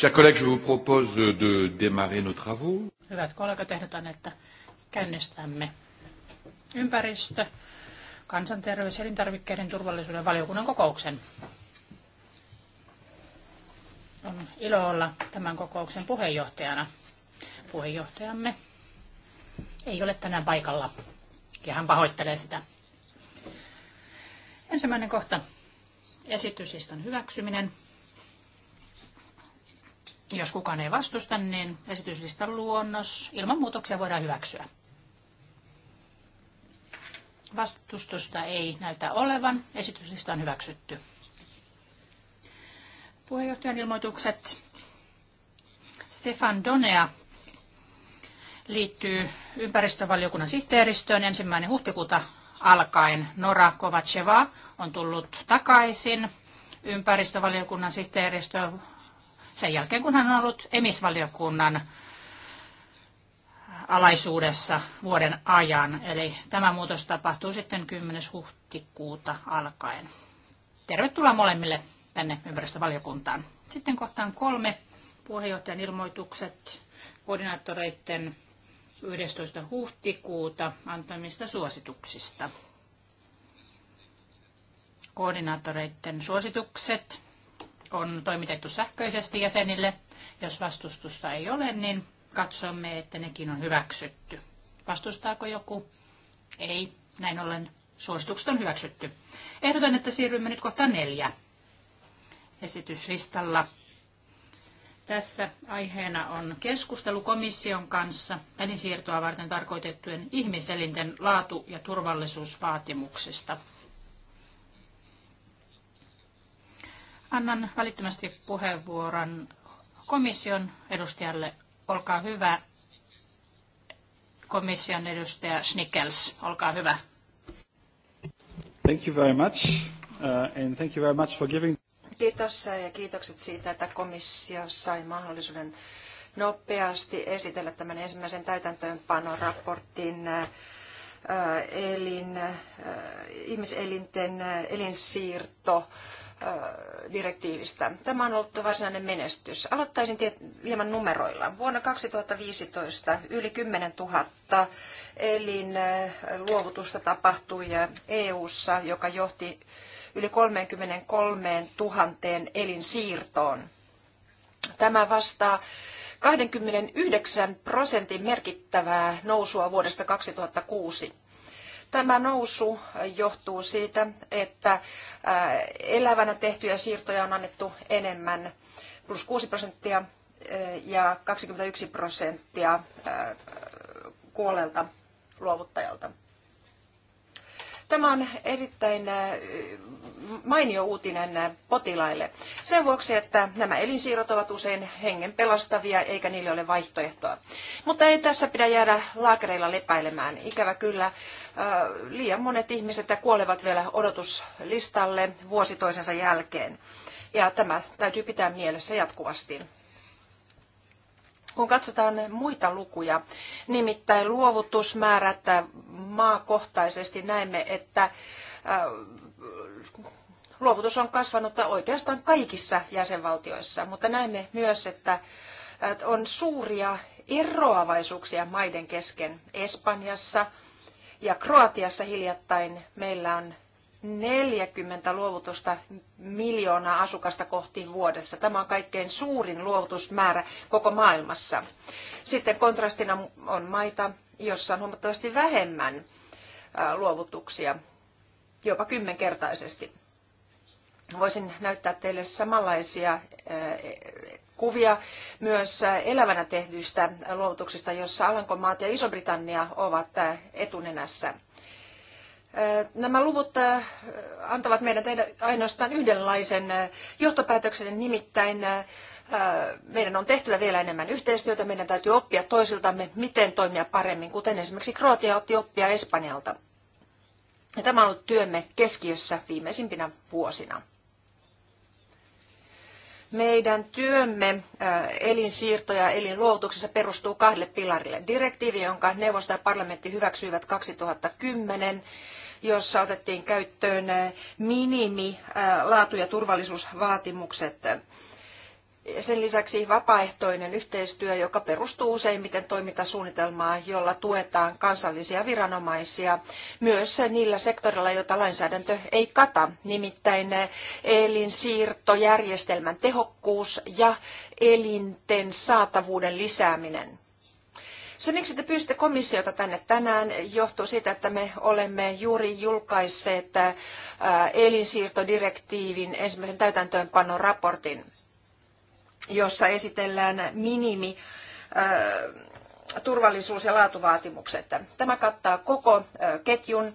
Chers collègues, je vous propose de démarrer nos travaux. Hyvät kollegat, ehdotan, että käynnistämme ympäristö, kansanterveys- ja elintarvikkeiden turvallisuuden valiokunnan kokouksen. On ilo olla tämän kokouksen puheenjohtajana. Puheenjohtajamme ei ole tänään paikalla ja hän pahoittelee sitä. Ensimmäinen kohta. Esitysistan hyväksyminen. Jos kukaan ei vastusta, niin esityslistan luonnos ilman muutoksia voidaan hyväksyä. Vastustusta ei näytä olevan. Esityslista on hyväksytty. Puheenjohtajan ilmoitukset. Stefan Donea liittyy ympäristövaliokunnan sihteeristöön ensimmäinen huhtikuuta alkaen. Nora Kovacheva on tullut takaisin ympäristövaliokunnan sihteeristöön sen jälkeen, kun hän on ollut emisvaliokunnan alaisuudessa vuoden ajan. Eli tämä muutos tapahtuu sitten 10. huhtikuuta alkaen. Tervetuloa molemmille tänne ympäristövaliokuntaan. Sitten kohtaan kolme puheenjohtajan ilmoitukset koordinaattoreiden 11. huhtikuuta antamista suosituksista. Koordinaattoreiden suositukset on toimitettu sähköisesti jäsenille. Jos vastustusta ei ole, niin katsomme, että nekin on hyväksytty. Vastustaako joku? Ei. Näin ollen suositukset on hyväksytty. Ehdotan, että siirrymme nyt kohta neljä esityslistalla. Tässä aiheena on keskustelu komission kanssa välisiirtoa varten tarkoitettujen ihmiselinten laatu- ja turvallisuusvaatimuksista. Annan välittömästi puheenvuoron komission edustajalle. Olkaa hyvä, komission edustaja Schnickels. Olkaa hyvä. Thank you very much, uh, and thank you very much for giving... Kiitos ja kiitokset siitä, että komissio sai mahdollisuuden nopeasti esitellä tämän ensimmäisen raportin uh, uh, elin, uh, ihmiselinten elinsiirto Äh, direktiivistä. Tämä on ollut varsinainen menestys. Aloittaisin hieman numeroilla. Vuonna 2015 yli 10 000 elin äh, luovutusta tapahtui EU-ssa, joka johti yli 33 000 elinsiirtoon. Tämä vastaa 29 prosentin merkittävää nousua vuodesta 2006. Tämä nousu johtuu siitä, että äh, elävänä tehtyjä siirtoja on annettu enemmän, plus 6 prosenttia äh, ja 21 prosenttia äh, kuolelta luovuttajalta. Tämä on erittäin äh, mainio uutinen potilaille sen vuoksi, että nämä elinsiirrot ovat usein hengen pelastavia eikä niille ole vaihtoehtoa. Mutta ei tässä pidä jäädä laakereilla lepäilemään. Ikävä kyllä äh, liian monet ihmiset kuolevat vielä odotuslistalle vuosi toisensa jälkeen. Ja tämä täytyy pitää mielessä jatkuvasti. Kun katsotaan muita lukuja, nimittäin luovutusmäärät maakohtaisesti näemme, että äh, luovutus on kasvanut oikeastaan kaikissa jäsenvaltioissa, mutta näemme myös, että äh, on suuria eroavaisuuksia maiden kesken. Espanjassa ja Kroatiassa hiljattain meillä on 40 luovutusta miljoonaa asukasta kohti vuodessa. Tämä on kaikkein suurin luovutusmäärä koko maailmassa. Sitten kontrastina on maita, jossa on huomattavasti vähemmän luovutuksia, jopa kymmenkertaisesti. Voisin näyttää teille samanlaisia kuvia myös elävänä tehdyistä luovutuksista, jossa Alankomaat ja Iso-Britannia ovat etunenässä. Nämä luvut antavat meidän tehdä ainoastaan yhdenlaisen johtopäätöksen, nimittäin meidän on tehtävä vielä enemmän yhteistyötä, meidän täytyy oppia toisiltamme, miten toimia paremmin, kuten esimerkiksi Kroatia otti oppia Espanjalta. Ja tämä on ollut työmme keskiössä viimeisimpinä vuosina. Meidän työmme elinsiirto- ja elinluovutuksessa perustuu kahdelle pilarille. Direktiivi, jonka neuvosto ja parlamentti hyväksyivät 2010 jossa otettiin käyttöön minimi laatu- ja turvallisuusvaatimukset. Sen lisäksi vapaaehtoinen yhteistyö, joka perustuu useimmiten toimintasuunnitelmaan, jolla tuetaan kansallisia viranomaisia myös niillä sektoreilla, joita lainsäädäntö ei kata, nimittäin elinsiirtojärjestelmän tehokkuus ja elinten saatavuuden lisääminen. Se, miksi te pyysitte komissiota tänne tänään, johtuu siitä, että me olemme juuri julkaisseet äh, elinsiirtodirektiivin ensimmäisen täytäntöönpanon raportin, jossa esitellään minimi äh, turvallisuus- ja laatuvaatimukset. Tämä kattaa koko äh, ketjun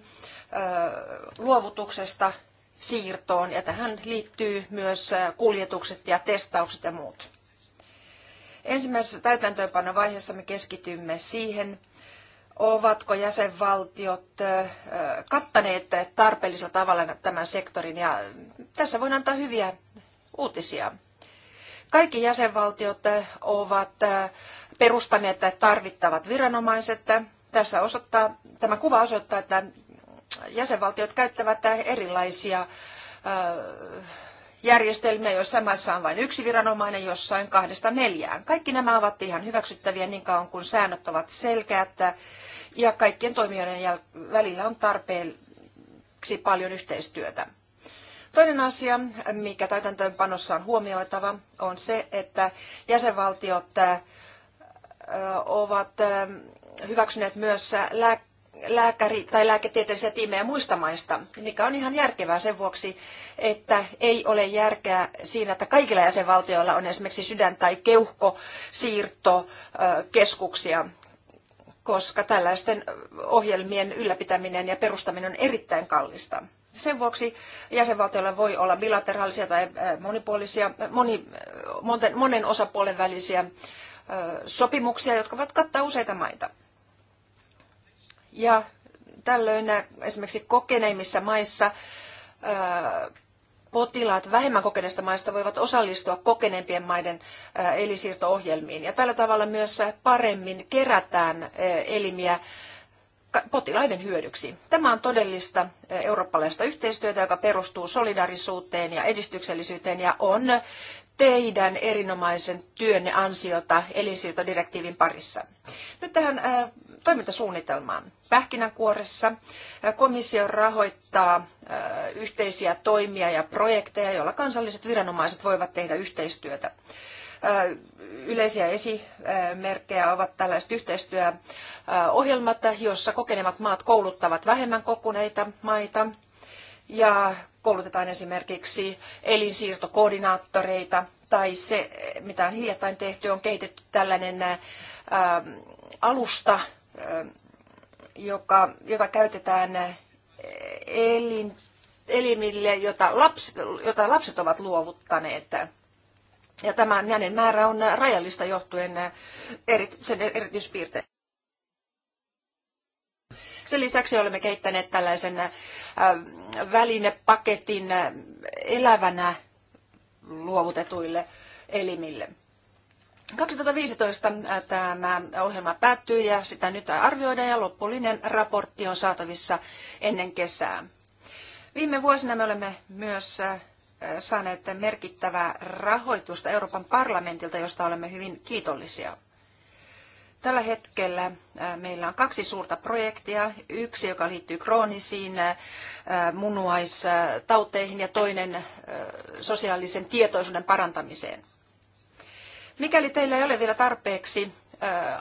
luovutuksesta siirtoon ja tähän liittyy myös kuljetukset ja testaukset ja muut. Ensimmäisessä täytäntöönpanovaiheessa me keskitymme siihen, ovatko jäsenvaltiot kattaneet tarpeellisella tavalla tämän sektorin. Ja tässä voin antaa hyviä uutisia. Kaikki jäsenvaltiot ovat perustaneet tarvittavat viranomaiset. Tässä osoittaa, tämä kuva osoittaa, että jäsenvaltiot käyttävät erilaisia järjestelmiä, joissa maissa on vain yksi viranomainen, jossain kahdesta neljään. Kaikki nämä ovat ihan hyväksyttäviä niin kauan kuin säännöt ovat selkeät ja kaikkien toimijoiden välillä on tarpeeksi paljon yhteistyötä. Toinen asia, mikä täytäntöönpanossa on huomioitava, on se, että jäsenvaltiot ovat hyväksyneet myös lääkkeet lääkäri- tai lääketieteellisiä tiimejä muista maista, mikä on ihan järkevää sen vuoksi, että ei ole järkeä siinä, että kaikilla jäsenvaltioilla on esimerkiksi sydän- tai keuhkosiirtokeskuksia, koska tällaisten ohjelmien ylläpitäminen ja perustaminen on erittäin kallista. Sen vuoksi jäsenvaltioilla voi olla bilateraalisia tai monipuolisia, moni, monen osapuolen välisiä sopimuksia, jotka voivat kattaa useita maita. Ja tällöin äh, esimerkiksi kokeneimmissa maissa äh, potilaat vähemmän kokeneista maista voivat osallistua kokeneempien maiden äh, elinsiirto-ohjelmiin. Ja tällä tavalla myös paremmin kerätään elimiä potilaiden hyödyksi. Tämä on todellista eurooppalaista yhteistyötä, joka perustuu solidaarisuuteen ja edistyksellisyyteen ja on teidän erinomaisen työnne ansiota elinsiirtodirektiivin parissa. Nyt tähän äh, toimintasuunnitelmaan. Pähkinänkuoressa äh, komissio rahoittaa äh, yhteisiä toimia ja projekteja, joilla kansalliset viranomaiset voivat tehdä yhteistyötä yleisiä esimerkkejä ovat tällaiset yhteistyöohjelmat, joissa kokenemat maat kouluttavat vähemmän kokuneita maita ja koulutetaan esimerkiksi elinsiirtokoordinaattoreita tai se, mitä on hiljattain tehty, on kehitetty tällainen alusta, ää, joka, jota käytetään elin, elimille, jota, jota lapset ovat luovuttaneet. Ja tämä, hänen määrä on rajallista johtuen eri, sen erityispiirteistä. Sen lisäksi olemme kehittäneet tällaisen äh, välinepaketin äh, elävänä luovutetuille elimille. 2015 äh, tämä ohjelma päättyy ja sitä nyt arvioidaan ja loppullinen raportti on saatavissa ennen kesää. Viime vuosina me olemme myös saaneet merkittävää rahoitusta Euroopan parlamentilta, josta olemme hyvin kiitollisia. Tällä hetkellä äh, meillä on kaksi suurta projektia. Yksi, joka liittyy kroonisiin äh, munuaistauteihin ja toinen äh, sosiaalisen tietoisuuden parantamiseen. Mikäli teillä ei ole vielä tarpeeksi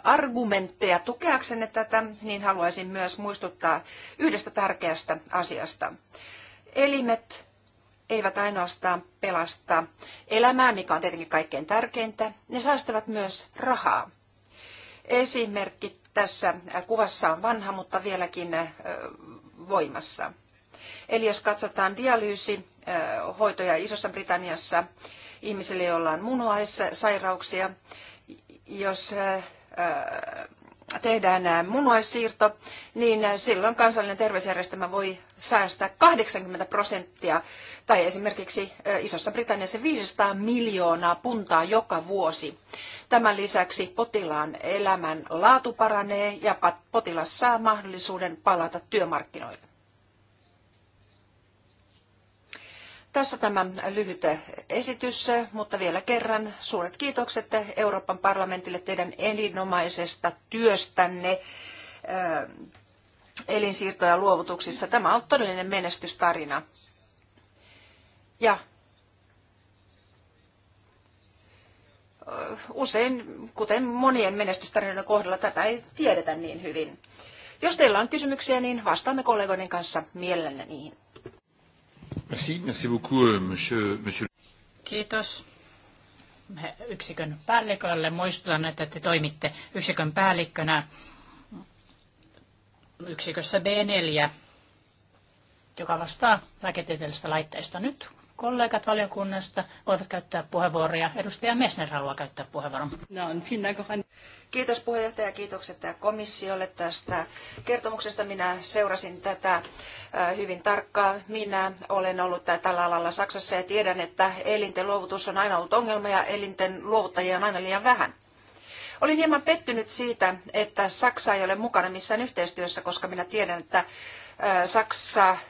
argumentteja tukeaksenne tätä, niin haluaisin myös muistuttaa yhdestä tärkeästä asiasta. Elimet eivät ainoastaan pelasta elämää, mikä on tietenkin kaikkein tärkeintä, ne säästävät myös rahaa. Esimerkki tässä kuvassa on vanha, mutta vieläkin voimassa. Eli jos katsotaan dialyysihoitoja Isossa Britanniassa ihmisille, joilla on munuaissairauksia, jos tehdään munuaissiirto, niin silloin kansallinen terveysjärjestelmä voi säästää 80 prosenttia tai esimerkiksi Isossa Britanniassa 500 miljoonaa puntaa joka vuosi. Tämän lisäksi potilaan elämän laatu paranee ja potilas saa mahdollisuuden palata työmarkkinoille. Tässä tämä lyhyt esitys, mutta vielä kerran suuret kiitokset Euroopan parlamentille teidän elinomaisesta työstänne eh, elinsiirtoja luovutuksissa. Tämä on todellinen menestystarina. Ja usein, kuten monien menestystarinoiden kohdalla, tätä ei tiedetä niin hyvin. Jos teillä on kysymyksiä, niin vastaamme kollegoiden kanssa mielelläni niihin. Merci, merci beaucoup, euh, monsieur, monsieur. Kiitos yksikön päällikölle. Muistutan, että te toimitte yksikön päällikkönä yksikössä B4, joka vastaa lääketieteellisestä laitteesta nyt kollegat valiokunnasta voivat käyttää puheenvuoroja. Edustaja Messner haluaa käyttää puheenvuoron. No, niin, Kiitos puheenjohtaja, kiitokset komissiolle tästä kertomuksesta. Minä seurasin tätä äh, hyvin tarkkaa. Minä olen ollut tällä alalla Saksassa ja tiedän, että elinten luovutus on aina ollut ongelma ja elinten luovuttajia on aina liian vähän. Olin hieman pettynyt siitä, että Saksa ei ole mukana missään yhteistyössä, koska minä tiedän, että äh, Saksa äh,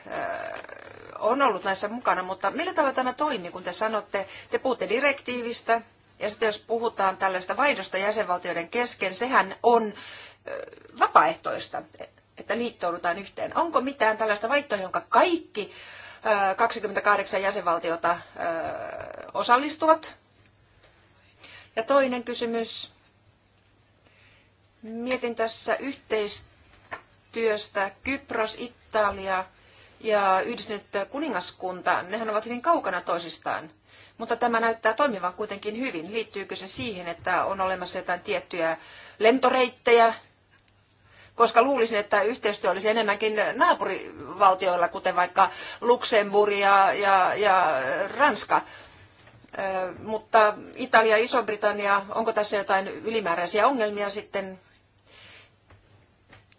on ollut näissä mukana, mutta millä tavalla tämä toimii, kun te sanotte, te puhutte direktiivistä, ja sitten jos puhutaan tällaista vaihdosta jäsenvaltioiden kesken, sehän on vapaaehtoista, että liittoudutaan yhteen. Onko mitään tällaista vaihtoa, jonka kaikki 28 jäsenvaltiota osallistuvat? Ja toinen kysymys. Mietin tässä yhteistyöstä Kypros, Italia, ja yhdistynyt kuningaskunta, nehän ovat hyvin kaukana toisistaan. Mutta tämä näyttää toimivan kuitenkin hyvin. Liittyykö se siihen, että on olemassa jotain tiettyjä lentoreittejä, koska luulisin, että yhteistyö olisi enemmänkin naapurivaltioilla, kuten vaikka Luxemburg ja, ja, ja Ranska. Ö, mutta Italia, Iso-Britannia, onko tässä jotain ylimääräisiä ongelmia sitten?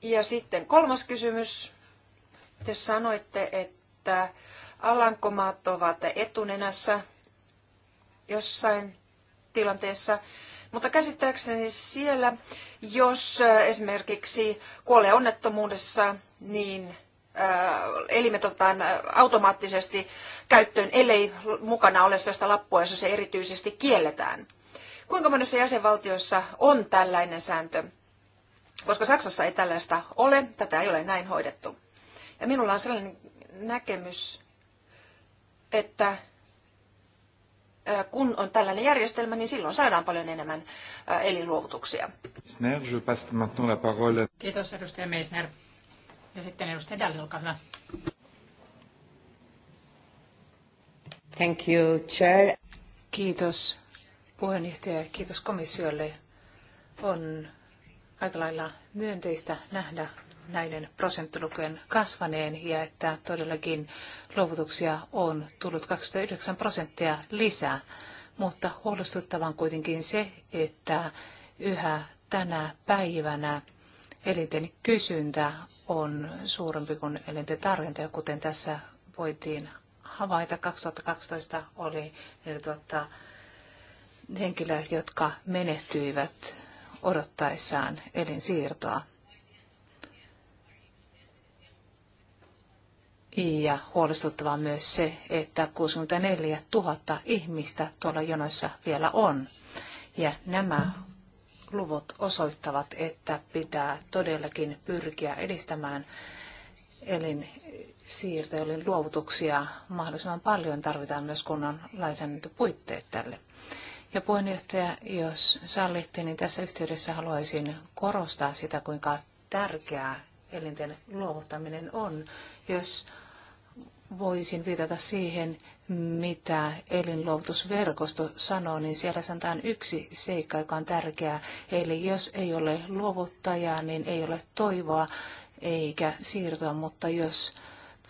Ja sitten kolmas kysymys. Te sanoitte, että Alankomaat ovat etunenässä jossain tilanteessa, mutta käsittääkseni siellä, jos esimerkiksi kuolee onnettomuudessa, niin äh, elimet otetaan äh, automaattisesti käyttöön, ellei mukana ole sellaista lappua, jossa se erityisesti kielletään. Kuinka monessa jäsenvaltiossa on tällainen sääntö? Koska Saksassa ei tällaista ole, tätä ei ole näin hoidettu. Ja minulla on sellainen näkemys, että kun on tällainen järjestelmä, niin silloin saadaan paljon enemmän elinluovutuksia. Kiitos edustaja Meisner. Ja sitten edustaja Dalli, olkaa hyvä. Thank you, Chair. Kiitos puheenjohtaja kiitos komissiolle. On aika lailla myönteistä nähdä näiden prosenttilukujen kasvaneen ja että todellakin luovutuksia on tullut 29 prosenttia lisää. Mutta huolestuttavaa on kuitenkin se, että yhä tänä päivänä elinten kysyntä on suurempi kuin elinten tarjonta, ja kuten tässä voitiin havaita, 2012 oli 4000 henkilöä, jotka menehtyivät odottaessaan elinsiirtoa. Ja huolestuttavaa myös se, että 64 000 ihmistä tuolla jonossa vielä on. Ja nämä luvut osoittavat, että pitää todellakin pyrkiä edistämään elinsiirtoja, luovutuksia mahdollisimman paljon. Tarvitaan myös kunnon lainsäädäntöpuitteet tälle. Ja puheenjohtaja, jos sallitte, niin tässä yhteydessä haluaisin korostaa sitä, kuinka tärkeää elinten luovuttaminen on. Jos voisin viitata siihen, mitä elinluovutusverkosto sanoo, niin siellä sanotaan yksi seikka, joka on tärkeää. Eli jos ei ole luovuttajaa, niin ei ole toivoa eikä siirtoa, mutta jos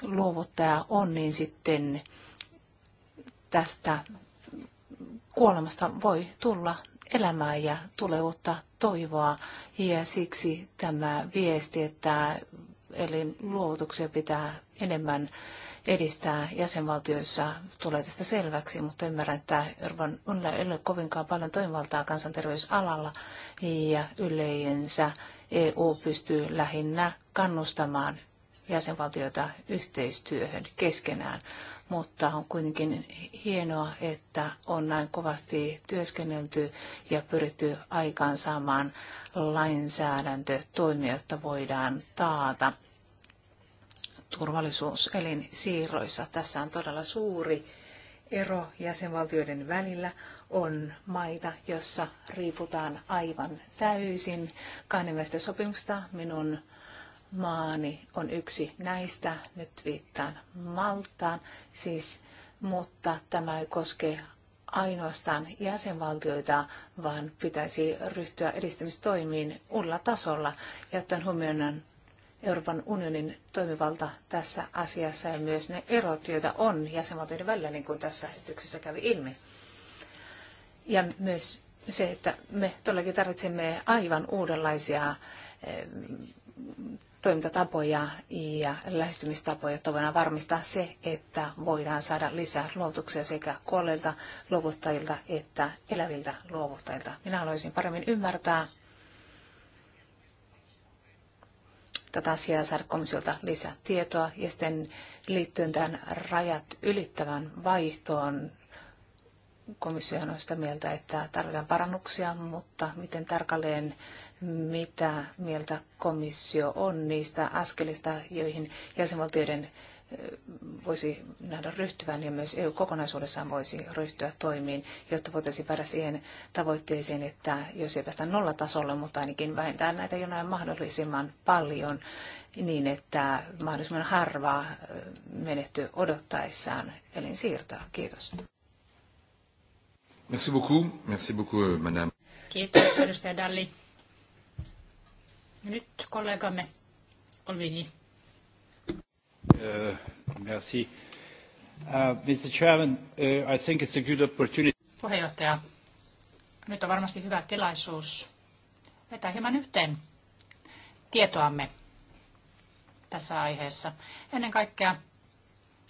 luovuttaja on, niin sitten tästä kuolemasta voi tulla elämää ja tulee uutta toivoa. Ja siksi tämä viesti, että elinluovutuksia pitää enemmän edistää jäsenvaltioissa, tulee tästä selväksi, mutta ymmärrän, että Euroopan unionilla ei ole kovinkaan paljon toimivaltaa kansanterveysalalla ja yleensä EU pystyy lähinnä kannustamaan jäsenvaltioita yhteistyöhön keskenään, mutta on kuitenkin hienoa, että on näin kovasti työskennelty ja pyritty aikaansaamaan lainsäädäntötoimia, jotta voidaan taata Turvallisuuselin siirroissa Tässä on todella suuri ero jäsenvaltioiden välillä. On maita, jossa riiputaan aivan täysin kahdenvälistä sopimusta. Minun maani on yksi näistä. Nyt viittaan Maltaan. Siis, mutta tämä ei koske ainoastaan jäsenvaltioita, vaan pitäisi ryhtyä edistämistoimiin ulla tasolla ja ottaen huomioon Euroopan unionin toimivalta tässä asiassa ja myös ne erot, joita on jäsenvaltioiden välillä, niin kuin tässä esityksessä kävi ilmi. Ja myös se, että me todellakin tarvitsemme aivan uudenlaisia eh, toimintatapoja ja lähestymistapoja, jotta voidaan varmistaa se, että voidaan saada lisää luovutuksia sekä kuolleilta luovuttajilta että eläviltä luovuttajilta. Minä haluaisin paremmin ymmärtää tätä asiaa saada komissiolta lisätietoa. Ja sitten liittyen tähän rajat ylittävän vaihtoon, komissio on sitä mieltä, että tarvitaan parannuksia, mutta miten tarkalleen mitä mieltä komissio on niistä askelista, joihin jäsenvaltioiden voisi nähdä ryhtyvän ja myös EU kokonaisuudessaan voisi ryhtyä toimiin, jotta voitaisiin päästä siihen tavoitteeseen, että jos ei päästä nollatasolle, mutta ainakin vähentää näitä jonain mahdollisimman paljon niin, että mahdollisimman harvaa menetty odottaessaan elinsiirtoa. Kiitos. Merci beaucoup. Merci beaucoup, euh, madame. Kiitos, edustaja Dalli. Ja nyt kollegamme Olvini Uh, merci. Uh, Mr. Chairman, uh, I think it's a good opportunity. Puheenjohtaja, nyt on varmasti hyvä tilaisuus vetää hieman yhteen tietoamme tässä aiheessa. Ennen kaikkea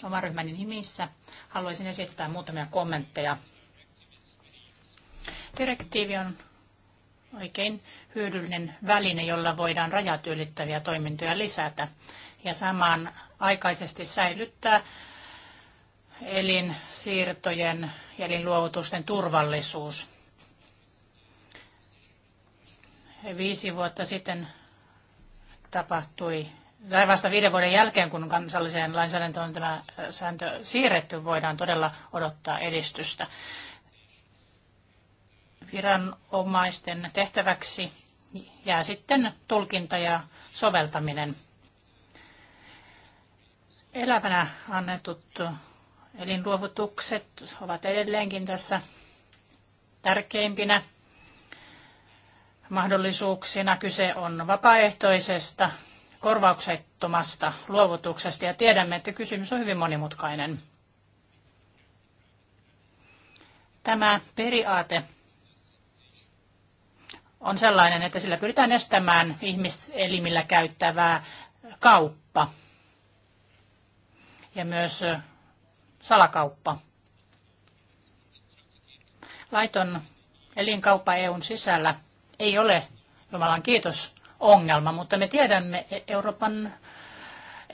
oman ryhmäni nimissä haluaisin esittää muutamia kommentteja. Direktiivi on oikein hyödyllinen väline, jolla voidaan rajat ylittäviä toimintoja lisätä ja samaan aikaisesti säilyttää elinsiirtojen ja elinluovutusten turvallisuus. Viisi vuotta sitten tapahtui, tai vasta viiden vuoden jälkeen, kun kansalliseen lainsäädäntöön tämä sääntö siirretty, voidaan todella odottaa edistystä. Viranomaisten tehtäväksi jää sitten tulkinta ja soveltaminen. Elävänä annetut elinluovutukset ovat edelleenkin tässä tärkeimpinä mahdollisuuksina. Kyse on vapaaehtoisesta, korvauksettomasta luovutuksesta ja tiedämme, että kysymys on hyvin monimutkainen. Tämä periaate on sellainen, että sillä pyritään estämään ihmiselimillä käyttävää kauppa – ja myös salakauppa. Laiton elinkauppa EUn sisällä ei ole, Jumalan kiitos, ongelma, mutta me tiedämme e, Euroopan,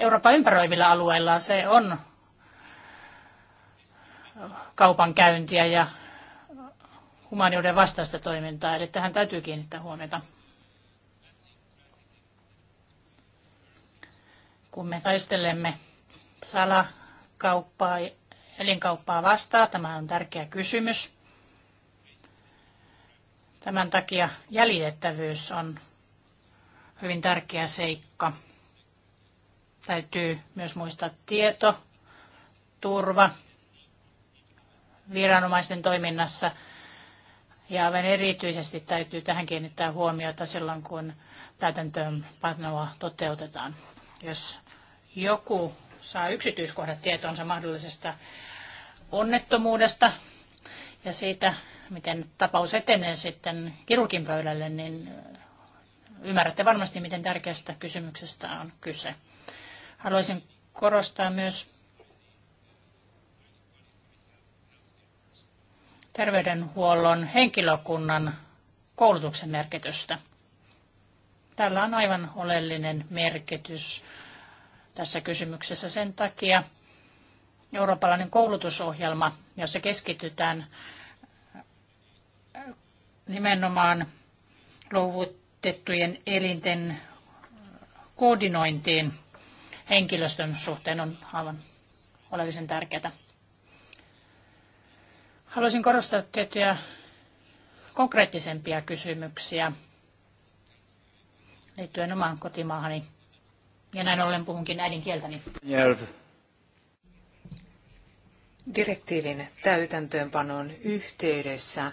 Euroopan ympäröivillä alueilla se on kaupankäyntiä ja humaniuden vastaista toimintaa, eli tähän täytyy kiinnittää huomiota. Kun me taistelemme salakauppaa, elinkauppaa vastaa. Tämä on tärkeä kysymys. Tämän takia jäljitettävyys on hyvin tärkeä seikka. Täytyy myös muistaa tieto, turva viranomaisten toiminnassa. Ja aivan erityisesti täytyy tähän kiinnittää huomiota silloin, kun täytäntöönpanoa toteutetaan. Jos joku saa yksityiskohdat tietoonsa mahdollisesta onnettomuudesta ja siitä, miten tapaus etenee sitten kirurgin pöydälle, niin äh, ymmärrätte varmasti, miten tärkeästä kysymyksestä on kyse. Haluaisin korostaa myös terveydenhuollon henkilökunnan koulutuksen merkitystä. Tällä on aivan oleellinen merkitys tässä kysymyksessä. Sen takia eurooppalainen koulutusohjelma, jossa keskitytään nimenomaan luovutettujen elinten koordinointiin henkilöstön suhteen on aivan oleellisen tärkeää. Haluaisin korostaa tiettyjä konkreettisempia kysymyksiä liittyen omaan kotimaahani. Ja näin ollen puhunkin äidinkieltäni. Direktiivin täytäntöönpanon yhteydessä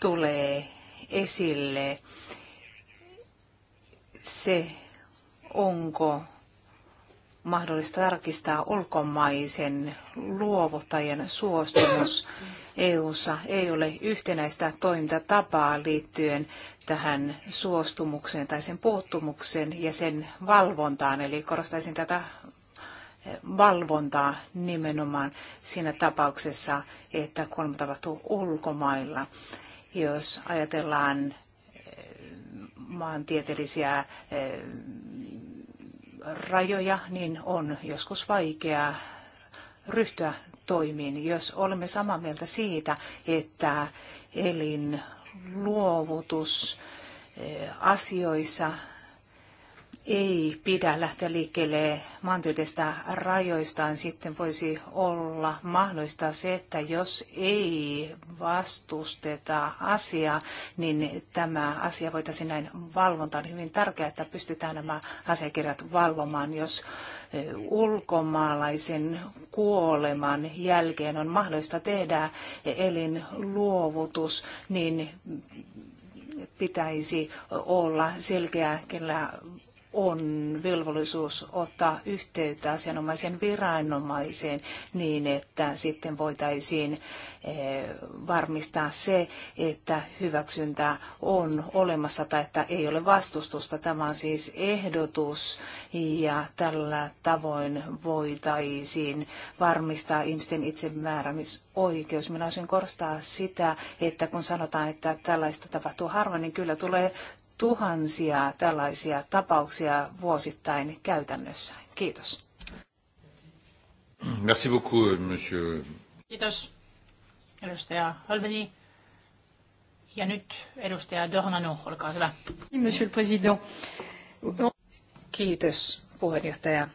tulee esille se, onko mahdollista tarkistaa ulkomaisen luovuttajan suostumus EU:ssa ei ole yhtenäistä toimintatapaa liittyen tähän suostumukseen tai sen puuttumukseen ja sen valvontaan. Eli korostaisin tätä eh, valvontaa nimenomaan siinä tapauksessa, että kuolema tapahtuu ulkomailla. Jos ajatellaan eh, maantieteellisiä eh, rajoja, niin on joskus vaikeaa ryhtyä toimin, Jos olemme samaa mieltä siitä, että elinluovutus eh, asioissa ei pidä lähteä liikkeelle maantieteistä rajoistaan, sitten voisi olla mahdollista se, että jos ei vastusteta asiaa, niin tämä asia voitaisiin näin valvontaan. hyvin tärkeää, että pystytään nämä asiakirjat valvomaan, jos e, ulkomaalaisen kuoleman jälkeen on mahdollista tehdä elinluovutus, niin pitäisi olla selkeä, kenellä on velvollisuus ottaa yhteyttä asianomaisen viranomaiseen niin, että sitten voitaisiin eh, varmistaa se, että hyväksyntä on olemassa tai että ei ole vastustusta. Tämä on siis ehdotus ja tällä tavoin voitaisiin varmistaa ihmisten itsemääräämisoikeus. Minä olisin korostaa sitä, että kun sanotaan, että tällaista tapahtuu harvoin, niin kyllä tulee tuhansia tällaisia tapauksia vuosittain käytännössä. Kiitos. Merci beaucoup, monsieur. Kiitos, edustaja Holveni. Ja nyt edustaja Dornanu, olkaa hyvä. Monsieur le Président. Kiitos, puheenjohtaja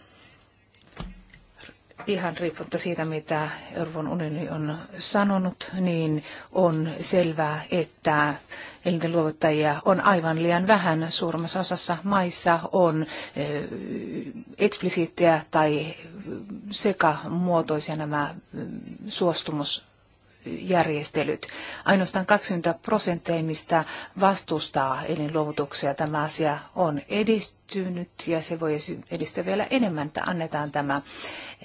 ihan riippumatta siitä, mitä Euroopan unioni on sanonut, niin on selvää, että elinten luovuttajia on aivan liian vähän. Suurimmassa osassa maissa on eh, eksplisiittejä tai sekamuotoisia nämä eh, suostumus järjestelyt. Ainoastaan 20 prosenttia, vastustaa elinluovutuksia. Tämä asia on edistynyt ja se voi edistyä vielä enemmän, että annetaan tämä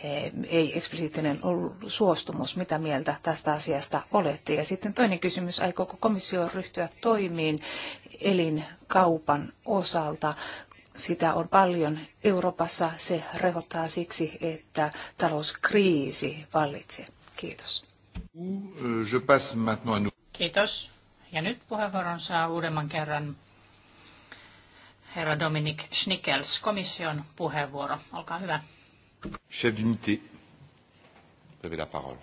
eh, ei-eksplisiittinen suostumus. Mitä mieltä tästä asiasta olette? Ja sitten toinen kysymys, aikooko komissio ryhtyä toimiin elinkaupan osalta, sitä on paljon. Euroopassa se rehottaa siksi, että talouskriisi vallitsee. Kiitos. Euh, kiitos. Ja nyt puheenvuoron saa uudemman kerran herra Dominik Schnickels, komission puheenvuoro. Olkaa hyvä. Chef d'unité, la parole.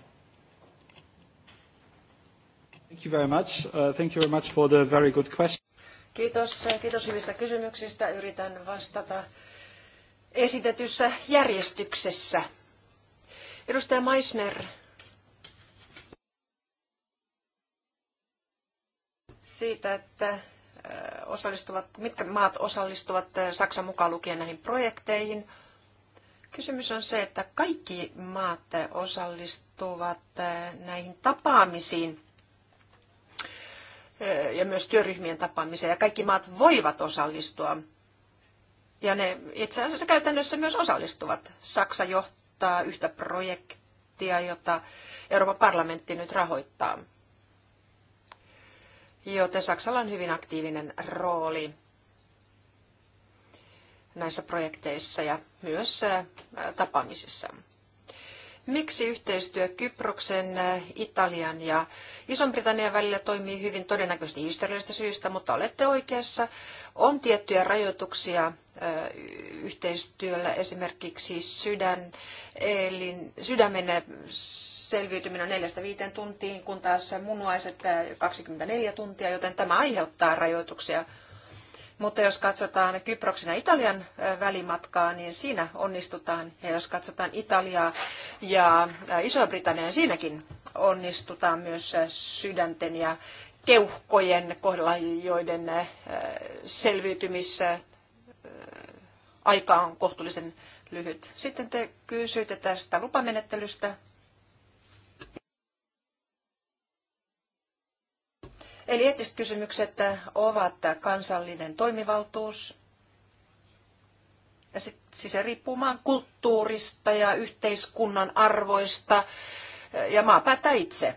Thank you very much. Uh, thank you very much for the very good question. Kiitos, kiitos hyvistä kysymyksistä. Yritän vastata esitetyssä järjestyksessä. Edustaja Meissner siitä, että osallistuvat, mitkä maat osallistuvat Saksan mukaan lukien näihin projekteihin. Kysymys on se, että kaikki maat osallistuvat näihin tapaamisiin ja myös työryhmien tapaamiseen, ja kaikki maat voivat osallistua. Ja ne itse asiassa käytännössä myös osallistuvat. Saksa johtaa yhtä projektia, jota Euroopan parlamentti nyt rahoittaa joten Saksalla on hyvin aktiivinen rooli näissä projekteissa ja myös tapaamisissa. Miksi yhteistyö Kyproksen, Italian ja Ison-Britannian välillä toimii hyvin todennäköisesti historiallisista syistä, mutta olette oikeassa. On tiettyjä rajoituksia yhteistyöllä esimerkiksi sydän, eli sydämen selviytyminen on 4-5 tuntiin, kun taas munuaiset 24 äh, tuntia, joten tämä aiheuttaa rajoituksia. Mutta jos katsotaan Kyproksen ja Italian äh, välimatkaa, niin siinä onnistutaan. Ja jos katsotaan Italiaa ja äh, Iso-Britanniaa, niin siinäkin onnistutaan myös sydänten ja keuhkojen kohdalla, joiden selviytymissä aika on kohtuullisen lyhyt. Sitten te kysyitte tästä lupamenettelystä. Eli eettiset kysymykset ovat kansallinen toimivaltuus. Ja sit, siis se riippuu maan kulttuurista ja yhteiskunnan arvoista eh, ja maa päättää itse.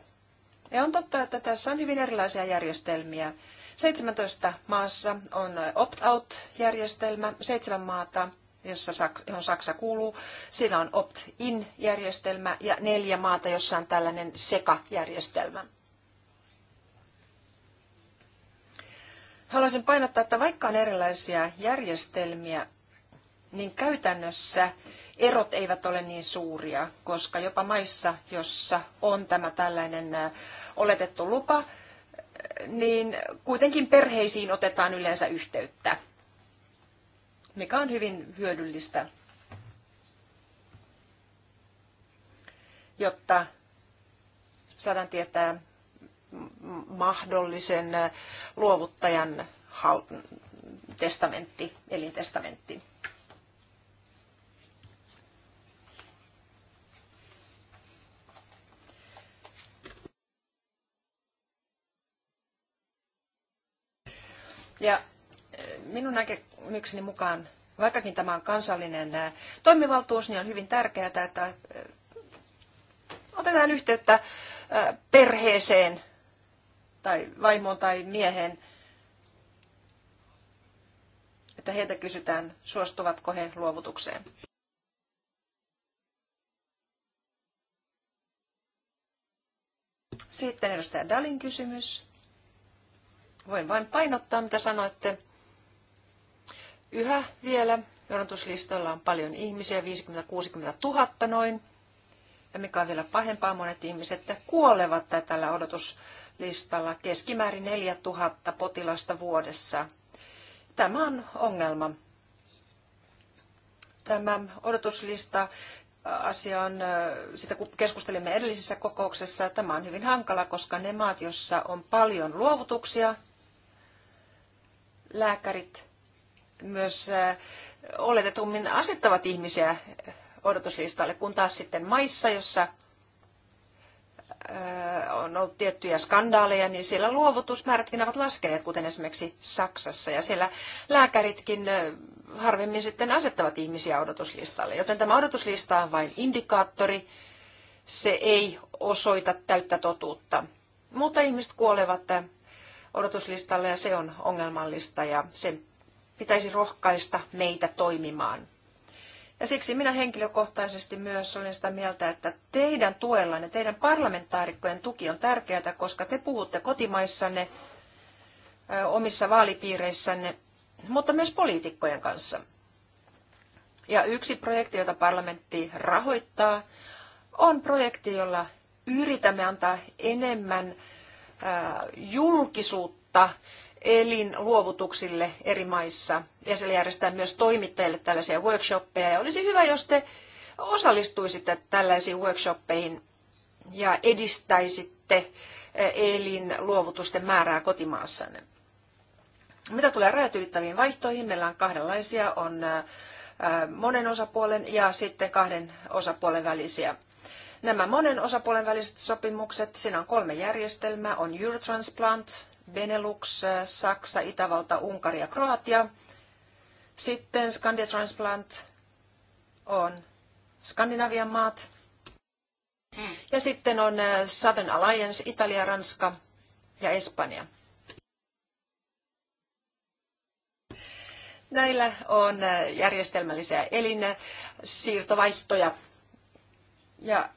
Ja on totta, että tässä on hyvin erilaisia järjestelmiä. 17 maassa on opt-out-järjestelmä, seitsemän maata, jossa, johon Saksa kuuluu. Siinä on opt-in-järjestelmä ja neljä maata, jossa on tällainen sekajärjestelmä. järjestelmä Haluaisin painottaa, että vaikka on erilaisia järjestelmiä, niin käytännössä erot eivät ole niin suuria, koska jopa maissa, jossa on tämä tällainen oletettu lupa, niin kuitenkin perheisiin otetaan yleensä yhteyttä, mikä on hyvin hyödyllistä, jotta saadaan tietää, mahdollisen luovuttajan testamentti, elintestamentti. Ja eh, minun näkemykseni mukaan, vaikkakin tämä on kansallinen eh, toimivaltuus, niin on hyvin tärkeää, että eh, otetaan yhteyttä perheeseen tai vaimoon tai miehen, että heiltä kysytään, suostuvatko he luovutukseen. Sitten edustaja Dalin kysymys. Voin vain painottaa, mitä sanoitte. Yhä vielä jonotuslistalla on paljon ihmisiä, 50-60 000 noin. Ja mikä on vielä pahempaa, monet ihmiset kuolevat tällä odotuslistalla keskimäärin 4000 potilasta vuodessa. Tämä on ongelma. Tämä odotuslista asia on, sitä kun keskustelimme edellisessä kokouksessa, tämä on hyvin hankala, koska ne maat, joissa on paljon luovutuksia, lääkärit myös äh, oletetummin asettavat ihmisiä odotuslistalle, kun taas sitten maissa, jossa äh, on ollut tiettyjä skandaaleja, niin siellä luovutusmäärätkin ovat laskeneet, kuten esimerkiksi Saksassa. Ja siellä lääkäritkin äh, harvemmin sitten asettavat ihmisiä odotuslistalle. Joten tämä odotuslista on vain indikaattori. Se ei osoita täyttä totuutta. Mutta ihmiset kuolevat äh, odotuslistalle ja se on ongelmallista ja sen pitäisi rohkaista meitä toimimaan. Ja siksi minä henkilökohtaisesti myös olen sitä mieltä, että teidän tuellanne, teidän parlamentaarikkojen tuki on tärkeää, koska te puhutte kotimaissanne, omissa vaalipiireissänne, mutta myös poliitikkojen kanssa. Ja yksi projekti, jota parlamentti rahoittaa, on projekti, jolla yritämme antaa enemmän julkisuutta elinluovutuksille eri maissa. Ja siellä järjestetään myös toimittajille tällaisia workshoppeja. Ja olisi hyvä, jos te osallistuisitte tällaisiin workshoppeihin ja edistäisitte eh, elinluovutusten määrää kotimaassanne. Mitä tulee rajat ylittäviin vaihtoihin, meillä on kahdenlaisia, on eh, eh, monen osapuolen ja sitten kahden osapuolen välisiä. Nämä monen osapuolen väliset sopimukset, siinä on kolme järjestelmää, on Eurotransplant, Benelux, Saksa, Itävalta, Unkari ja Kroatia. Sitten Transplant on Skandinavian maat. Ja sitten on eh, Southern Alliance, Italia, Ranska ja Espanja. Näillä on eh, järjestelmällisiä elinsiirtovaihtoja. Ja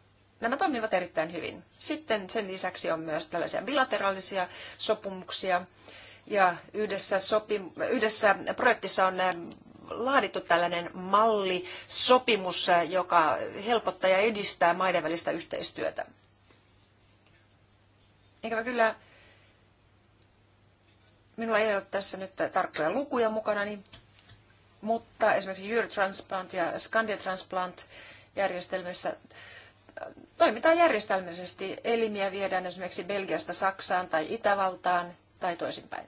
Nämä toimivat erittäin hyvin. Sitten sen lisäksi on myös tällaisia bilateraalisia sopimuksia. Ja yhdessä, sopim- yhdessä projektissa on eh, laadittu tällainen malli, sopimus, eh, joka helpottaa ja edistää maiden välistä yhteistyötä. Ikävä kyllä, minulla ei ole tässä nyt tarkkoja lukuja mukana, niin, mutta esimerkiksi Eurotransplant ja Scandiatransplant järjestelmissä toimitaan järjestelmällisesti. Elimiä viedään esimerkiksi Belgiasta Saksaan tai Itävaltaan tai toisinpäin.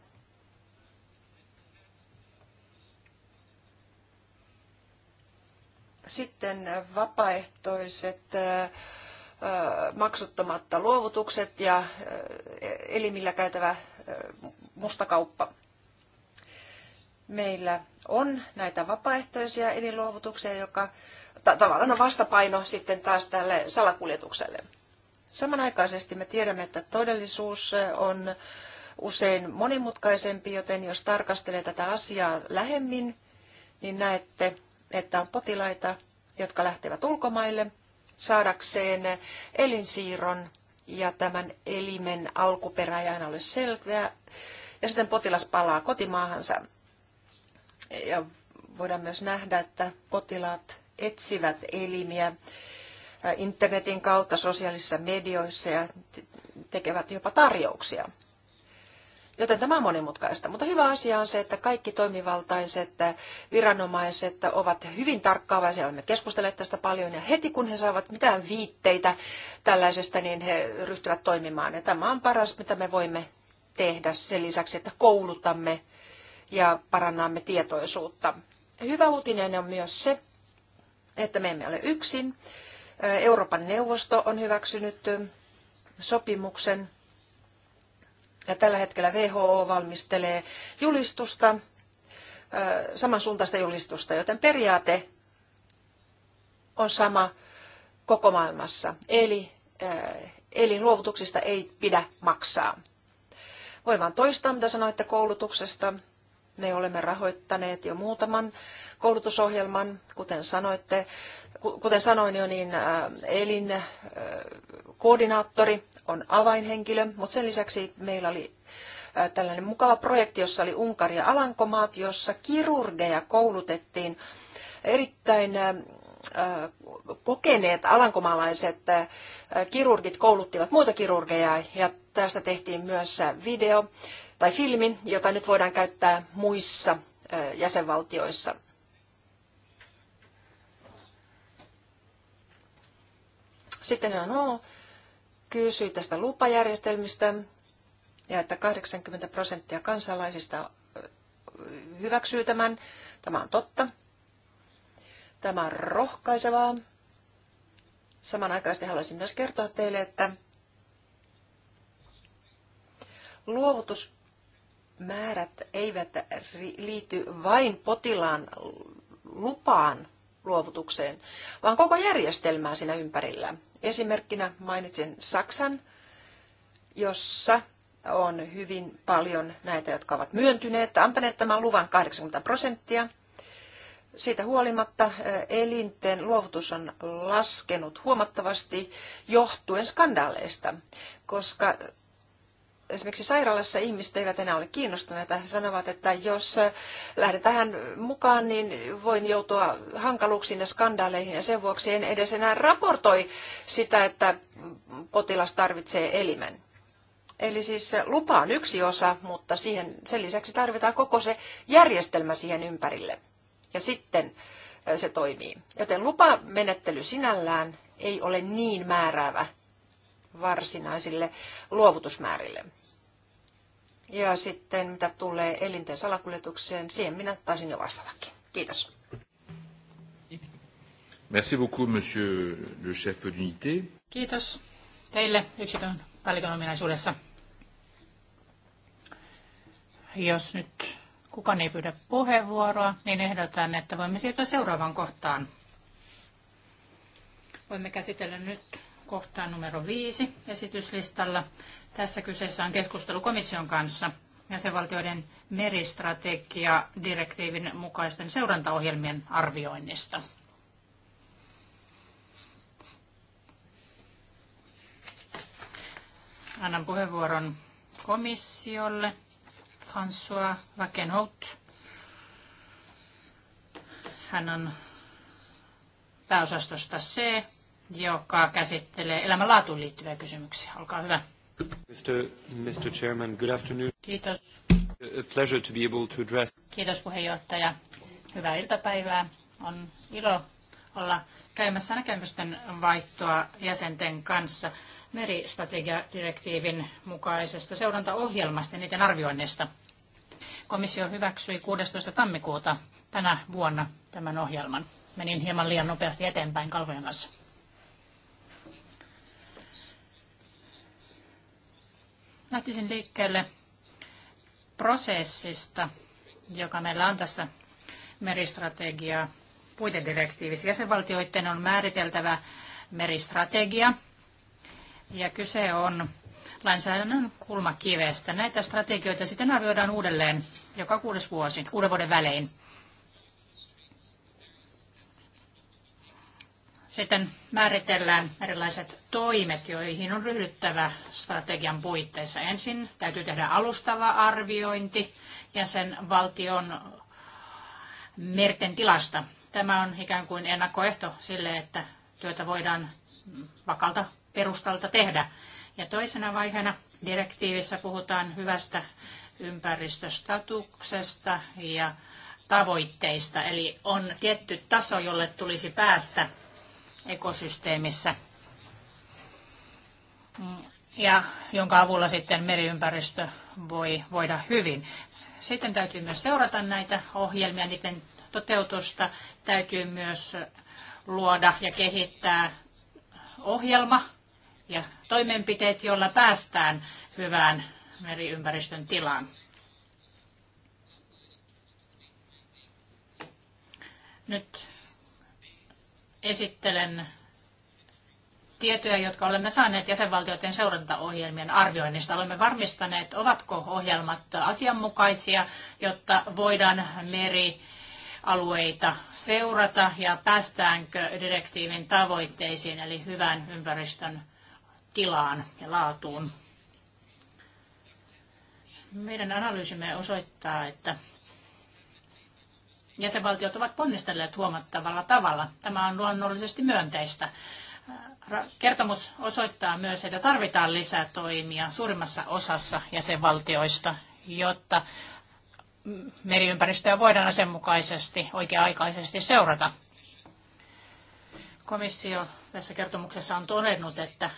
Sitten vapaaehtoiset maksuttomatta luovutukset ja elimillä käytävä mustakauppa. Meillä on näitä vapaaehtoisia elinluovutuksia, joka tavallaan on vastapaino sitten taas tälle salakuljetukselle. Samanaikaisesti me tiedämme, että todellisuus on usein monimutkaisempi, joten jos tarkastelee tätä asiaa lähemmin, niin näette, että on potilaita, jotka lähtevät ulkomaille saadakseen elinsiirron ja tämän elimen alkuperä ei aina ole selkeä. Ja sitten potilas palaa kotimaahansa ja voidaan myös nähdä, että potilaat etsivät elimiä internetin kautta sosiaalisissa medioissa ja tekevät jopa tarjouksia. Joten tämä on monimutkaista. Mutta hyvä asia on se, että kaikki toimivaltaiset viranomaiset ovat hyvin tarkkaavaisia. Olemme keskustelleet tästä paljon ja heti kun he saavat mitään viitteitä tällaisesta, niin he ryhtyvät toimimaan. Ja tämä on paras, mitä me voimme tehdä sen lisäksi, että koulutamme ja parannamme tietoisuutta. Hyvä uutinen on myös se, että me emme ole yksin. Euroopan neuvosto on hyväksynyt sopimuksen ja tällä hetkellä WHO valmistelee julistusta, samansuuntaista julistusta, joten periaate on sama koko maailmassa. Eli, eli luovutuksista ei pidä maksaa. Voi vaan toistaa, mitä sanoitte koulutuksesta. Me olemme rahoittaneet jo muutaman koulutusohjelman, kuten sanoitte. Kuten sanoin jo, niin koordinaattori on avainhenkilö, mutta sen lisäksi meillä oli tällainen mukava projekti, jossa oli Unkari ja Alankomaat, jossa kirurgeja koulutettiin erittäin kokeneet alankomalaiset kirurgit kouluttivat muita kirurgeja ja tästä tehtiin myös video tai filmin, jota nyt voidaan käyttää muissa jäsenvaltioissa. Sitten on kysyi tästä lupajärjestelmistä ja että 80 prosenttia kansalaisista hyväksyy tämän. Tämä on totta. Tämä on rohkaisevaa. Samanaikaisesti haluaisin myös kertoa teille, että luovutus määrät eivät liity vain potilaan lupaan luovutukseen, vaan koko järjestelmää siinä ympärillä. Esimerkkinä mainitsin Saksan, jossa on hyvin paljon näitä, jotka ovat myöntyneet, antaneet tämän luvan 80 prosenttia. Siitä huolimatta elinten luovutus on laskenut huomattavasti johtuen skandaaleista, koska esimerkiksi sairaalassa ihmiset eivät enää ole kiinnostuneita. He sanovat, että jos lähden tähän mukaan, niin voin joutua hankaluuksiin ja skandaaleihin, ja sen vuoksi en edes enää raportoi sitä, että potilas tarvitsee elimen. Eli siis lupa on yksi osa, mutta siihen, sen lisäksi tarvitaan koko se järjestelmä siihen ympärille. Ja sitten se toimii. Joten lupamenettely sinällään ei ole niin määräävä varsinaisille luovutusmäärille. Ja sitten mitä tulee elinten salakuljetukseen, siihen minä taisin jo vastatakin. Kiitos. Merci beaucoup, monsieur le chef d'unité. Kiitos teille yksikön päällikön ominaisuudessa. Jos nyt kukaan ei pyydä puheenvuoroa, niin ehdotan, että voimme siirtyä seuraavaan kohtaan. Voimme käsitellä nyt kohtaan numero viisi esityslistalla. Tässä kyseessä on keskustelu komission kanssa jäsenvaltioiden meristrategia-direktiivin mukaisten seurantaohjelmien arvioinnista. Annan puheenvuoron komissiolle. François Vakenhout. Hän on pääosastosta C joka käsittelee elämänlaatuun liittyviä kysymyksiä. Olkaa hyvä. Mr. Mr. Chairman, good afternoon. Kiitos. A pleasure to be able to address. Kiitos puheenjohtaja. Hyvää iltapäivää. On ilo olla käymässä näkemysten vaihtoa jäsenten kanssa meristrategiadirektiivin mukaisesta seurantaohjelmasta ja niiden arvioinnista. Komissio hyväksyi 16. tammikuuta tänä vuonna tämän ohjelman. Menin hieman liian nopeasti eteenpäin kalvojen kanssa. Lähtisin liikkeelle prosessista, joka meillä on tässä meristrategia puitedirektiivissä. Jäsenvaltioiden on määriteltävä meristrategia ja kyse on lainsäädännön kulmakivestä. Näitä strategioita sitten arvioidaan uudelleen joka kuudes vuosi, kuuden vuoden välein. Sitten määritellään erilaiset toimet, joihin on ryhdyttävä strategian puitteissa. Ensin täytyy tehdä alustava arviointi ja sen valtion merten tilasta. Tämä on ikään kuin ennakkoehto sille, että työtä voidaan vakalta perustalta tehdä. Ja toisena vaiheena direktiivissä puhutaan hyvästä ympäristöstatuksesta ja tavoitteista, eli on tietty taso, jolle tulisi päästä ekosysteemissä ja jonka avulla sitten meriympäristö voi voida hyvin. Sitten täytyy myös seurata näitä ohjelmia, niiden toteutusta täytyy myös luoda ja kehittää ohjelma ja toimenpiteet, joilla päästään hyvään meriympäristön tilaan. Nyt esittelen tietoja, jotka olemme saaneet jäsenvaltioiden seurantaohjelmien arvioinnista. Olemme varmistaneet, ovatko ohjelmat asianmukaisia, jotta voidaan merialueita seurata ja päästäänkö direktiivin tavoitteisiin, eli hyvän ympäristön tilaan ja laatuun. Meidän analyysimme osoittaa, että jäsenvaltiot ovat ponnistelleet huomattavalla tavalla. Tämä on luonnollisesti myönteistä. Kertomus osoittaa myös, että tarvitaan lisää toimia suurimmassa osassa jäsenvaltioista, jotta meriympäristöä voidaan asianmukaisesti, oikea-aikaisesti seurata. Komissio tässä kertomuksessa on todennut, että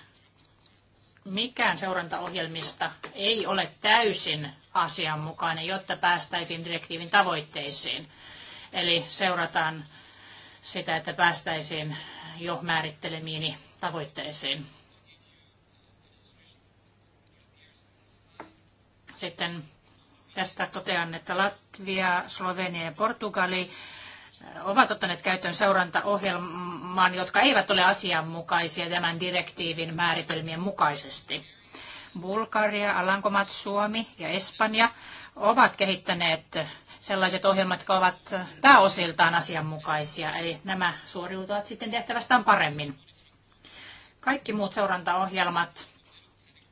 mikään seurantaohjelmista ei ole täysin asianmukainen, jotta päästäisiin direktiivin tavoitteisiin. Eli seurataan sitä, että päästäisiin jo määrittelemiini tavoitteisiin. Sitten tästä totean, että Latvia, Slovenia ja Portugali äh, ovat ottaneet käyttöön seurantaohjelman, jotka eivät ole asianmukaisia tämän direktiivin määritelmien mukaisesti. Bulgaria, Alankomat, Suomi ja Espanja ovat kehittäneet sellaiset ohjelmat, jotka ovat pääosiltaan asianmukaisia, eli nämä suoriutuvat sitten tehtävästään paremmin. Kaikki muut seurantaohjelmat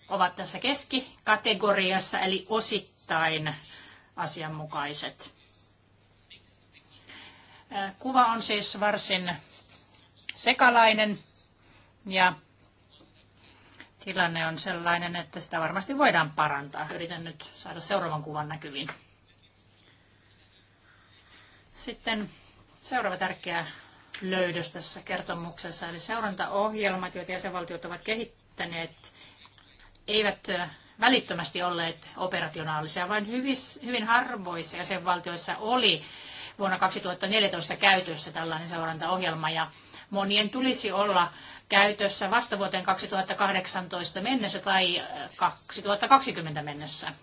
ovat tässä keskikategoriassa, eli osittain asianmukaiset. Kuva on siis varsin sekalainen ja tilanne on sellainen, että sitä varmasti voidaan parantaa. Yritän nyt saada seuraavan kuvan näkyviin. Sitten seuraava tärkeä löydös tässä kertomuksessa, eli seurantaohjelmat, joita jäsenvaltiot ovat kehittäneet, eivät välittömästi olleet operationaalisia, vaan hyvin harvoissa jäsenvaltioissa oli vuonna 2014 käytössä tällainen seurantaohjelma, ja monien tulisi olla käytössä vasta vuoteen 2018 mennessä tai 2020 mennessä.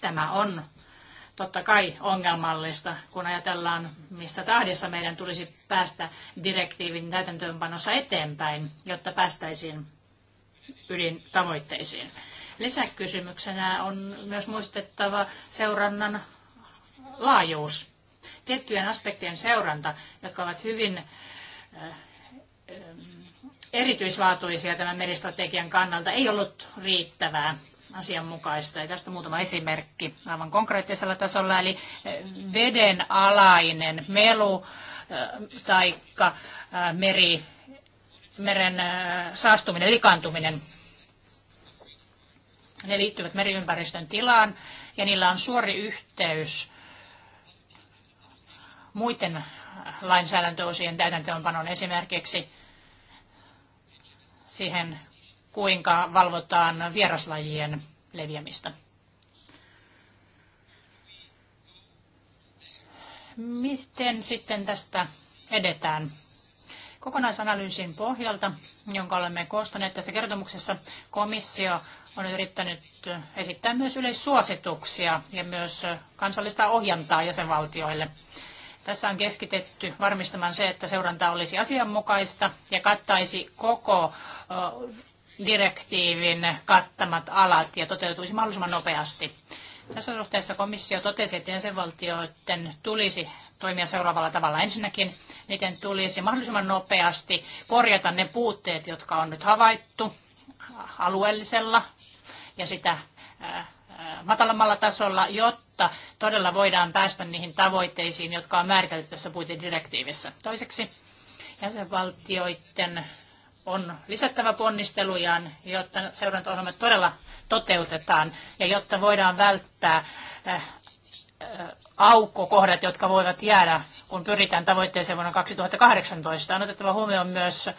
Tämä on totta kai ongelmallista, kun ajatellaan, missä tahdissa meidän tulisi päästä direktiivin täytäntöönpanossa eteenpäin, jotta päästäisiin ydintavoitteisiin. Lisäkysymyksenä on myös muistettava seurannan laajuus. Tiettyjen aspektien seuranta, jotka ovat hyvin eh, erityislaatuisia tämän meristrategian kannalta, ei ollut riittävää asianmukaista. Ja tästä muutama esimerkki aivan konkreettisella tasolla, eli eh, veden alainen melu eh, tai eh, meri, meren saastuminen, likantuminen. Ne liittyvät meriympäristön tilaan ja niillä on suori yhteys muiden lainsäädäntöosien täytäntöönpanon esimerkiksi siihen kuinka valvotaan vieraslajien leviämistä. Miten sitten tästä edetään? Kokonaisanalyysin pohjalta, jonka olemme koostaneet tässä kertomuksessa, komissio on yrittänyt esittää myös yleissuosituksia ja myös kansallista ohjantaa jäsenvaltioille. Tässä on keskitetty varmistamaan se, että seuranta olisi asianmukaista ja kattaisi koko direktiivin kattamat alat ja toteutuisi mahdollisimman nopeasti. Tässä suhteessa komissio totesi, että jäsenvaltioiden tulisi toimia seuraavalla tavalla. Ensinnäkin, miten tulisi mahdollisimman nopeasti korjata ne puutteet, jotka on nyt havaittu alueellisella ja sitä matalammalla tasolla, jotta todella voidaan päästä niihin tavoitteisiin, jotka on määritelty tässä puitedirektiivissä. Toiseksi jäsenvaltioiden on lisättävä ponnistelujaan, jotta seurantaohjelmat todella toteutetaan ja jotta voidaan välttää äh, äh, aukkokohdat, jotka voivat jäädä, kun pyritään tavoitteeseen vuonna 2018. On otettava huomioon myös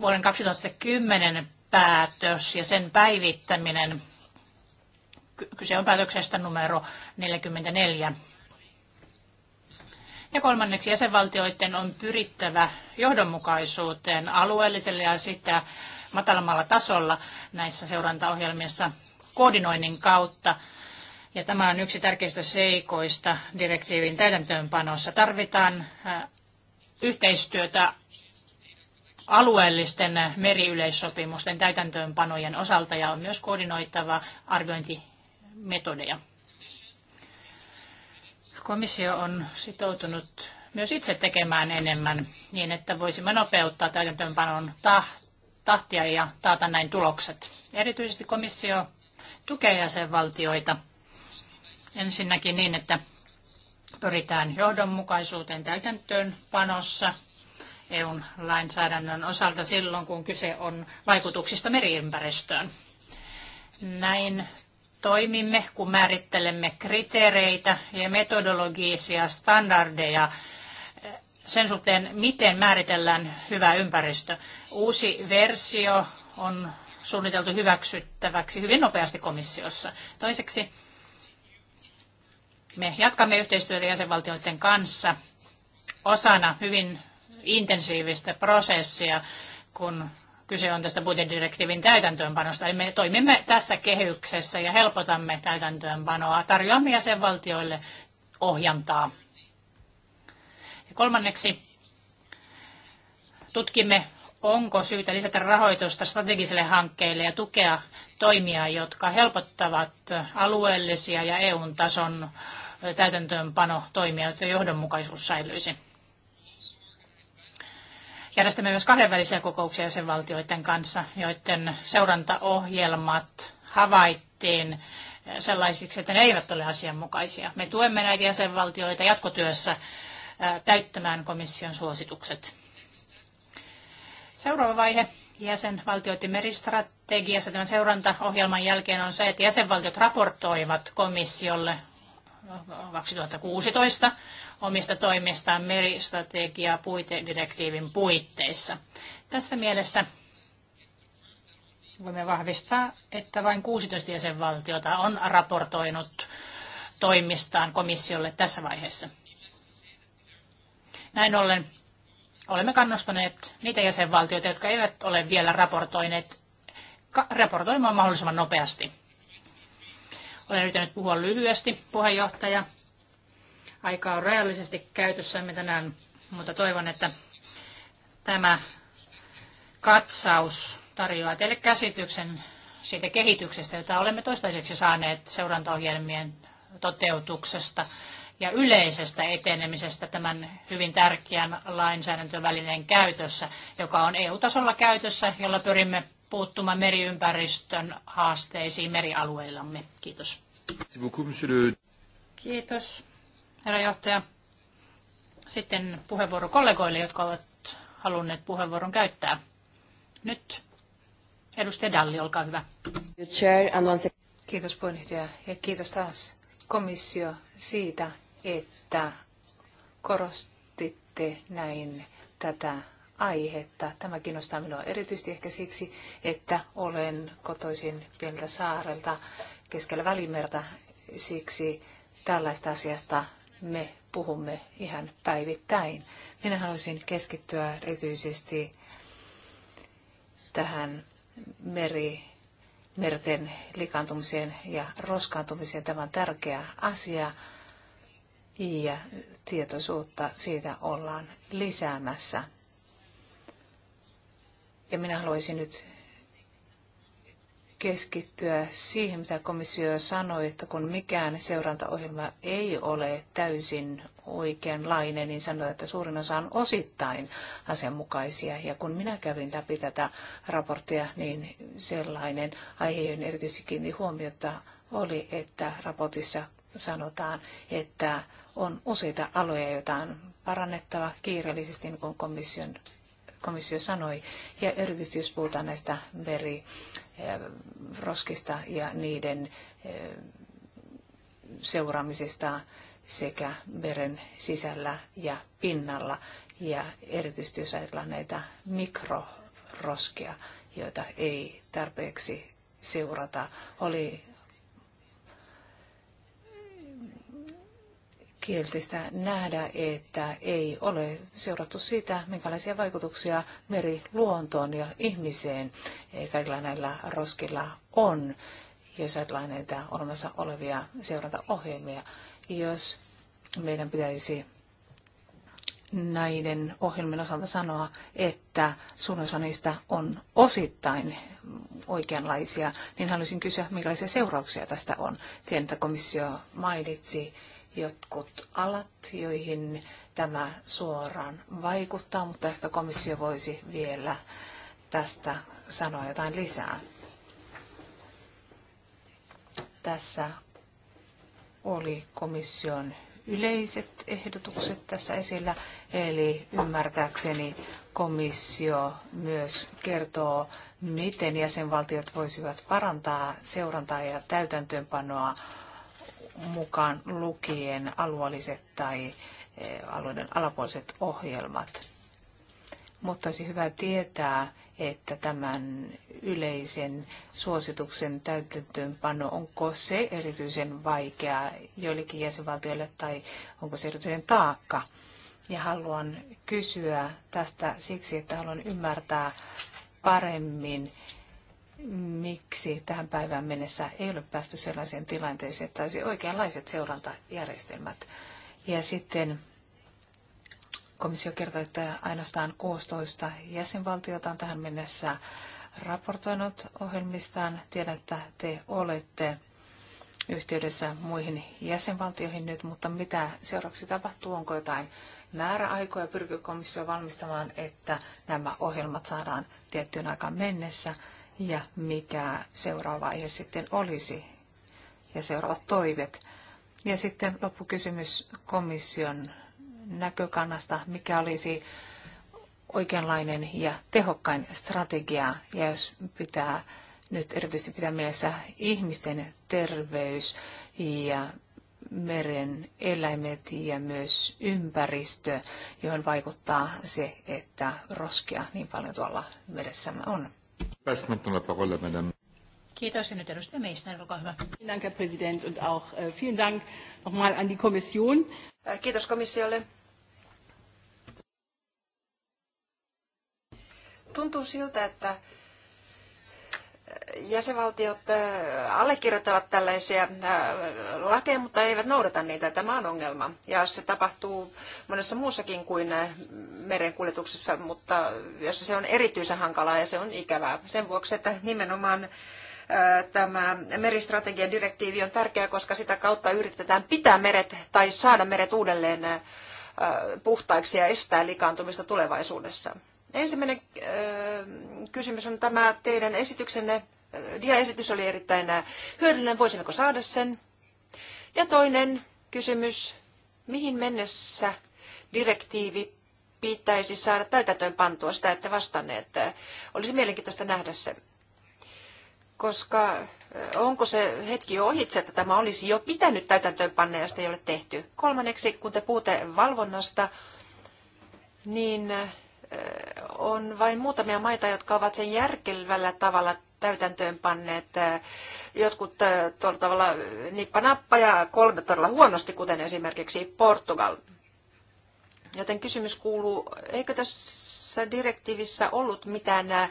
vuoden 2010 päätös ja sen päivittäminen. Kyse on päätöksestä numero 44. Ja kolmanneksi jäsenvaltioiden on pyrittävä johdonmukaisuuteen alueellisella ja sitä matalammalla tasolla näissä seurantaohjelmissa koordinoinnin kautta. Ja tämä on yksi tärkeistä seikoista direktiivin täytäntöönpanossa. Tarvitaan yhteistyötä alueellisten meriyleissopimusten täytäntöönpanojen osalta ja on myös koordinoitava arviointimetodeja. Komissio on sitoutunut myös itse tekemään enemmän niin, että voisimme nopeuttaa täytäntöönpanon tahtia ja taata näin tulokset. Erityisesti komissio tukee jäsenvaltioita ensinnäkin niin, että pyritään johdonmukaisuuteen täytäntöönpanossa EUn lainsäädännön osalta silloin, kun kyse on vaikutuksista meriympäristöön. Näin toimimme, kun määrittelemme kriteereitä ja metodologisia standardeja sen suhteen, miten määritellään hyvä ympäristö. Uusi versio on suunniteltu hyväksyttäväksi hyvin nopeasti komissiossa. Toiseksi me jatkamme yhteistyötä jäsenvaltioiden kanssa osana hyvin intensiivistä prosessia, kun Kyse on tästä budjettidirektiivin täytäntöönpanosta. Eli me toimimme tässä kehyksessä ja helpotamme täytäntöönpanoa. Tarjoamme jäsenvaltioille ohjantaa. Ja kolmanneksi tutkimme, onko syytä lisätä rahoitusta strategisille hankkeille ja tukea toimia, jotka helpottavat alueellisia ja EU-tason täytäntöönpano toimia, jotta johdonmukaisuus säilyisi. Järjestämme myös kahdenvälisiä kokouksia jäsenvaltioiden kanssa, joiden seurantaohjelmat havaittiin sellaisiksi, että ne eivät ole asianmukaisia. Me tuemme näitä jäsenvaltioita jatkotyössä täyttämään komission suositukset. Seuraava vaihe jäsenvaltioiden meristrategiassa tämän seurantaohjelman jälkeen on se, että jäsenvaltiot raportoivat komissiolle 2016 omista toimistaan meristrategiaa puitedirektiivin puitteissa. Tässä mielessä voimme vahvistaa, että vain 16 jäsenvaltiota on raportoinut toimistaan komissiolle tässä vaiheessa. Näin ollen olemme kannustaneet niitä jäsenvaltioita, jotka eivät ole vielä raportoineet, raportoimaan mahdollisimman nopeasti. Olen yrittänyt puhua lyhyesti, puheenjohtaja, Aika on rajallisesti käytössämme tänään, mutta toivon, että tämä katsaus tarjoaa teille käsityksen siitä kehityksestä, jota olemme toistaiseksi saaneet seurantaohjelmien toteutuksesta ja yleisestä etenemisestä tämän hyvin tärkeän lainsäädäntövälineen käytössä, joka on EU-tasolla käytössä, jolla pyrimme puuttumaan meriympäristön haasteisiin merialueillamme. Kiitos. Kiitos herra johtaja. Sitten puheenvuoro kollegoille, jotka ovat halunneet puheenvuoron käyttää. Nyt edustaja Dalli, olkaa hyvä. Kiitos puheenjohtaja ja kiitos taas komissio siitä, että korostitte näin tätä aihetta. Tämä kiinnostaa minua erityisesti ehkä siksi, että olen kotoisin pieneltä saarelta keskellä välimerta. Siksi tällaista asiasta me puhumme ihan päivittäin. Minä haluaisin keskittyä erityisesti tähän meri, merten likantumiseen ja roskaantumiseen. Tämä on tärkeä asia ja tietoisuutta siitä ollaan lisäämässä. Ja minä haluaisin nyt keskittyä siihen, mitä komissio sanoi, että kun mikään seurantaohjelma ei ole täysin oikeanlainen, niin sanoi, että suurin osa on osittain asianmukaisia. Ja kun minä kävin läpi tätä raporttia, niin sellainen aihe, johon erityisesti kiinnitin huomiota, oli, että raportissa sanotaan, että on useita aloja, joita on parannettava kiireellisesti, niin kuin komission komissio sanoi. Ja erityisesti jos puhutaan näistä meri Eh, roskista ja niiden eh, seuraamisesta sekä meren sisällä ja pinnalla. Ja erityisesti jos ajatellaan näitä mikroroskia, joita ei tarpeeksi seurata. Oli kielteistä nähdä, että ei ole seurattu sitä, minkälaisia vaikutuksia meri luontoon ja ihmiseen kaikilla näillä roskilla on, jos ajatellaan näitä olemassa olevia seurantaohjelmia. Jos meidän pitäisi näiden ohjelmien osalta sanoa, että suurin niistä on osittain oikeanlaisia, niin haluaisin kysyä, millaisia seurauksia tästä on. Tiedän, että komissio mainitsi jotkut alat, joihin tämä suoraan vaikuttaa, mutta ehkä komissio voisi vielä tästä sanoa jotain lisää. Tässä oli komission yleiset ehdotukset tässä esillä, eli ymmärtääkseni komissio myös kertoo, miten jäsenvaltiot voisivat parantaa seurantaa ja täytäntöönpanoa mukaan lukien alueelliset tai eh, alueiden alapuoliset ohjelmat. Mutta olisi hyvä tietää, että tämän yleisen suosituksen täytäntöönpano, onko se erityisen vaikeaa joillekin jäsenvaltioille tai onko se erityinen taakka? Ja haluan kysyä tästä siksi, että haluan ymmärtää paremmin, miksi tähän päivään mennessä ei ole päästy sellaiseen tilanteeseen, että olisi oikeanlaiset seurantajärjestelmät. Ja sitten komissio kertoi, että ainoastaan 16 jäsenvaltiota on tähän mennessä raportoinut ohjelmistaan. Tiedän, että te olette yhteydessä muihin jäsenvaltioihin nyt, mutta mitä seuraavaksi tapahtuu? Onko jotain määräaikoja? Pyrkii komissio valmistamaan, että nämä ohjelmat saadaan tiettyyn aikaan mennessä? ja mikä seuraava aihe sitten olisi ja seuraavat toivet Ja sitten loppukysymys komission näkökannasta, mikä olisi oikeanlainen ja tehokkain strategia, ja jos pitää nyt erityisesti pitää mielessä ihmisten terveys ja meren eläimet ja myös ympäristö, johon vaikuttaa se, että roskia niin paljon tuolla meressämme on. Kiitos ja nyt edustaja Meissner, olkaa hyvä. Dank, Herr Präsident, und auch äh, vielen Dank nochmal an die Kommission. Äh, kiitos komissiolle. Tuntuu siltä, että jäsenvaltiot äh, allekirjoittavat tällaisia äh, lakeja, mutta eivät noudata niitä. Tämä on ongelma. Ja se tapahtuu monessa muussakin kuin äh, merenkuljetuksessa, mutta jos se on erityisen hankalaa ja se on ikävää. Sen vuoksi, että nimenomaan tämä meristrategian direktiivi on tärkeä, koska sitä kautta yritetään pitää meret tai saada meret uudelleen puhtaiksi ja estää likaantumista tulevaisuudessa. Ensimmäinen äh, kysymys on tämä teidän esityksenne. Äh, diaesitys oli erittäin äh, hyödyllinen. Voisimmeko saada sen? Ja toinen kysymys. Mihin mennessä direktiivi pitäisi saada täytäntöön pantua sitä, että vastanneet? Olisi mielenkiintoista nähdä se. Koska onko se hetki jo ohitse, että tämä olisi jo pitänyt täytäntöön panna ja sitä ei ole tehty? Kolmanneksi, kun te puhutte valvonnasta, niin on vain muutamia maita, jotka ovat sen järkevällä tavalla täytäntöönpanneet. Jotkut eh, tuolla tavalla nippanappa ja kolme todella huonosti, kuten esimerkiksi Portugal. Joten kysymys kuuluu, eikö tässä direktiivissä ollut mitään eh,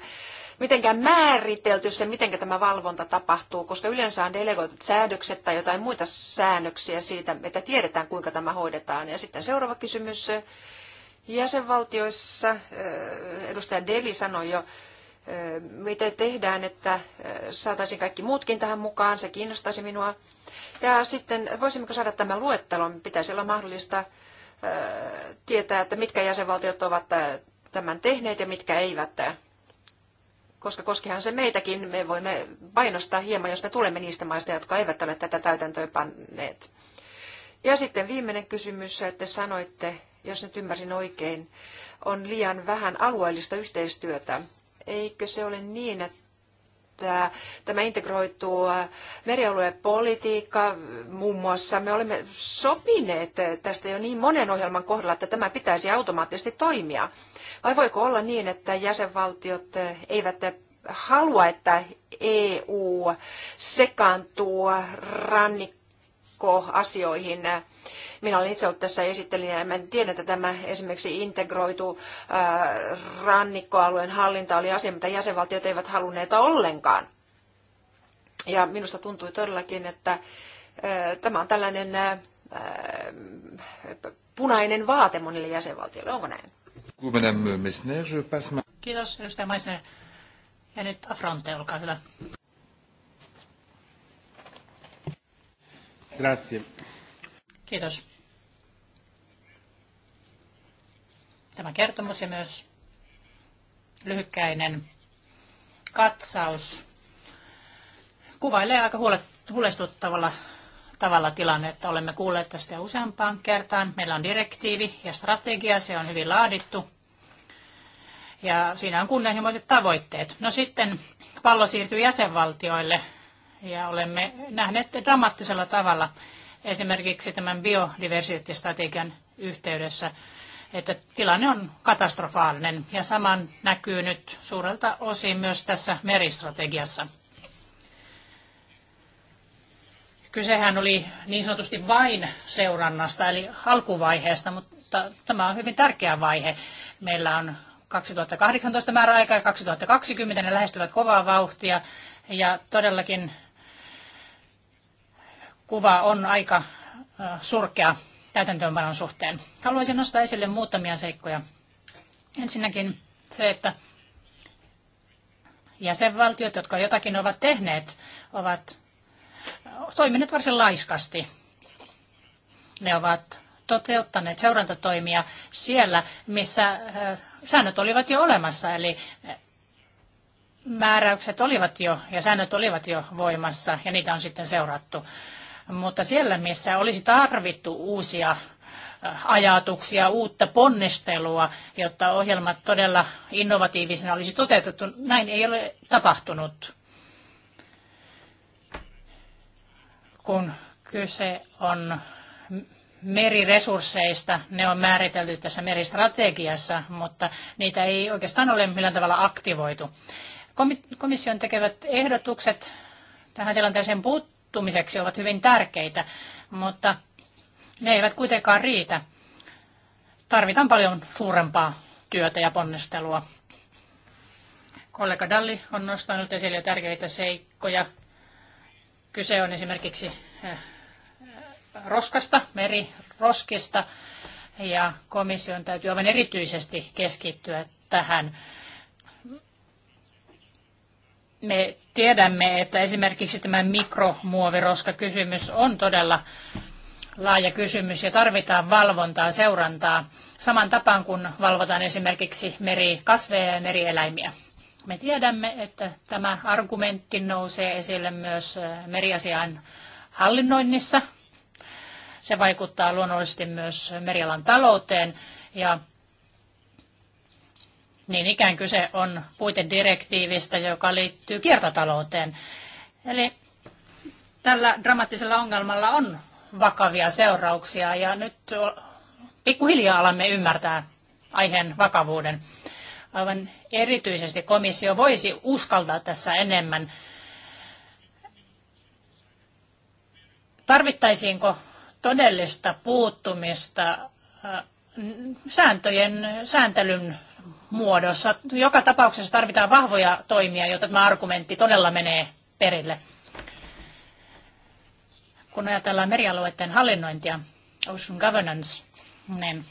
mitenkään määritelty se, miten tämä valvonta tapahtuu, koska yleensä on delegoitut säädökset tai jotain muita säännöksiä siitä, että tiedetään, kuinka tämä hoidetaan. Ja sitten seuraava kysymys eh, Jäsenvaltioissa eh, edustaja Deli sanoi jo, eh, mitä tehdään, että eh, saataisiin kaikki muutkin tähän mukaan, se kiinnostaisi minua. Ja sitten voisimmeko saada tämän luettelon, pitäisi olla mahdollista tietää, että mitkä jäsenvaltiot ovat tämän tehneet ja mitkä eivät. Koska koskihan se meitäkin, me voimme painostaa hieman, jos me tulemme niistä maista, jotka eivät ole tätä täytäntöön panneet. Ja sitten viimeinen kysymys, että sanoitte, jos nyt ymmärsin oikein, on liian vähän alueellista yhteistyötä. Eikö se ole niin, että tämä integroituu merialuepolitiikka muun muassa. Me olemme sopineet tästä jo niin monen ohjelman kohdalla, että tämä pitäisi automaattisesti toimia. Vai voiko olla niin, että jäsenvaltiot eivät halua, että EU sekaantuu rannikko asioihin Minä olen itse ollut tässä esittelijänä ja mä että tämä esimerkiksi integroitu äh, rannikkoalueen hallinta oli asia, mitä jäsenvaltiot eivät halunneet ollenkaan. Ja minusta tuntui todellakin, että äh, tämä on tällainen äh, punainen vaate monille jäsenvaltioille. Onko näin? Kiitos, edustaja Meissner. Ja nyt Afronte, olkaa hyvä. Kiitos. Tämä kertomus ja myös lyhykkäinen katsaus kuvailee aika huolestuttavalla tavalla tilannetta. että olemme kuulleet tästä useampaan kertaan. Meillä on direktiivi ja strategia, se on hyvin laadittu. Ja siinä on kunnianhimoiset tavoitteet. No sitten pallo siirtyy jäsenvaltioille ja olemme nähneet dramaattisella tavalla esimerkiksi tämän biodiversiteettistrategian yhteydessä, että tilanne on katastrofaalinen ja saman näkyy nyt suurelta osin myös tässä meristrategiassa. Kysehän oli niin sanotusti vain seurannasta eli alkuvaiheesta, mutta tämä on hyvin tärkeä vaihe. Meillä on 2018 määräaika ja 2020 ne lähestyvät kovaa vauhtia ja todellakin kuva on aika surkea täytäntöönpanon suhteen. Haluaisin nostaa esille muutamia seikkoja. Ensinnäkin se, että jäsenvaltiot, jotka jotakin ovat tehneet, ovat toimineet varsin laiskasti. Ne ovat toteuttaneet seurantatoimia siellä, missä säännöt olivat jo olemassa, eli määräykset olivat jo ja säännöt olivat jo voimassa ja niitä on sitten seurattu. Mutta siellä, missä olisi tarvittu uusia äh, ajatuksia, uutta ponnistelua, jotta ohjelmat todella innovatiivisena olisi toteutettu. Näin ei ole tapahtunut. Kun kyse on meriresursseista, ne on määritelty tässä meristrategiassa, mutta niitä ei oikeastaan ole millään tavalla aktivoitu. Komission tekevät ehdotukset tähän tilanteeseen puuttuvat muuttumiseksi ovat hyvin tärkeitä, mutta ne eivät kuitenkaan riitä. Tarvitaan paljon suurempaa työtä ja ponnistelua. Kollega Dalli on nostanut esille tärkeitä seikkoja. Kyse on esimerkiksi eh, roskasta, meriroskista, ja komission täytyy aivan erityisesti keskittyä tähän me tiedämme, että esimerkiksi tämä mikromuoviroskakysymys on todella laaja kysymys ja tarvitaan valvontaa, seurantaa saman tapaan kuin valvotaan esimerkiksi merikasveja ja merieläimiä. Me tiedämme, että tämä argumentti nousee esille myös eh, meriasian hallinnoinnissa. Se vaikuttaa luonnollisesti myös merialan talouteen ja niin ikään kyse on puitedirektiivistä, joka liittyy kiertotalouteen. Eli tällä dramaattisella ongelmalla on vakavia seurauksia ja nyt pikkuhiljaa alamme ymmärtää aiheen vakavuuden. Aivan erityisesti komissio voisi uskaltaa tässä enemmän. Tarvittaisiinko todellista puuttumista äh, sääntöjen, sääntelyn muodossa. Joka tapauksessa tarvitaan vahvoja toimia, jotta tämä argumentti todella menee perille. Kun ajatellaan merialueiden hallinnointia, ocean governance, niin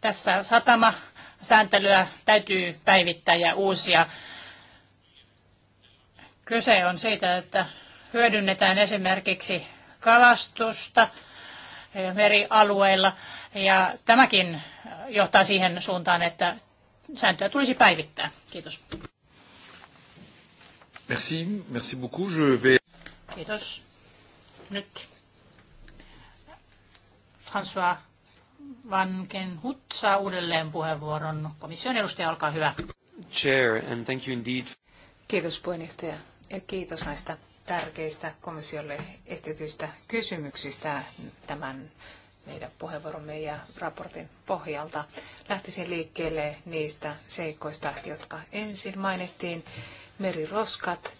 tässä satama sääntelyä täytyy päivittää ja uusia. Kyse on siitä, että hyödynnetään esimerkiksi kalastusta eh, merialueilla ja tämäkin johtaa siihen suuntaan, että sääntöä tulisi päivittää. Kiitos. Merci, merci beaucoup. Je vais... Kiitos. Nyt François Van Hut saa uudelleen puheenvuoron. Komission edustaja, olkaa hyvä. Chair, and thank you indeed. Kiitos puheenjohtaja ja kiitos näistä tärkeistä komissiolle esitetyistä kysymyksistä tämän meidän puheenvuoromme ja raportin pohjalta. Lähtisin liikkeelle niistä seikoista, jotka ensin mainittiin. Meriroskat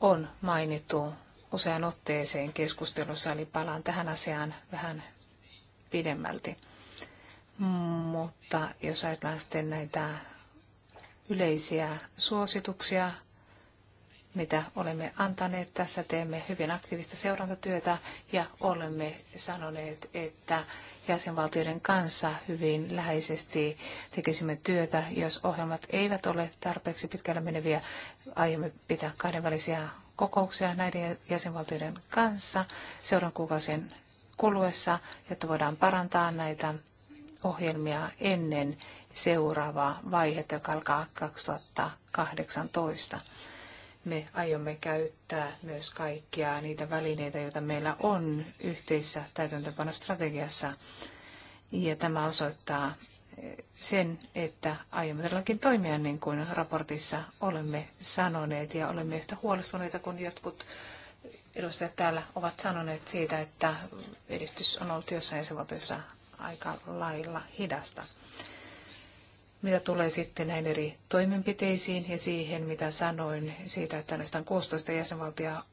on mainittu usean otteeseen keskustelussa, eli palaan tähän asiaan vähän pidemmälti. Mutta jos ajatellaan sitten näitä yleisiä suosituksia, mitä olemme antaneet. Tässä teemme hyvin aktiivista seurantatyötä ja olemme sanoneet, että jäsenvaltioiden kanssa hyvin läheisesti tekisimme työtä. Jos ohjelmat eivät ole tarpeeksi pitkällä meneviä, aiomme pitää kahdenvälisiä kokouksia näiden jäsenvaltioiden kanssa seuran kuukausien kuluessa, jotta voidaan parantaa näitä ohjelmia ennen seuraavaa vaihetta, joka alkaa 2018 me aiomme käyttää myös kaikkia niitä välineitä, joita meillä on yhteisessä täytäntöpanostrategiassa. Ja tämä osoittaa sen, että aiomme todellakin toimia niin kuin raportissa olemme sanoneet ja olemme yhtä huolestuneita kuin jotkut edustajat täällä ovat sanoneet siitä, että edistys on ollut jossain jäsenvaltiossa aika lailla hidasta. Mitä tulee sitten näin eri toimenpiteisiin ja siihen, mitä sanoin siitä, että ainoastaan 16 jäsenvaltia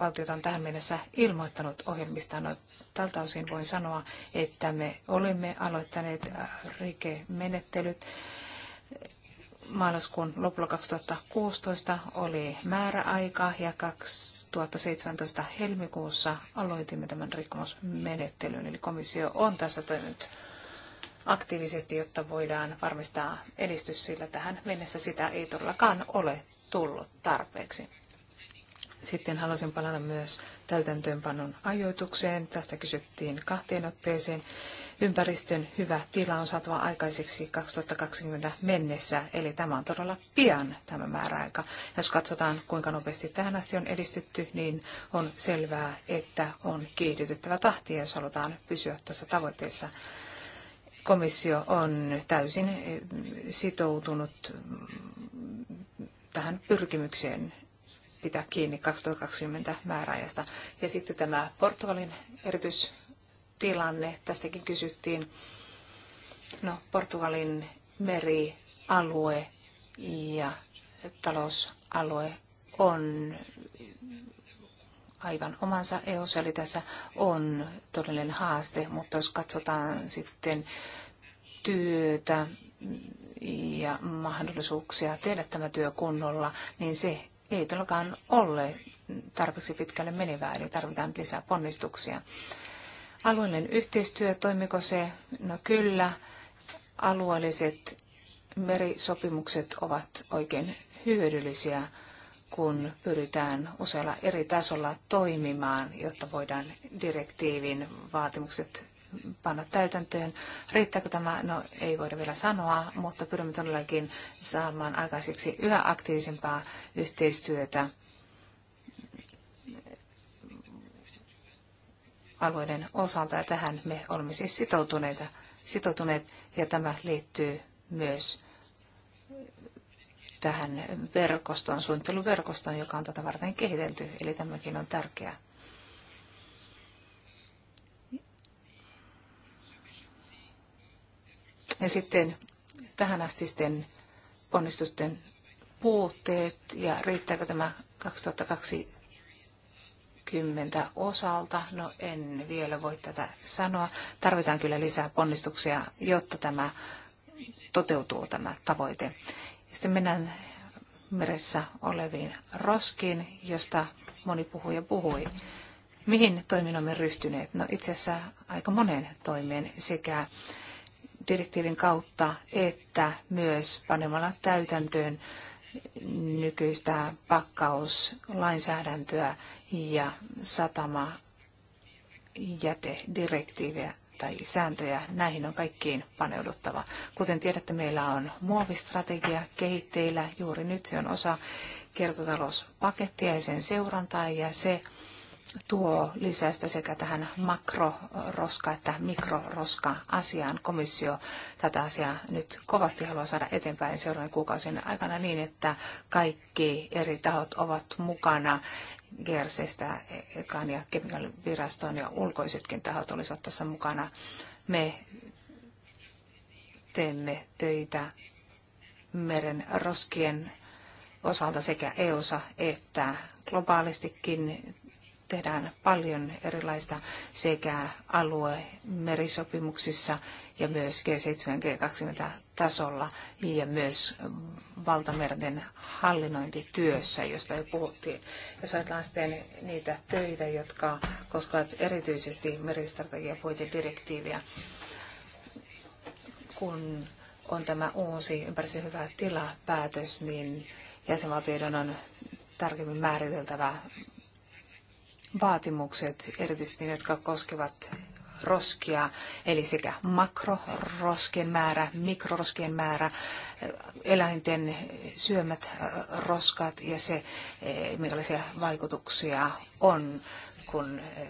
valtiota on tähän mennessä ilmoittanut ohjelmista. No, tältä osin voin sanoa, että me olemme aloittaneet äh, rikemenettelyt. Maaliskuun lopulla 2016 oli määräaika ja 2017 helmikuussa aloitimme tämän rikkomusmenettelyn, eli komissio on tässä toiminut aktiivisesti, jotta voidaan varmistaa edistys, sillä tähän mennessä sitä ei todellakaan ole tullut tarpeeksi. Sitten halusin palata myös täytäntöönpanon ajoitukseen. Tästä kysyttiin kahteen otteeseen. Ympäristön hyvä tila on saatava aikaiseksi 2020 mennessä, eli tämä on todella pian tämä määräaika. Jos katsotaan, kuinka nopeasti tähän asti on edistytty, niin on selvää, että on kiihdytettävä tahti jos halutaan pysyä tässä tavoitteessa komissio on täysin eh, sitoutunut mm, tähän pyrkimykseen pitää kiinni 2020 määräajasta. Ja sitten tämä Portugalin erityistilanne, tästäkin kysyttiin. No, Portugalin merialue ja talousalue on aivan omansa EOS, eli tässä on todellinen haaste, mutta jos katsotaan sitten työtä ja mahdollisuuksia tehdä tämä työ kunnolla, niin se ei todellakaan ole tarpeeksi pitkälle menevää, eli tarvitaan lisää ponnistuksia. Alueellinen yhteistyö, toimiko se? No kyllä, alueelliset merisopimukset ovat oikein hyödyllisiä kun pyritään usealla eri tasolla toimimaan, jotta voidaan direktiivin vaatimukset panna täytäntöön. Riittääkö tämä? No ei voida vielä sanoa, mutta pyrimme todellakin saamaan aikaiseksi yhä aktiivisempaa yhteistyötä alueiden osalta ja tähän me olemme siis sitoutuneita, sitoutuneet ja tämä liittyy myös tähän verkostoon, suunnitteluverkostoon, joka on tätä varten kehitelty. Eli tämäkin on tärkeää. Ja sitten tähän asti sitten ponnistusten puutteet ja riittääkö tämä 2020 osalta? No en vielä voi tätä sanoa. Tarvitaan kyllä lisää ponnistuksia, jotta tämä toteutuu tämä tavoite. Sitten mennään meressä oleviin roskiin, josta moni puhuja puhui. Mihin toimiin olemme ryhtyneet? No itse asiassa aika moneen toimeen sekä direktiivin kautta että myös panemalla täytäntöön nykyistä pakkauslainsäädäntöä ja satama jätedirektiiviä tai sääntöjä, näihin on kaikkiin paneuduttava. Kuten tiedätte, meillä on muovistrategia kehitteillä. Juuri nyt se on osa kertotalouspakettia ja sen seurantaa ja se tuo lisäystä sekä tähän makroroska- että mikroroska-asiaan. Komissio tätä asiaa nyt kovasti haluaa saada eteenpäin seuraavan kuukausien aikana niin, että kaikki eri tahot ovat mukana GRCstä, Ekan ja kemikaaliviraston ja ulkoisetkin tahot olisivat tässä mukana. Me teemme töitä meren roskien osalta sekä EUssa että globaalistikin tehdään paljon erilaista sekä alue merisopimuksissa ja myös G7 G20 tasolla ja myös valtamerten hallinnointityössä, josta jo puhuttiin. Jos ajatellaan sitten niitä töitä, jotka koskevat erityisesti meristrategiapuitedirektiiviä, kun on tämä uusi hyvä tila päätös, niin jäsenvaltioiden on tarkemmin määriteltävä vaatimukset, erityisesti ne, jotka koskevat roskia, eli sekä makroroskien määrä, mikroroskien määrä, eläinten syömät roskat ja se, eh, millaisia vaikutuksia on, kun eh,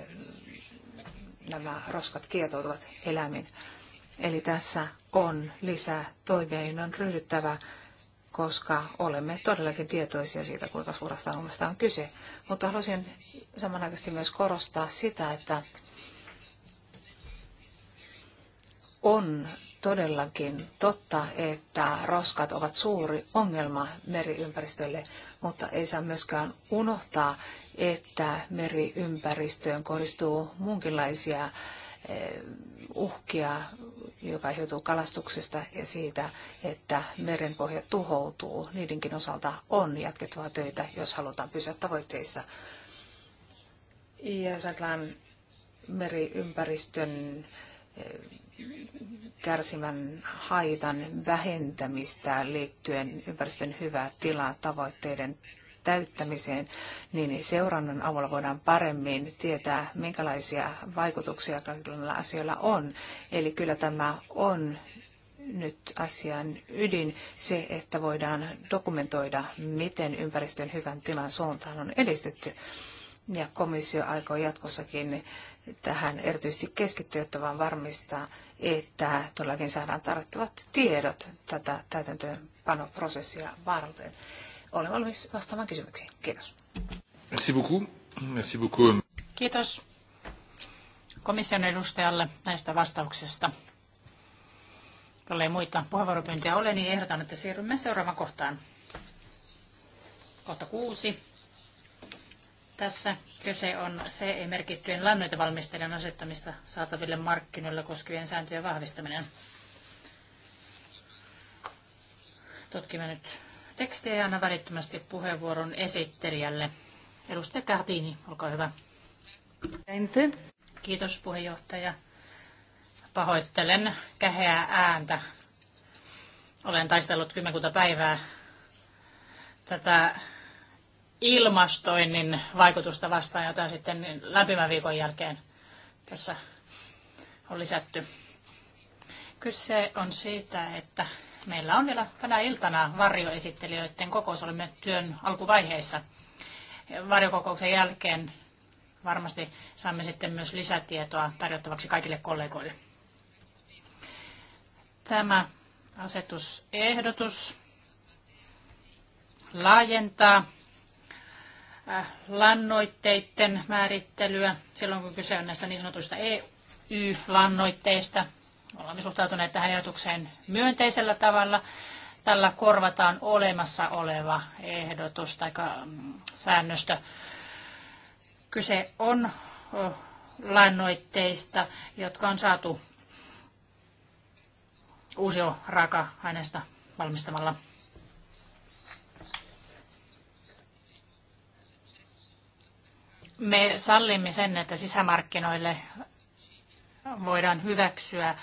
nämä roskat kietoutuvat eläimin. Eli tässä on lisää toimia, joihin on ryhdyttävä, koska olemme todellakin tietoisia siitä, kuinka suuresta ongelmasta on kyse. Mutta haluaisin samanaikaisesti myös korostaa sitä, että on todellakin totta, että roskat ovat suuri ongelma meriympäristölle, mutta ei saa myöskään unohtaa, että meriympäristöön kohdistuu muunkinlaisia eh, uhkia, joka aiheutuu kalastuksesta ja siitä, että merenpohja tuhoutuu. Niidenkin osalta on jatkettava töitä, jos halutaan pysyä tavoitteissa. Ja meriympäristön eh, kärsimän haitan vähentämistä liittyen ympäristön hyvää tilaa tavoitteiden täyttämiseen, niin seurannan avulla voidaan paremmin tietää, minkälaisia vaikutuksia kaikilla asioilla on. Eli kyllä tämä on nyt asian ydin se, että voidaan dokumentoida, miten ympäristön hyvän tilan suuntaan on edistetty ja komissio aikoo jatkossakin tähän erityisesti keskittyä, jotta vaan varmistaa, että todellakin saadaan tarvittavat tiedot tätä täytäntöönpanoprosessia varten. Olen valmis vastaamaan kysymyksiin. Kiitos. Merci beaucoup. Merci beaucoup. Kiitos komission edustajalle näistä vastauksista. ei muita puheenvuoropyyntöjä ole, niin ehdotan, että siirrymme seuraavaan kohtaan. Kohta kuusi. Tässä kyse on CE-merkittyjen lannoitevalmisteiden asettamista saataville markkinoille koskevien sääntöjen vahvistaminen. Tutkimme nyt tekstiä ja annan välittömästi puheenvuoron esittelijälle. Edustaja Kahtini, olkaa hyvä. Ente. Kiitos puheenjohtaja. Pahoittelen käheää ääntä. Olen taistellut kymmenkunta päivää tätä ilmastoinnin vaikutusta vastaan, jota sitten lämpimän viikon jälkeen tässä on lisätty. Kyse on siitä, että meillä on vielä tänä iltana varjoesittelijöiden kokous. Olemme työn alkuvaiheessa. Varjokokouksen jälkeen varmasti saamme sitten myös lisätietoa tarjottavaksi kaikille kollegoille. Tämä asetusehdotus laajentaa Äh, lannoitteiden määrittelyä silloin, kun kyse on näistä niin sanotuista EU-lannoitteista. Olemme suhtautuneet tähän ehdotukseen myönteisellä tavalla. Tällä korvataan olemassa oleva ehdotus tai mm, säännöstö. Kyse on lannoitteista, jotka on saatu raaka aineesta valmistamalla. me sallimme sen, että sisämarkkinoille voidaan hyväksyä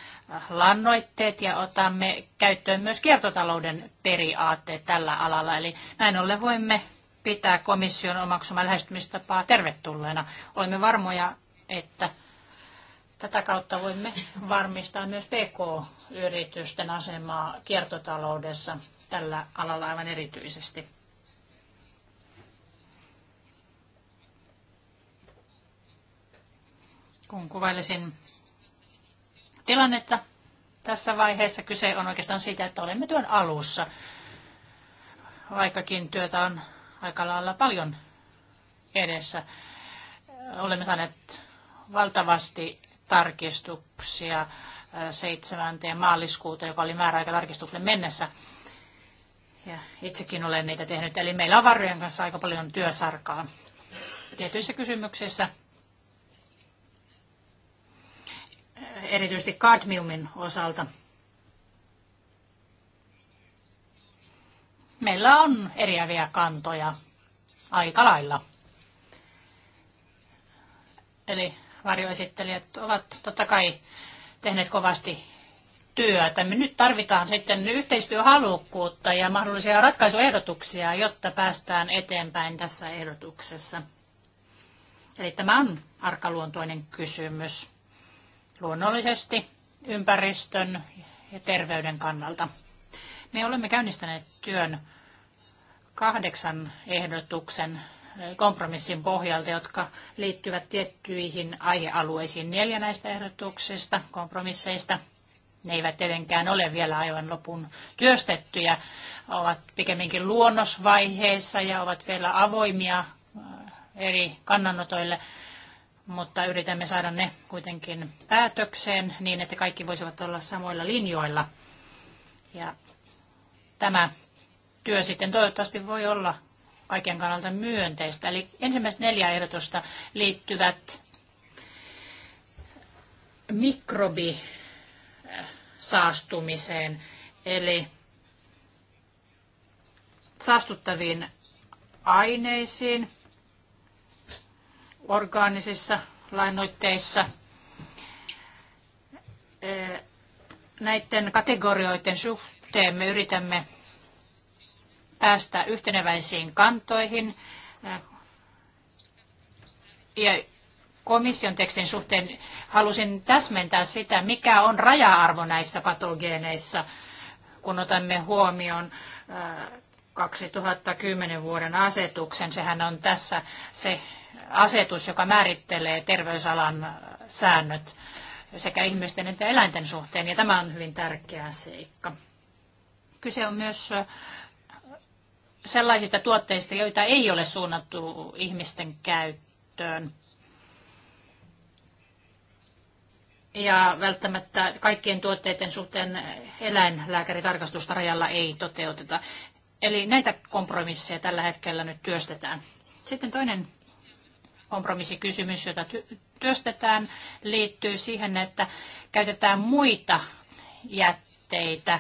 lannoitteet ja otamme käyttöön myös kiertotalouden periaatteet tällä alalla. Eli näin ollen voimme pitää komission omaksuma lähestymistapaa tervetulleena. Olemme varmoja, että tätä kautta voimme varmistaa myös PK-yritysten asemaa kiertotaloudessa tällä alalla aivan erityisesti. Kun kuvailisin tilannetta tässä vaiheessa, kyse on oikeastaan siitä, että olemme työn alussa. Vaikkakin työtä on aika lailla paljon edessä. Olemme saaneet valtavasti tarkistuksia 7. maaliskuuta, joka oli määräaika tarkistukselle mennessä. Ja itsekin olen niitä tehnyt. Eli meillä on varjojen kanssa aika paljon työsarkaa tietyissä kysymyksissä erityisesti kadmiumin osalta. Meillä on eriäviä kantoja aika lailla. Eli varjoesittelijät ovat totta kai tehneet kovasti työtä. Me nyt tarvitaan sitten yhteistyöhalukkuutta ja mahdollisia ratkaisuehdotuksia, jotta päästään eteenpäin tässä ehdotuksessa. Eli tämä on arkaluontoinen kysymys luonnollisesti ympäristön ja terveyden kannalta. Me olemme käynnistäneet työn kahdeksan ehdotuksen kompromissin pohjalta, jotka liittyvät tiettyihin aihealueisiin. Neljä näistä ehdotuksista, kompromisseista, ne eivät tietenkään ole vielä aivan lopun työstettyjä, ovat pikemminkin luonnosvaiheessa ja ovat vielä avoimia äh, eri kannanotoille – mutta yritämme saada ne kuitenkin päätökseen niin, että kaikki voisivat olla samoilla linjoilla. Ja tämä työ sitten toivottavasti voi olla kaiken kannalta myönteistä. Eli ensimmäistä neljä ehdotusta liittyvät mikrobisaastumiseen, äh, eli saastuttaviin aineisiin – orgaanisissa lainoitteissa. Eh, näiden kategorioiden suhteen me yritämme päästä yhteneväisiin kantoihin eh, ja komission tekstin suhteen halusin täsmentää sitä, mikä on raja-arvo näissä patogeeneissa, kun otamme huomioon 2010 eh, vuoden asetuksen. Sehän on tässä se asetus, joka määrittelee terveysalan säännöt sekä ihmisten että eläinten suhteen, ja tämä on hyvin tärkeä seikka. Kyse on myös sellaisista tuotteista, joita ei ole suunnattu ihmisten käyttöön. Ja välttämättä kaikkien tuotteiden suhteen eläinlääkäritarkastusta rajalla ei toteuteta. Eli näitä kompromisseja tällä hetkellä nyt työstetään. Sitten toinen kompromissikysymys, jota työstetään, liittyy siihen, että käytetään muita jätteitä,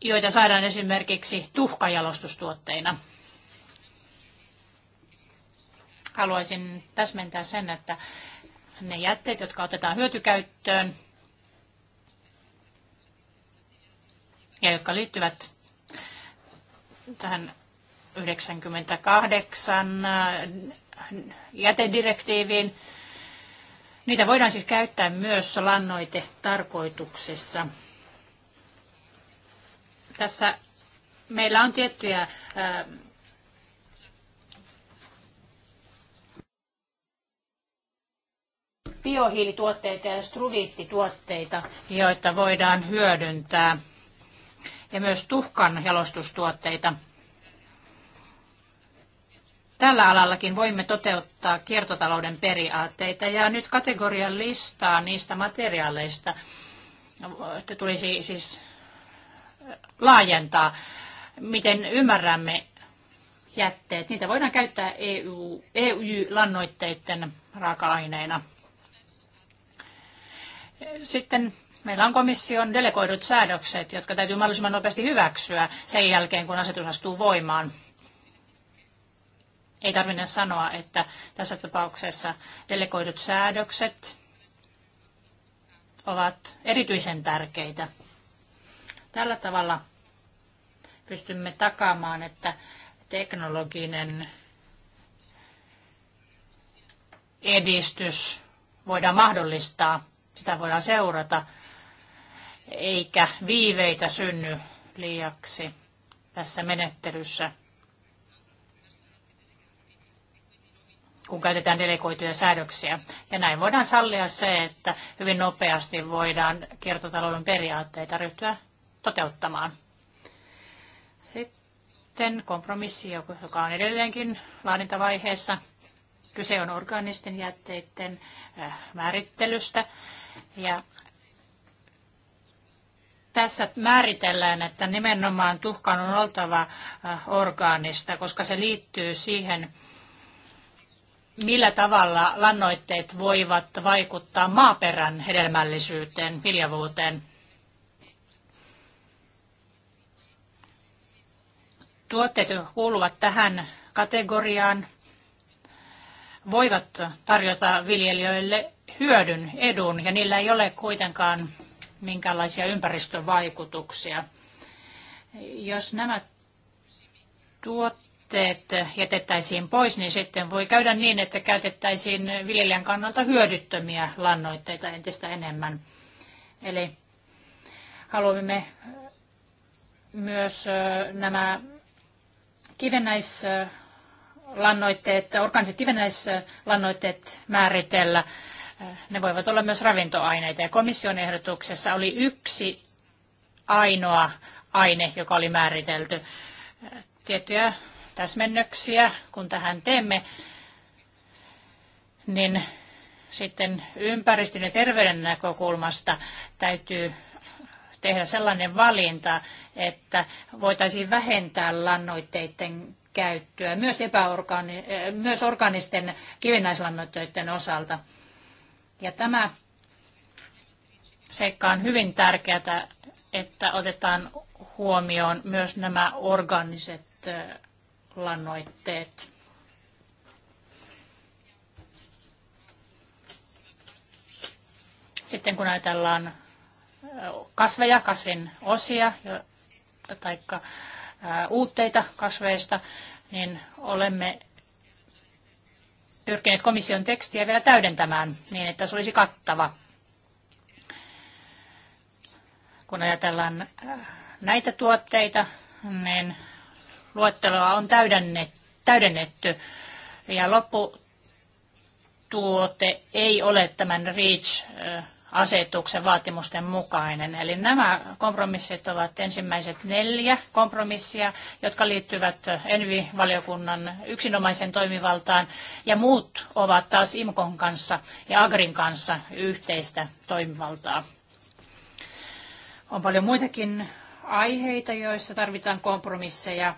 joita saadaan esimerkiksi tuhkajalostustuotteina. Haluaisin täsmentää sen, että ne jätteet, jotka otetaan hyötykäyttöön ja jotka liittyvät tähän 98 jätedirektiiviin. Niitä voidaan siis käyttää myös lannoitetarkoituksessa. Tässä meillä on tiettyjä biohiilituotteita ja struviittituotteita, joita voidaan hyödyntää, ja myös tuhkan jalostustuotteita – tällä alallakin voimme toteuttaa kiertotalouden periaatteita. Ja nyt kategorian listaa niistä materiaaleista että tulisi siis laajentaa, miten ymmärrämme jätteet. Niitä voidaan käyttää EU, EU-lannoitteiden raaka-aineina. Sitten meillä on komission delegoidut säädökset, jotka täytyy mahdollisimman nopeasti hyväksyä sen jälkeen, kun asetus astuu voimaan. Ei tarvinne sanoa, että tässä tapauksessa delegoidut säädökset ovat erityisen tärkeitä. Tällä tavalla pystymme takaamaan, että teknologinen edistys voidaan mahdollistaa, sitä voidaan seurata, eikä viiveitä synny liiaksi tässä menettelyssä. kun käytetään delegoituja säädöksiä. Ja näin voidaan sallia se, että hyvin nopeasti voidaan kiertotalouden periaatteita ryhtyä toteuttamaan. Sitten kompromissi, joka on edelleenkin laadintavaiheessa. Kyse on organisten jätteiden äh, määrittelystä. Ja tässä määritellään, että nimenomaan tuhkan on oltava äh, orgaanista, koska se liittyy siihen, millä tavalla lannoitteet voivat vaikuttaa maaperän hedelmällisyyteen, viljavuuteen. Tuotteet kuuluvat tähän kategoriaan, voivat tarjota viljelijöille hyödyn, edun, ja niillä ei ole kuitenkaan minkäänlaisia ympäristövaikutuksia. Jos nämä tuotteet jätteet jätettäisiin pois, niin sitten voi käydä niin, että käytettäisiin viljelijän kannalta hyödyttömiä lannoitteita entistä enemmän. Eli haluamme myös nämä kivennäislannoitteet, organiset kivennäislannoitteet määritellä. Ne voivat olla myös ravintoaineita ja komission ehdotuksessa oli yksi ainoa aine, joka oli määritelty. Tiettyjä täsmennöksiä, kun tähän teemme, niin sitten ympäristön ja terveyden näkökulmasta täytyy tehdä sellainen valinta, että voitaisiin vähentää lannoitteiden käyttöä myös, epäorgaani, myös organisten kivinnäislannoitteiden osalta. Ja tämä seikka on hyvin tärkeää, että otetaan huomioon myös nämä organiset lannoitteet. Sitten kun ajatellaan kasveja, kasvin osia tai uutteita kasveista, niin olemme pyrkineet komission tekstiä vielä täydentämään niin, että se olisi kattava. Kun ajatellaan näitä tuotteita, niin luetteloa on täydennetty ja lopputuote ei ole tämän REACH-asetuksen vaatimusten mukainen. Eli nämä kompromissit ovat ensimmäiset neljä kompromissia, jotka liittyvät Envi-valiokunnan yksinomaisen toimivaltaan, ja muut ovat taas IMKON kanssa ja AGRIN kanssa yhteistä toimivaltaa. On paljon muitakin aiheita, joissa tarvitaan kompromisseja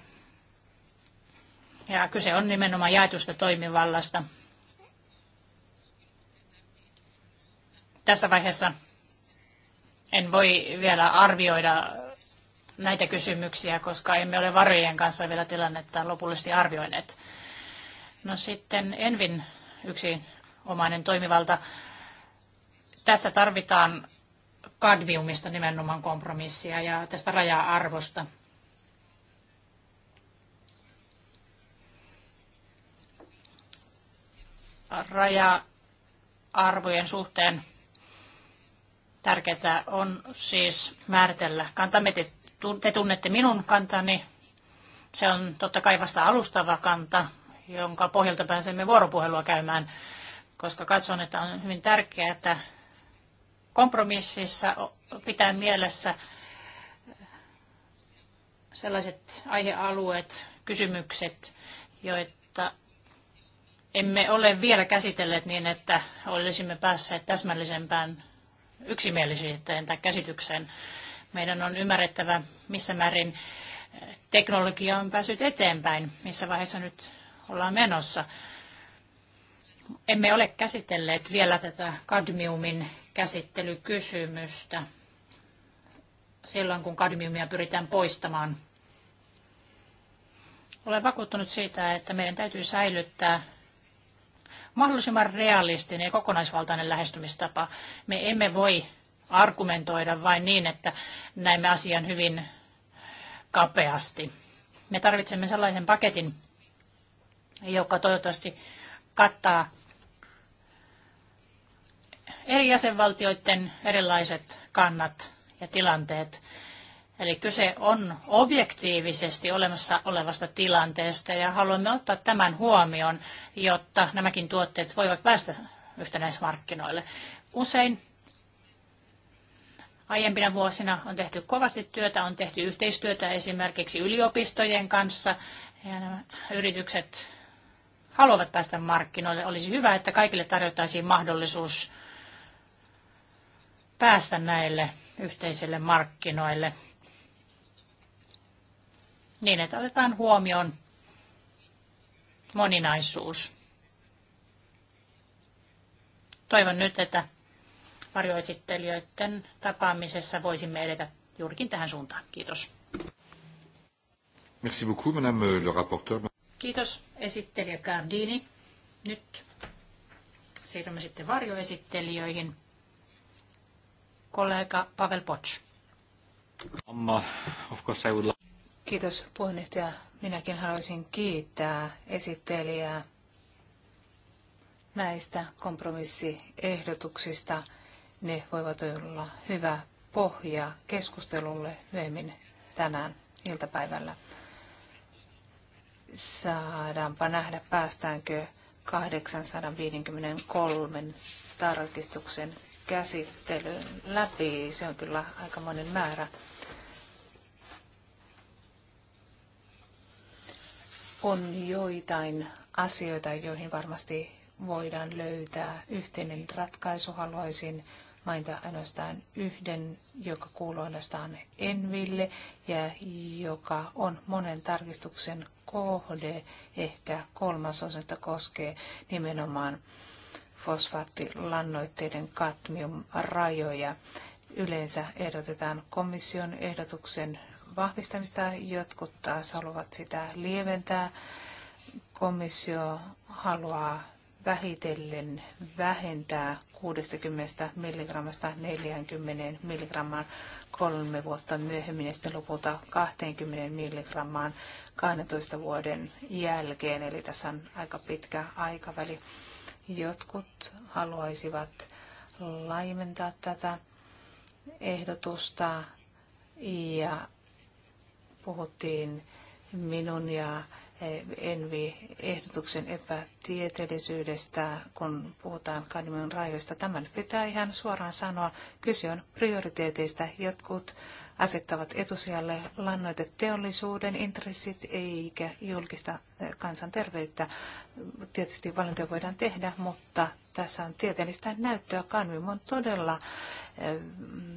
ja kyse on nimenomaan jaetusta toimivallasta. Tässä vaiheessa en voi vielä arvioida näitä kysymyksiä, koska emme ole varojen kanssa vielä tilannetta lopullisesti arvioineet. No sitten Envin yksi omainen toimivalta. Tässä tarvitaan kadmiumista nimenomaan kompromissia ja tästä raja-arvosta – raja-arvojen suhteen tärkeää on siis määritellä kantamme. Te, te tunnette minun kantani. Se on totta kai vasta alustava kanta, jonka pohjalta pääsemme vuoropuhelua käymään, koska katson, että on hyvin tärkeää, että kompromississa pitää mielessä sellaiset aihealueet, kysymykset, joita emme ole vielä käsitelleet niin, että olisimme päässeet täsmällisempään yksimielisyyteen tai käsitykseen. Meidän on ymmärrettävä, missä määrin teknologia on päässyt eteenpäin, missä vaiheessa nyt ollaan menossa. Emme ole käsitelleet vielä tätä kadmiumin käsittelykysymystä silloin, kun kadmiumia pyritään poistamaan. Olen vakuuttunut siitä, että meidän täytyy säilyttää mahdollisimman realistinen ja kokonaisvaltainen lähestymistapa. Me emme voi argumentoida vain niin, että näemme asian hyvin kapeasti. Me tarvitsemme sellaisen paketin, joka toivottavasti kattaa eri jäsenvaltioiden erilaiset kannat ja tilanteet. Eli kyse on objektiivisesti olemassa olevasta tilanteesta ja haluamme ottaa tämän huomioon, jotta nämäkin tuotteet voivat päästä yhtenäismarkkinoille. Usein aiempina vuosina on tehty kovasti työtä, on tehty yhteistyötä esimerkiksi yliopistojen kanssa ja nämä yritykset haluavat päästä markkinoille. Olisi hyvä, että kaikille tarjottaisiin mahdollisuus päästä näille yhteisille markkinoille niin, että otetaan huomioon moninaisuus. Toivon nyt, että varjoesittelijöiden tapaamisessa voisimme edetä juurikin tähän suuntaan. Kiitos. Merci beaucoup, madame euh, le rapporteur. Kiitos esittelijä Gardini. Nyt siirrymme sitten varjoesittelijöihin. Kollega Pavel Potsch. Um, uh, of course I would Kiitos puheenjohtaja. Minäkin haluaisin kiittää esittelijää näistä kompromissiehdotuksista. Ne voivat olla hyvä pohja keskustelulle myöhemmin tänään iltapäivällä. Saadaanpa nähdä, päästäänkö 853 tarkistuksen käsittelyyn läpi. Se on kyllä aikamoinen määrä. on joitain asioita, joihin varmasti voidaan löytää yhteinen ratkaisu. Haluaisin mainita ainoastaan yhden, joka kuuluu ainoastaan Enville ja joka on monen tarkistuksen kohde, ehkä kolmas osa koskee nimenomaan fosfaattilannoitteiden kadmiumrajoja. Yleensä ehdotetaan komission ehdotuksen vahvistamista, jotkut taas haluavat sitä lieventää. Komissio haluaa vähitellen vähentää 60 milligrammasta 40 milligrammaan kolme vuotta myöhemmin ja sitten lopulta 20 milligrammaan 12 vuoden jälkeen. Eli tässä on aika pitkä aikaväli. Jotkut haluaisivat laimentaa tätä ehdotusta ja puhuttiin minun ja Envi-ehdotuksen epätieteellisyydestä, kun puhutaan kadmion rajoista. Tämän pitää ihan suoraan sanoa. Kyse on prioriteeteista. Jotkut asettavat etusijalle lannoiteteollisuuden intressit eikä julkista kansanterveyttä. Tietysti valintoja voidaan tehdä, mutta tässä on tieteellistä näyttöä. Kadmium on todella eh,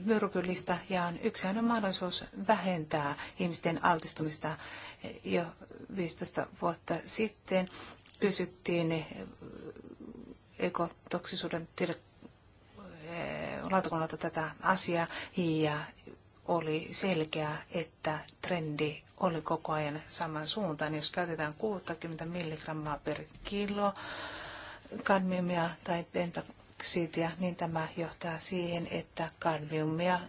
myrkyllistä ja on yksi ainoa mahdollisuus vähentää ihmisten altistumista. Jo 15 vuotta sitten kysyttiin eh, ekotoksisuuden eh, lautakunnalta tätä asiaa ja oli selkeä, että trendi oli koko ajan suuntaan. Jos käytetään 60 milligrammaa per kilo, kadmiumia tai pentoksiitia, niin tämä johtaa siihen, että kadmiumia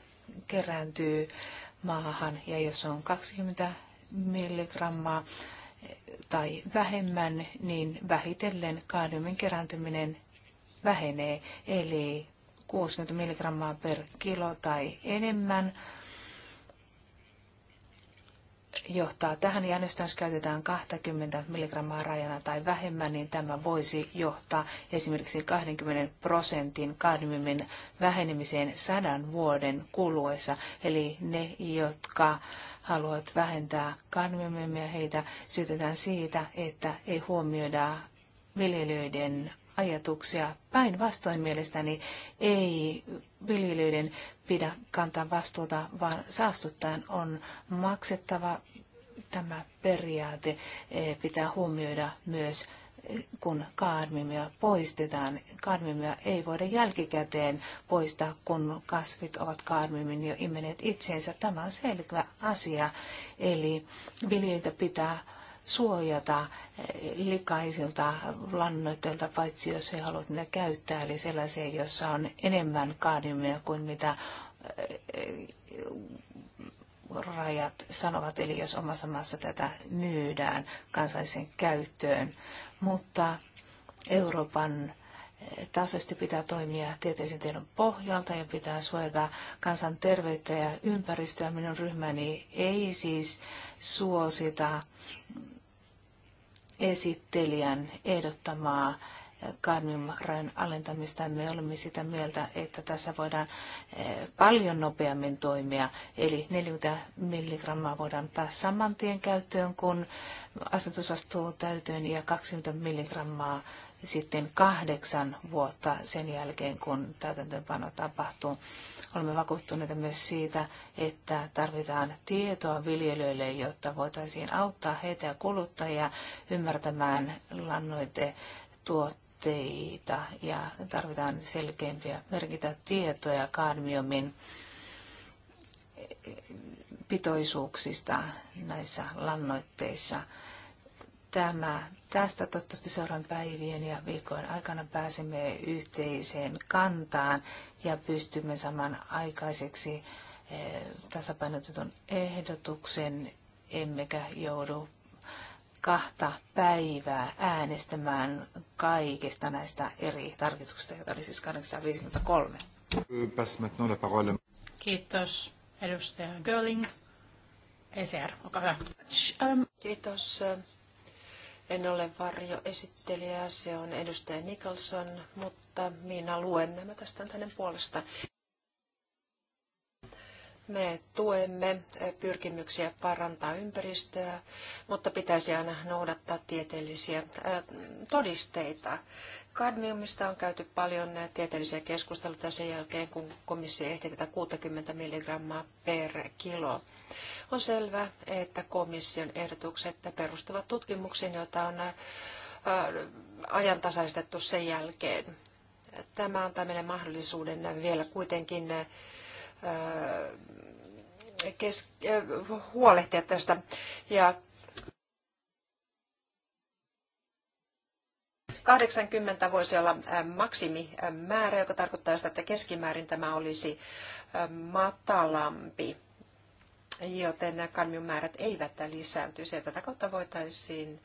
kerääntyy maahan. Ja jos on 20 milligrammaa tai vähemmän, niin vähitellen kadmiumin kerääntyminen vähenee, eli 60 milligrammaa per kilo tai enemmän johtaa tähän, ja jos tässä käytetään 20 milligrammaa rajana tai vähemmän, niin tämä voisi johtaa esimerkiksi 20 prosentin kadmiumin vähenemiseen sadan vuoden kuluessa. Eli ne, jotka haluavat vähentää kadmiumia, heitä syytetään siitä, että ei huomioida viljelijöiden ajatuksia. Päinvastoin mielestäni ei viljelijöiden pidä kantaa vastuuta, vaan saastuttajan on maksettava tämä periaate. E, pitää huomioida myös e, kun kaadmiumia poistetaan. Kaadmiumia ei voida jälkikäteen poistaa, kun kasvit ovat kaadmiumin jo imeneet itseensä. Tämä on selvä asia. Eli viljelijöitä pitää suojata eh, likaisilta lannoitteilta, paitsi jos he haluavat niitä käyttää, eli sellaisia, joissa on enemmän kaadimia kuin mitä eh, rajat sanovat, eli jos omassa maassa tätä myydään kansallisen käyttöön. Mutta Euroopan eh, tasoisesti pitää toimia tieteisen tiedon pohjalta ja pitää suojata kansanterveyttä ja ympäristöä. Minun ryhmäni ei siis suosita esittelijän ehdottamaa kadmiumrajan alentamista. Me olemme sitä mieltä, että tässä voidaan eh, paljon nopeammin toimia. Eli 40 milligrammaa voidaan ottaa saman tien käyttöön, kun asetus astuu täytöön, ja 20 milligrammaa sitten kahdeksan vuotta sen jälkeen, kun täytäntöönpano tapahtuu. Olemme vakuuttuneita myös siitä, että tarvitaan tietoa viljelijöille, jotta voitaisiin auttaa heitä ja kuluttajia ymmärtämään lannoitetuotteita ja tarvitaan selkeämpiä merkitä tietoja kadmiumin pitoisuuksista näissä lannoitteissa tämä tästä toivottavasti seuraavan päivien ja viikkojen aikana pääsemme yhteiseen kantaan ja pystymme saman aikaiseksi eh, tasapainotetun ehdotuksen, emmekä joudu kahta päivää äänestämään kaikista näistä eri tarkoituksista, joita oli siis 853. Kiitos edustaja Görling. ECR, olkaa hyvä. Kiitos en ole varjoesittelijä, se on edustaja Nicholson, mutta minä luen nämä tästä hänen puolestaan. Me tuemme pyrkimyksiä parantaa ympäristöä, mutta pitäisi aina noudattaa tieteellisiä todisteita. Kadmiumista on käyty paljon tieteellisiä keskusteluita sen jälkeen, kun komissio ehti tätä 60 milligrammaa per kilo. On selvää, että komission ehdotukset perustuvat tutkimuksiin, joita on ajantasaistettu sen jälkeen. Tämä antaa meille mahdollisuuden vielä kuitenkin kes, huolehtia tästä. Ja 80 voisi olla maksimimäärä, joka tarkoittaa sitä, että keskimäärin tämä olisi matalampi, joten kadmiummäärät eivät lisääntyisi. tätä kautta voitaisiin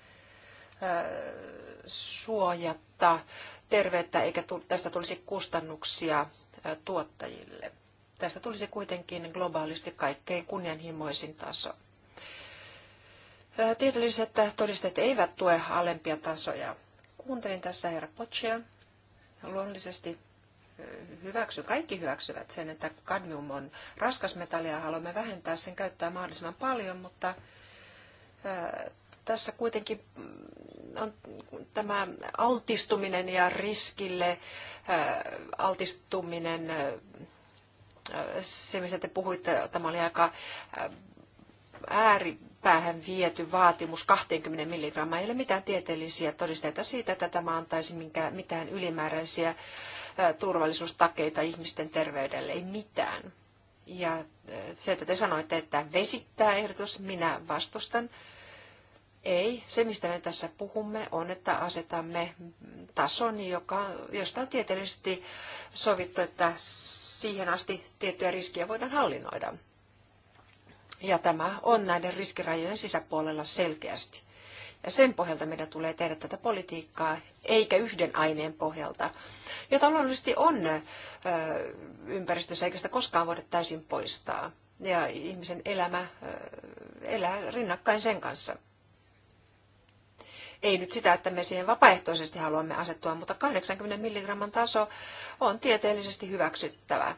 suojata terveyttä, eikä tästä tulisi kustannuksia tuottajille. Tästä tulisi kuitenkin globaalisti kaikkein kunnianhimoisin taso. Tieteelliset todisteet eivät tue alempia tasoja. Kuuntelin tässä herra Potsia. Luonnollisesti hyväksy, kaikki hyväksyvät sen, että kadmium on raskas metalli ja haluamme vähentää sen käyttää mahdollisimman paljon, mutta tässä kuitenkin mm, on tämä altistuminen ja riskille altistuminen se, mistä te puhuitte, tämä oli aika ääripäähän viety vaatimus 20 milligrammaa. Ei ole mitään tieteellisiä todisteita siitä, että tämä antaisi minkään, mitään ylimääräisiä turvallisuustakeita ihmisten terveydelle. Ei mitään. Ja se, että te sanoitte, että vesittää ehdotus, minä vastustan. Ei. Se, mistä me tässä puhumme, on, että asetamme tason, joka, josta on tieteellisesti sovittu, että siihen asti tiettyjä riskejä voidaan hallinnoida. Ja tämä on näiden riskirajojen sisäpuolella selkeästi. Ja sen pohjalta meidän tulee tehdä tätä politiikkaa, eikä yhden aineen pohjalta, jota luonnollisesti on ö, ympäristössä, eikä sitä koskaan voida täysin poistaa. Ja ihmisen elämä ö, elää rinnakkain sen kanssa. Ei nyt sitä, että me siihen vapaaehtoisesti haluamme asettua, mutta 80 milligramman taso on tieteellisesti hyväksyttävä.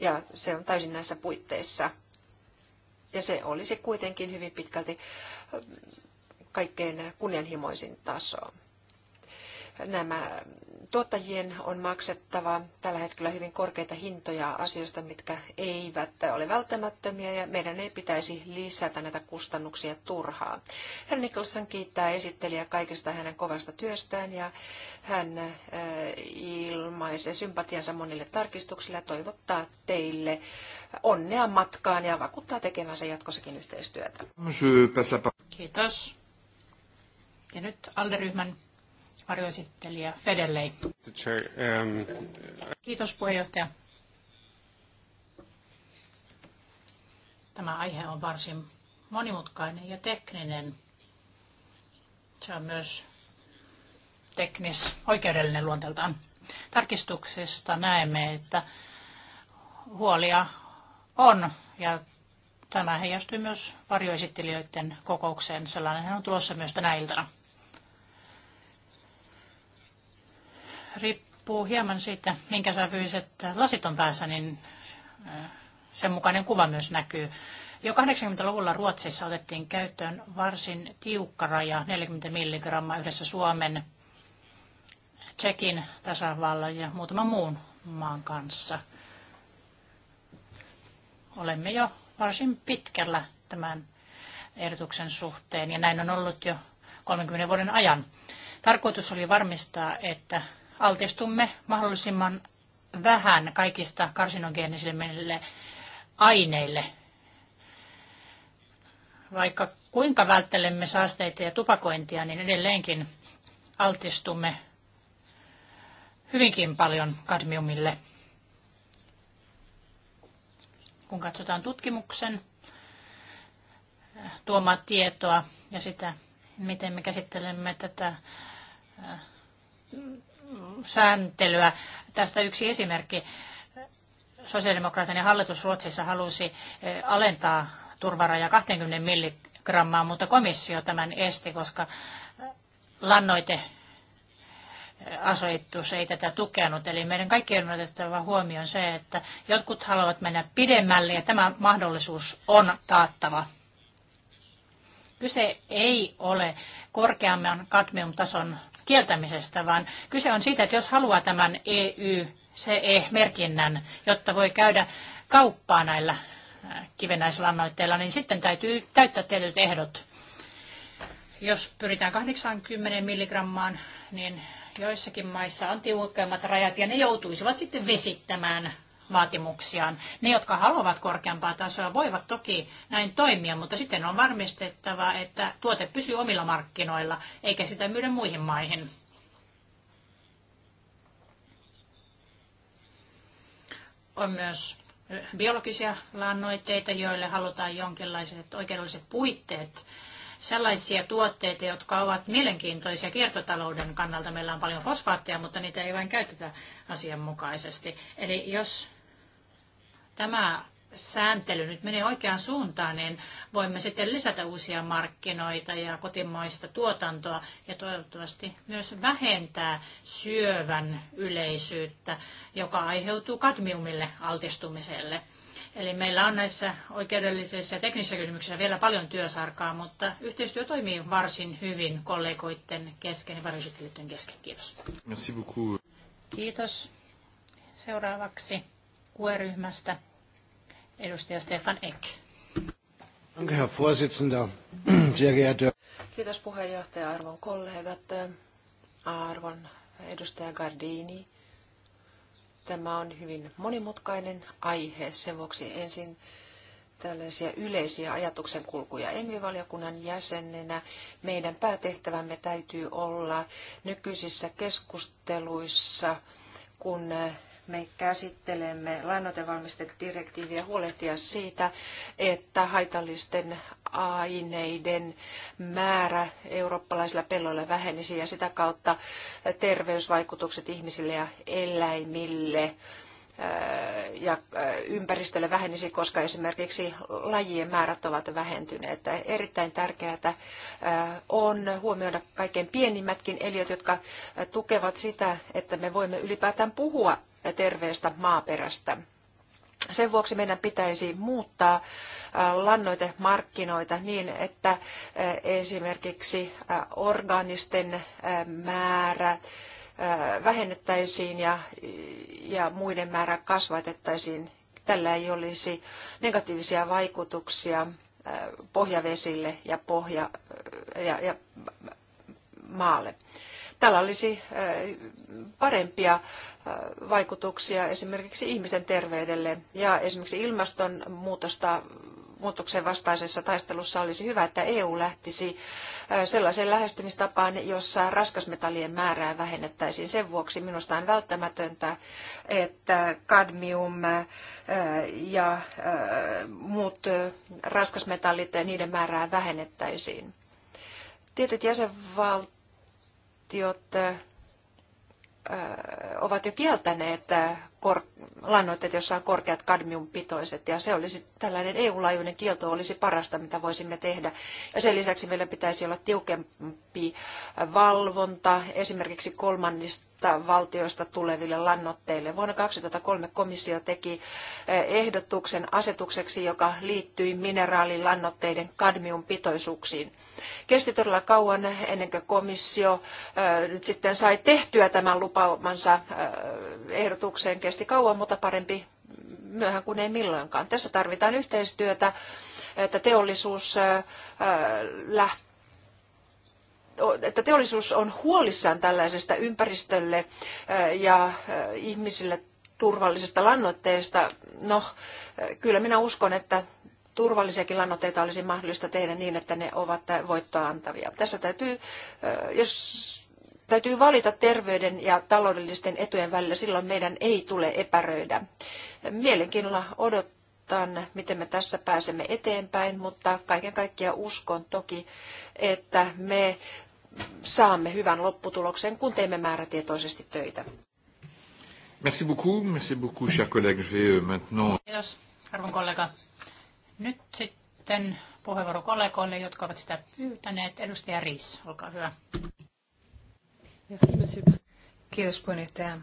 Ja se on täysin näissä puitteissa. Ja se olisi kuitenkin hyvin pitkälti kaikkein kunnianhimoisin taso nämä tuottajien on maksettava tällä hetkellä hyvin korkeita hintoja asioista, mitkä eivät ole välttämättömiä ja meidän ei pitäisi lisätä näitä kustannuksia turhaa. Herra Nicholson kiittää esittelijä kaikesta hänen kovasta työstään ja hän äh, ilmaisee sympatiansa monille tarkistuksille ja toivottaa teille onnea matkaan ja vakuuttaa tekemänsä jatkossakin yhteistyötä. Kiitos. Ja nyt alderyhmän varjoesittelijä Federley. Um, Kiitos puheenjohtaja. Tämä aihe on varsin monimutkainen ja tekninen. Se on myös teknis-oikeudellinen luonteeltaan. Tarkistuksesta näemme, että huolia on ja tämä heijastui myös varjoesittelijöiden kokoukseen. Sellainen on tulossa myös tänä iltana. riippuu hieman siitä, minkä sävyiset lasit on päässä, niin äh, sen mukainen kuva myös näkyy. Jo 80-luvulla Ruotsissa otettiin käyttöön varsin tiukka raja, 40 milligrammaa yhdessä Suomen, Tsekin tasavallan ja muutaman muun maan kanssa. Olemme jo varsin pitkällä tämän ehdotuksen suhteen ja näin on ollut jo 30 vuoden ajan. Tarkoitus oli varmistaa, että altistumme mahdollisimman vähän kaikista karsinogeenisille aineille. Vaikka kuinka välttelemme saasteita ja tupakointia, niin edelleenkin altistumme hyvinkin paljon kadmiumille. Kun katsotaan tutkimuksen tuomaa tietoa ja sitä, miten me käsittelemme tätä sääntelyä. Tästä yksi esimerkki. Sosiaalidemokraattinen hallitus Ruotsissa halusi eh, alentaa turvaraja 20 milligrammaa, mutta komissio tämän esti, koska eh, lannoite eh, asoitus ei tätä tukenut. Eli meidän kaikkien on otettava huomioon se, että jotkut haluavat mennä pidemmälle ja tämä mahdollisuus on taattava. Kyse ei ole korkeamman kadmiumtason kieltämisestä, vaan kyse on siitä, että jos haluaa tämän EY-CE-merkinnän, jotta voi käydä kauppaa näillä äh, kivenäislannoitteilla, niin sitten täytyy täyttää tietyt ehdot. Jos pyritään 80 milligrammaan, niin joissakin maissa on tiukemmat rajat ja ne joutuisivat sitten vesittämään vaatimuksiaan. Ne, jotka haluavat korkeampaa tasoa, voivat toki näin toimia, mutta sitten on varmistettava, että tuote pysyy omilla markkinoilla, eikä sitä myydä muihin maihin. On myös eh, biologisia lannoitteita, joille halutaan jonkinlaiset oikeudelliset puitteet. Sellaisia tuotteita, jotka ovat mielenkiintoisia kiertotalouden kannalta. Meillä on paljon fosfaatteja, mutta niitä ei vain käytetä asianmukaisesti. Eli jos tämä sääntely nyt menee oikeaan suuntaan, niin voimme sitten lisätä uusia markkinoita ja kotimaista tuotantoa ja toivottavasti myös vähentää syövän yleisyyttä, joka aiheutuu kadmiumille altistumiselle. Eli meillä on näissä oikeudellisissa ja teknisissä kysymyksissä vielä paljon työsarkaa, mutta yhteistyö toimii varsin hyvin kollegoiden kesken ja varjosyhtelijöiden kesken. Kiitos. Merci beaucoup. Kiitos. Seuraavaksi qe edustaja Stefan Eck. Danke, Herr Vorsitzender. Sehr geehrte... Kiitos puheenjohtaja, arvon kollegat, arvon edustaja Gardini. Tämä on hyvin monimutkainen aihe, sen vuoksi ensin tällaisia yleisiä ajatuksen kulkuja emivaliokunnan jäsenenä. Meidän päätehtävämme täytyy olla nykyisissä keskusteluissa, kun me käsittelemme lannoitevalmistedirektiiviä huolehtia siitä, että haitallisten aineiden määrä eurooppalaisilla pelloilla vähenisi ja sitä kautta terveysvaikutukset ihmisille ja eläimille äh, ja äh, ympäristölle vähenisi, koska esimerkiksi lajien määrät ovat vähentyneet. Erittäin tärkeää äh, on huomioida kaikkein pienimmätkin eliöt, jotka tukevat sitä, että me voimme ylipäätään puhua terveestä maaperästä. Sen vuoksi meidän pitäisi muuttaa lannoitemarkkinoita niin, että esimerkiksi organisten määrä vähennettäisiin ja, ja muiden määrä kasvatettaisiin. Tällä ei olisi negatiivisia vaikutuksia pohjavesille ja, pohja, ja, ja maalle. Tällä olisi parempia vaikutuksia esimerkiksi ihmisten terveydelle ja esimerkiksi ilmastonmuutosta muutoksen vastaisessa taistelussa olisi hyvä, että EU lähtisi sellaiseen lähestymistapaan, jossa raskasmetallien määrää vähennettäisiin. Sen vuoksi minusta on välttämätöntä, että kadmium ja muut raskasmetallit, ja niiden määrää vähennettäisiin. Tietyt jäsenvaltiot valtiot ovat jo kieltäneet kor- lannoitteet, joissa on korkeat kadmiumpitoiset. Ja se olisi tällainen EU-laajuinen kielto olisi parasta, mitä voisimme tehdä. Ja sen lisäksi meillä pitäisi olla tiukempi valvonta esimerkiksi kolmannista valtioista tuleville lannoitteille. Vuonna 2003 komissio teki eh, ehdotuksen asetukseksi, joka liittyi mineraalilannoitteiden kadmiumpitoisuuksiin. Kesti todella kauan ennen kuin komissio eh, nyt sitten sai tehtyä tämän lupaamansa eh, ehdotuksen kesti kauan, mutta parempi myöhään kuin ei milloinkaan. Tässä tarvitaan yhteistyötä, että teollisuus että teollisuus on huolissaan tällaisesta ympäristölle ja ihmisille turvallisesta lannoitteesta. No, kyllä minä uskon, että turvallisiakin lannoitteita olisi mahdollista tehdä niin, että ne ovat voittoa antavia. Tässä täytyy, jos täytyy valita terveyden ja taloudellisten etujen välillä. Silloin meidän ei tule epäröidä. Mielenkiinnolla odotan, miten me tässä pääsemme eteenpäin, mutta kaiken kaikkiaan uskon toki, että me saamme hyvän lopputuloksen, kun teemme määrätietoisesti töitä. Merci beaucoup, merci beaucoup, cher collègue. Je vais euh, maintenant... Kiitos, arvon kollega. Nyt sitten puheenvuoro kollegoille, jotka ovat sitä pyytäneet. Edustaja Riis, olkaa hyvä. Kiitos puheenjohtaja.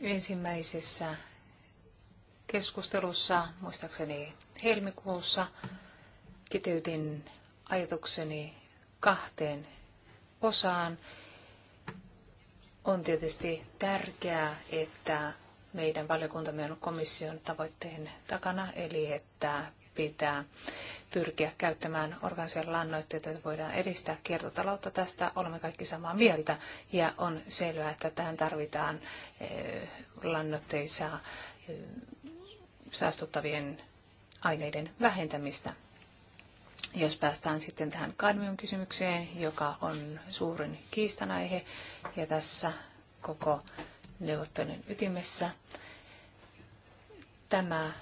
Ensimmäisessä keskustelussa, muistaakseni helmikuussa, kiteytin ajatukseni kahteen osaan. On tietysti tärkeää, että meidän valiokuntamme on komission tavoitteen takana, eli että pitää pyrkiä käyttämään organisia lannoitteita, että voidaan edistää kiertotaloutta. Tästä olemme kaikki samaa mieltä ja on selvää, että tähän tarvitaan eh, lannoitteissa eh, saastuttavien aineiden vähentämistä. Jos päästään sitten tähän kadmium-kysymykseen, joka on suurin kiistanaihe ja tässä koko neuvottelun ytimessä, tämä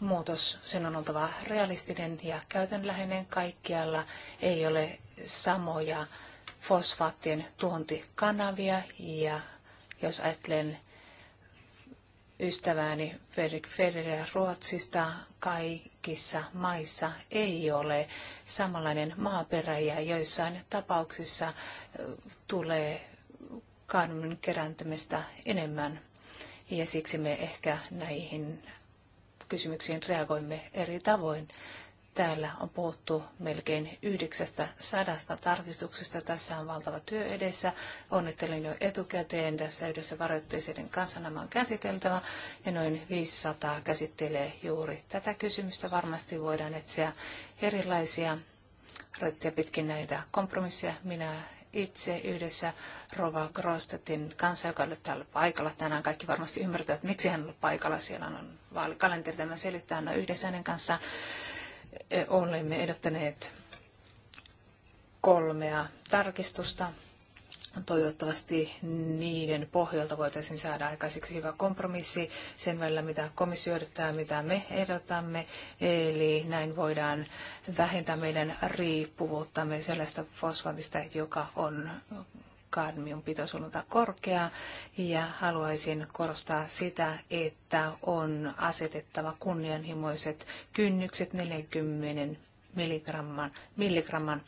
muutos, sen on oltava realistinen ja käytönläheinen kaikkialla. Ei ole samoja fosfaattien tuontikanavia ja jos ajattelen ystävääni Fredrik Federer Ruotsista, kaikissa maissa ei ole samanlainen maaperä ja joissain tapauksissa tulee kadmin kerääntymistä enemmän. Ja siksi me ehkä näihin kysymyksiin reagoimme eri tavoin. Täällä on puhuttu melkein 900 tarkistuksesta. Tässä on valtava työ edessä. Onnittelen jo etukäteen. Tässä yhdessä varoitteisiin kanssa nämä on käsiteltävä. Ja noin 500 käsittelee juuri tätä kysymystä. Varmasti voidaan etsiä erilaisia reittejä pitkin näitä kompromisseja. Minä itse yhdessä Rova Grostetin kanssa, joka oli täällä paikalla. Tänään kaikki varmasti ymmärtävät, miksi hän on paikalla. Siellä on vaalikalenteri, tämä selittää. No yhdessä hänen kanssa eh, olemme ehdottaneet kolmea tarkistusta Toivottavasti niiden pohjalta voitaisiin saada aikaiseksi hyvä kompromissi sen välillä, mitä komissio ja mitä me ehdotamme. Eli näin voidaan vähentää meidän riippuvuuttamme sellaista fosfaatista, joka on kadmium pitoisuudelta korkea ja haluaisin korostaa sitä, että on asetettava kunnianhimoiset kynnykset 40 milligramman, milligramman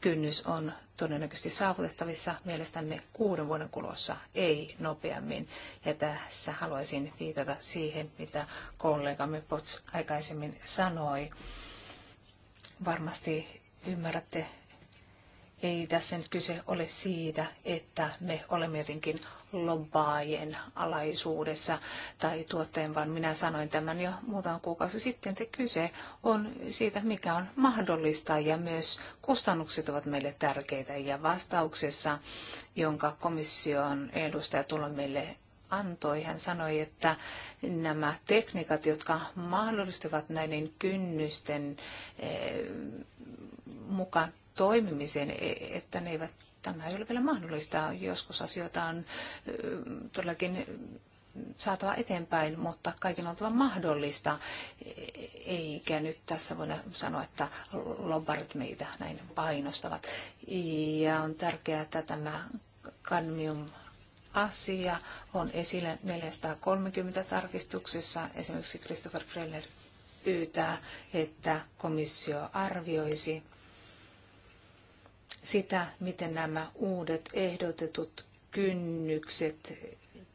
kynnys on todennäköisesti saavutettavissa mielestämme kuuden vuoden kuluessa, ei nopeammin. Ja tässä haluaisin viitata siihen, mitä kollegamme Pots aikaisemmin sanoi. Varmasti ymmärrätte ei tässä nyt kyse ole siitä, että me olemme jotenkin lobbaajien alaisuudessa tai tuotteen, vaan minä sanoin tämän jo muutaman kuukausi sitten, että kyse on siitä, mikä on mahdollista ja myös kustannukset ovat meille tärkeitä. Ja vastauksessa, jonka komission edustaja tulla meille antoi. Hän sanoi, että nämä tekniikat, jotka mahdollistavat näiden kynnysten eh, mukaan toimimiseen, e, että ne eivät, tämä ei ole vielä mahdollista. Joskus asioita on todellakin saatava eteenpäin, mutta kaiken on oltava mahdollista, eikä nyt tässä voida sanoa, että lobbarit meitä näin painostavat. Ja on tärkeää, että tämä kadmium asia on esillä 430 tarkistuksessa. Esimerkiksi Christopher Freller pyytää, että komissio arvioisi sitä, miten nämä uudet ehdotetut kynnykset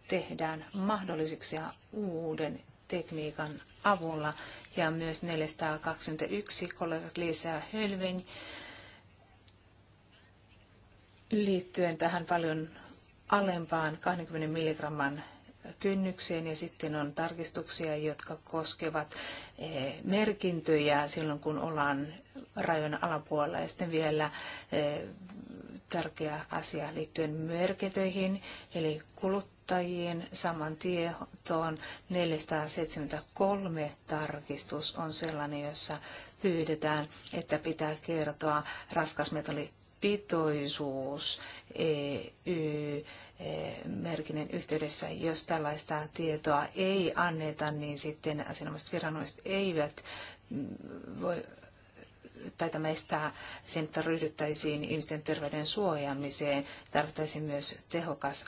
tehdään mahdollisiksi ja uuden tekniikan avulla. Ja myös 421 kollegat lisää Hölvin liittyen tähän paljon alempaan 20 milligramman kynnykseen ja sitten on tarkistuksia, jotka koskevat eh, merkintöjä silloin, kun ollaan rajojen alapuolella. Ja sitten vielä eh, tärkeä asia liittyen merkitöihin, eli kuluttajien saman tietoon 473 tarkistus on sellainen, jossa pyydetään, että pitää kertoa pitoisuus eu eh, merkinnän yhteydessä, jos tällaista tietoa ei anneta, niin sitten asianomaiset viranomaiset eivät voi tai meistä sen, että ryhdyttäisiin ihmisten terveyden suojaamiseen. Tarvittaisiin myös tehokas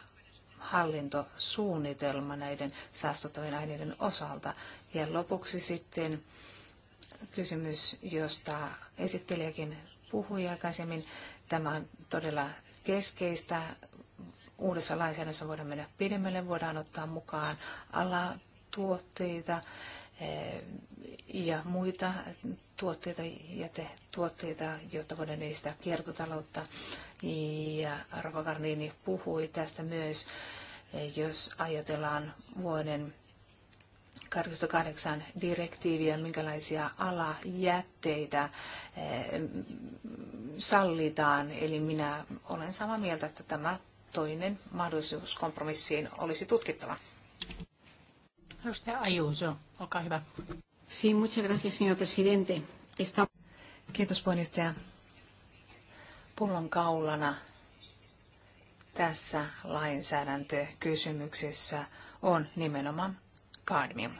hallintosuunnitelma näiden saastuttavien aineiden osalta. Ja lopuksi sitten kysymys, josta esittelijäkin puhui aikaisemmin. Tämä on todella keskeistä. Uudessa lainsäädännössä voidaan mennä pidemmälle, voidaan ottaa mukaan alatuotteita eh, ja muita tuotteita, jätetuotteita, jotta voidaan edistää kiertotaloutta. Ja Rova Garnini puhui tästä myös, jos ajatellaan vuoden 28 direktiiviä, minkälaisia alajätteitä eh, sallitaan. Eli minä olen samaa mieltä, että tämä toinen mahdollisuus kompromissiin olisi tutkittava. Edustaja Ajuuso, olkaa hyvä. Sí, muchas gracias, señor presidente. Kiitos puheenjohtaja. Pullon kaulana tässä lainsäädäntökysymyksessä on nimenomaan kadmium.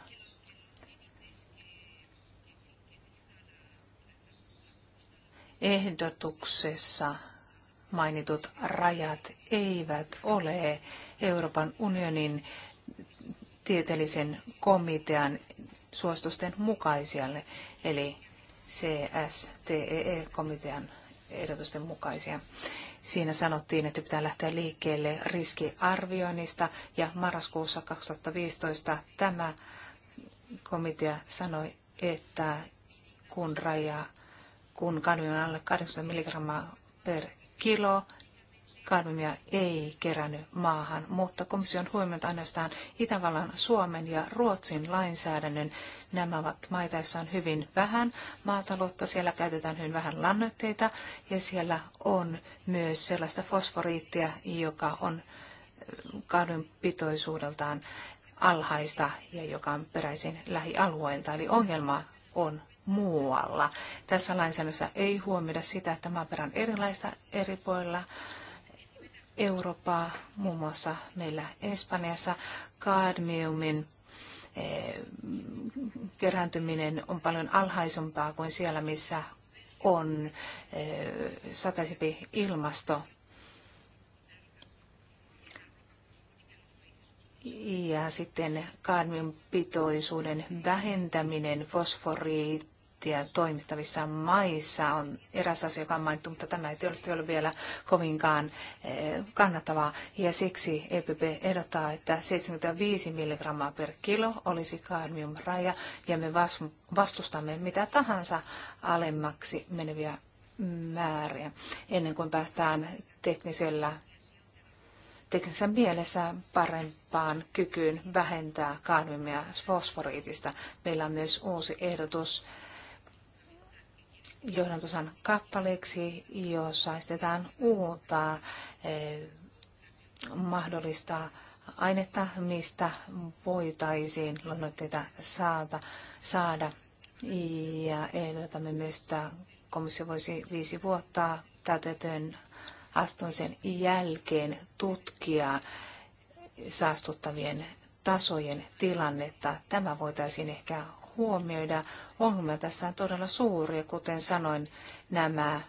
Ehdotuksessa mainitut rajat eivät ole Euroopan unionin tieteellisen komitean suositusten mukaisia, eli CSTEE-komitean ehdotusten mukaisia. Siinä sanottiin, että pitää lähteä liikkeelle riskiarvioinnista ja marraskuussa 2015 tämä komitea sanoi, että kun raja, kun kadmium on alle 80 mg per kilo, kadmia ei kerännyt maahan, mutta komission huomiota ainoastaan Itävallan, Suomen ja Ruotsin lainsäädännön. Nämä ovat maita, joissa on hyvin vähän maataloutta, siellä käytetään hyvin vähän lannoitteita ja siellä on myös sellaista fosforiittia, joka on kadmin pitoisuudeltaan alhaista ja joka on peräisin lähialueilta, eli ongelma on muualla. Tässä lainsäädännössä ei huomioida sitä, että maaperä on erilaista eri puolilla Eurooppaa, muun muassa meillä Espanjassa kadmiumin eh, kerääntyminen on paljon alhaisempaa kuin siellä, missä on eh, sataisempi ilmasto. Ja sitten kadmiumpitoisuuden vähentäminen, fosforiit, pakettia toimittavissa maissa on eräs asia, joka on mainittu, mutta tämä ei tietysti ole vielä kovinkaan eh, kannattavaa. Ja siksi EPP ehdottaa, että 75 milligrammaa per kilo olisi kadmiumraja ja me vastustamme mitä tahansa alemmaksi meneviä määriä ennen kuin päästään teknisellä teknisessä mielessä parempaan kykyyn vähentää kadmiumia fosforiitista. Meillä on myös uusi ehdotus johdantosan kappaleeksi, jossa estetään uutta eh, mahdollista ainetta, mistä voitaisiin lannoitteita saada. saada. Ja ehdotamme myös, että komissio voisi viisi vuotta täytetyn astumisen jälkeen tutkia saastuttavien tasojen tilannetta. Tämä voitaisiin ehkä huomioida. Ongelma tässä on todella suuri ja kuten sanoin, nämä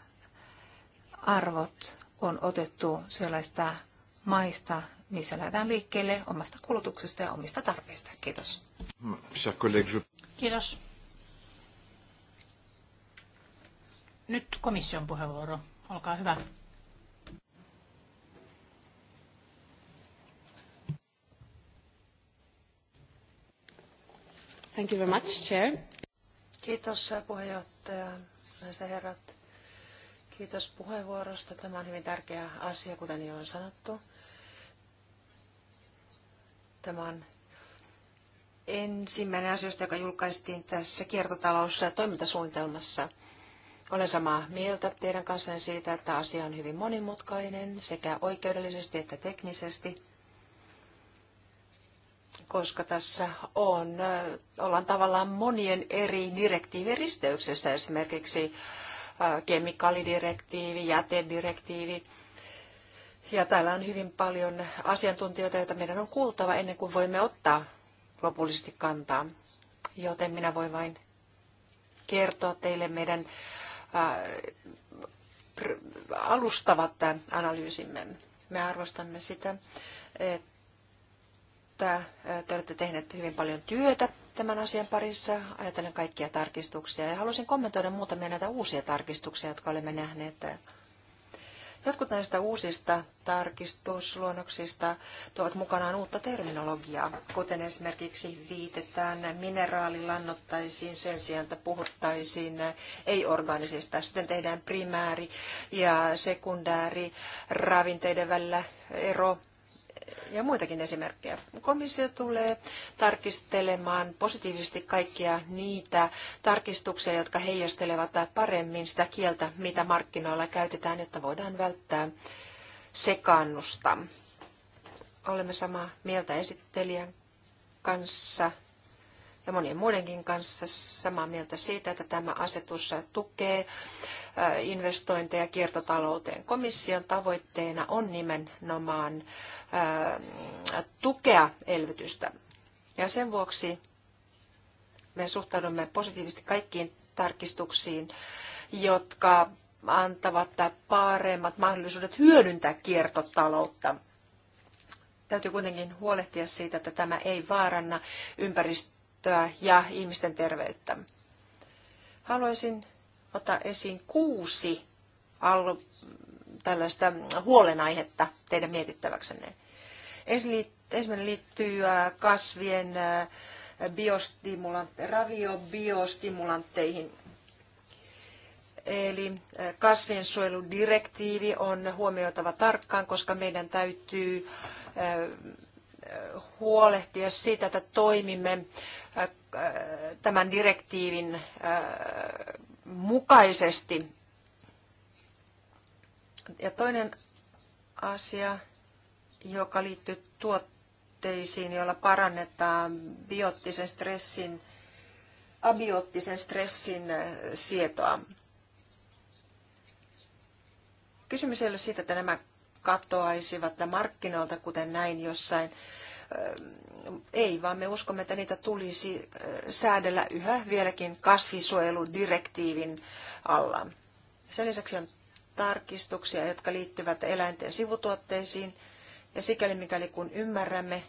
arvot on otettu sellaista maista, missä lähdetään liikkeelle omasta kulutuksesta ja omista tarpeista. Kiitos. Kiitos. Nyt komission puheenvuoro. Olkaa hyvä. Thank you very much, Chair. Kiitos puheenjohtaja, ja herrat. Kiitos puheenvuorosta. Tämä on hyvin tärkeä asia, kuten jo on sanottu. Tämä on ensimmäinen asioista, joka julkaistiin tässä kiertotalous- ja toimintasuunnitelmassa. Olen samaa mieltä teidän kanssanne siitä, että asia on hyvin monimutkainen sekä oikeudellisesti että teknisesti koska tässä on, ollaan tavallaan monien eri direktiivien risteyksessä, esimerkiksi kemikaalidirektiivi, jätedirektiivi. Ja täällä on hyvin paljon asiantuntijoita, joita meidän on kuultava ennen kuin voimme ottaa lopullisesti kantaa. Joten minä voin vain kertoa teille meidän alustavat analyysimme. Me arvostamme sitä, että että te olette tehneet hyvin paljon työtä tämän asian parissa. Ajatellen kaikkia tarkistuksia ja haluaisin kommentoida muutamia näitä uusia tarkistuksia, jotka olemme nähneet. Jotkut näistä uusista tarkistusluonnoksista tuovat mukanaan uutta terminologiaa, kuten esimerkiksi viitetään mineraalilannottaisiin sen sijaan, että puhuttaisiin ei organisista Sitten tehdään primääri ja sekundääri ravinteiden välillä ero ja muitakin esimerkkejä. Komissio tulee tarkistelemaan positiivisesti kaikkia niitä tarkistuksia, jotka heijastelevat paremmin sitä kieltä, mitä markkinoilla käytetään, jotta voidaan välttää sekaannusta. Olemme samaa mieltä esittelijän kanssa ja monien muidenkin kanssa samaa mieltä siitä, että tämä asetus tukee investointeja kiertotalouteen. Komission tavoitteena on nimenomaan tukea elvytystä. Ja sen vuoksi me suhtaudumme positiivisesti kaikkiin tarkistuksiin, jotka antavat paremmat mahdollisuudet hyödyntää kiertotaloutta. Täytyy kuitenkin huolehtia siitä, että tämä ei vaaranna ympäristöä ja ihmisten terveyttä. Haluaisin ottaa esiin kuusi al- tällaista huolenaihetta teidän mietittäväksenne. Ensimmäinen liittyy äh, kasvien äh, biostimulantteihin, raviobiostimulantteihin. Eli äh, kasvinsuojeludirektiivi on huomioitava tarkkaan, koska meidän täytyy huolehtia siitä, että toimimme tämän direktiivin mukaisesti. Ja toinen asia, joka liittyy tuotteisiin, joilla parannetaan biottisen stressin, abioottisen stressin äh, sietoa. Kysymys ei ole siitä, että nämä katoaisivat markkinoilta, kuten näin jossain Öö, ei, vaan me uskomme, että niitä tulisi öö, säädellä yhä vieläkin kasvisuojeludirektiivin alla. Sen lisäksi on tarkistuksia, jotka liittyvät eläinten sivutuotteisiin, ja sikäli mikäli kun ymmärrämme,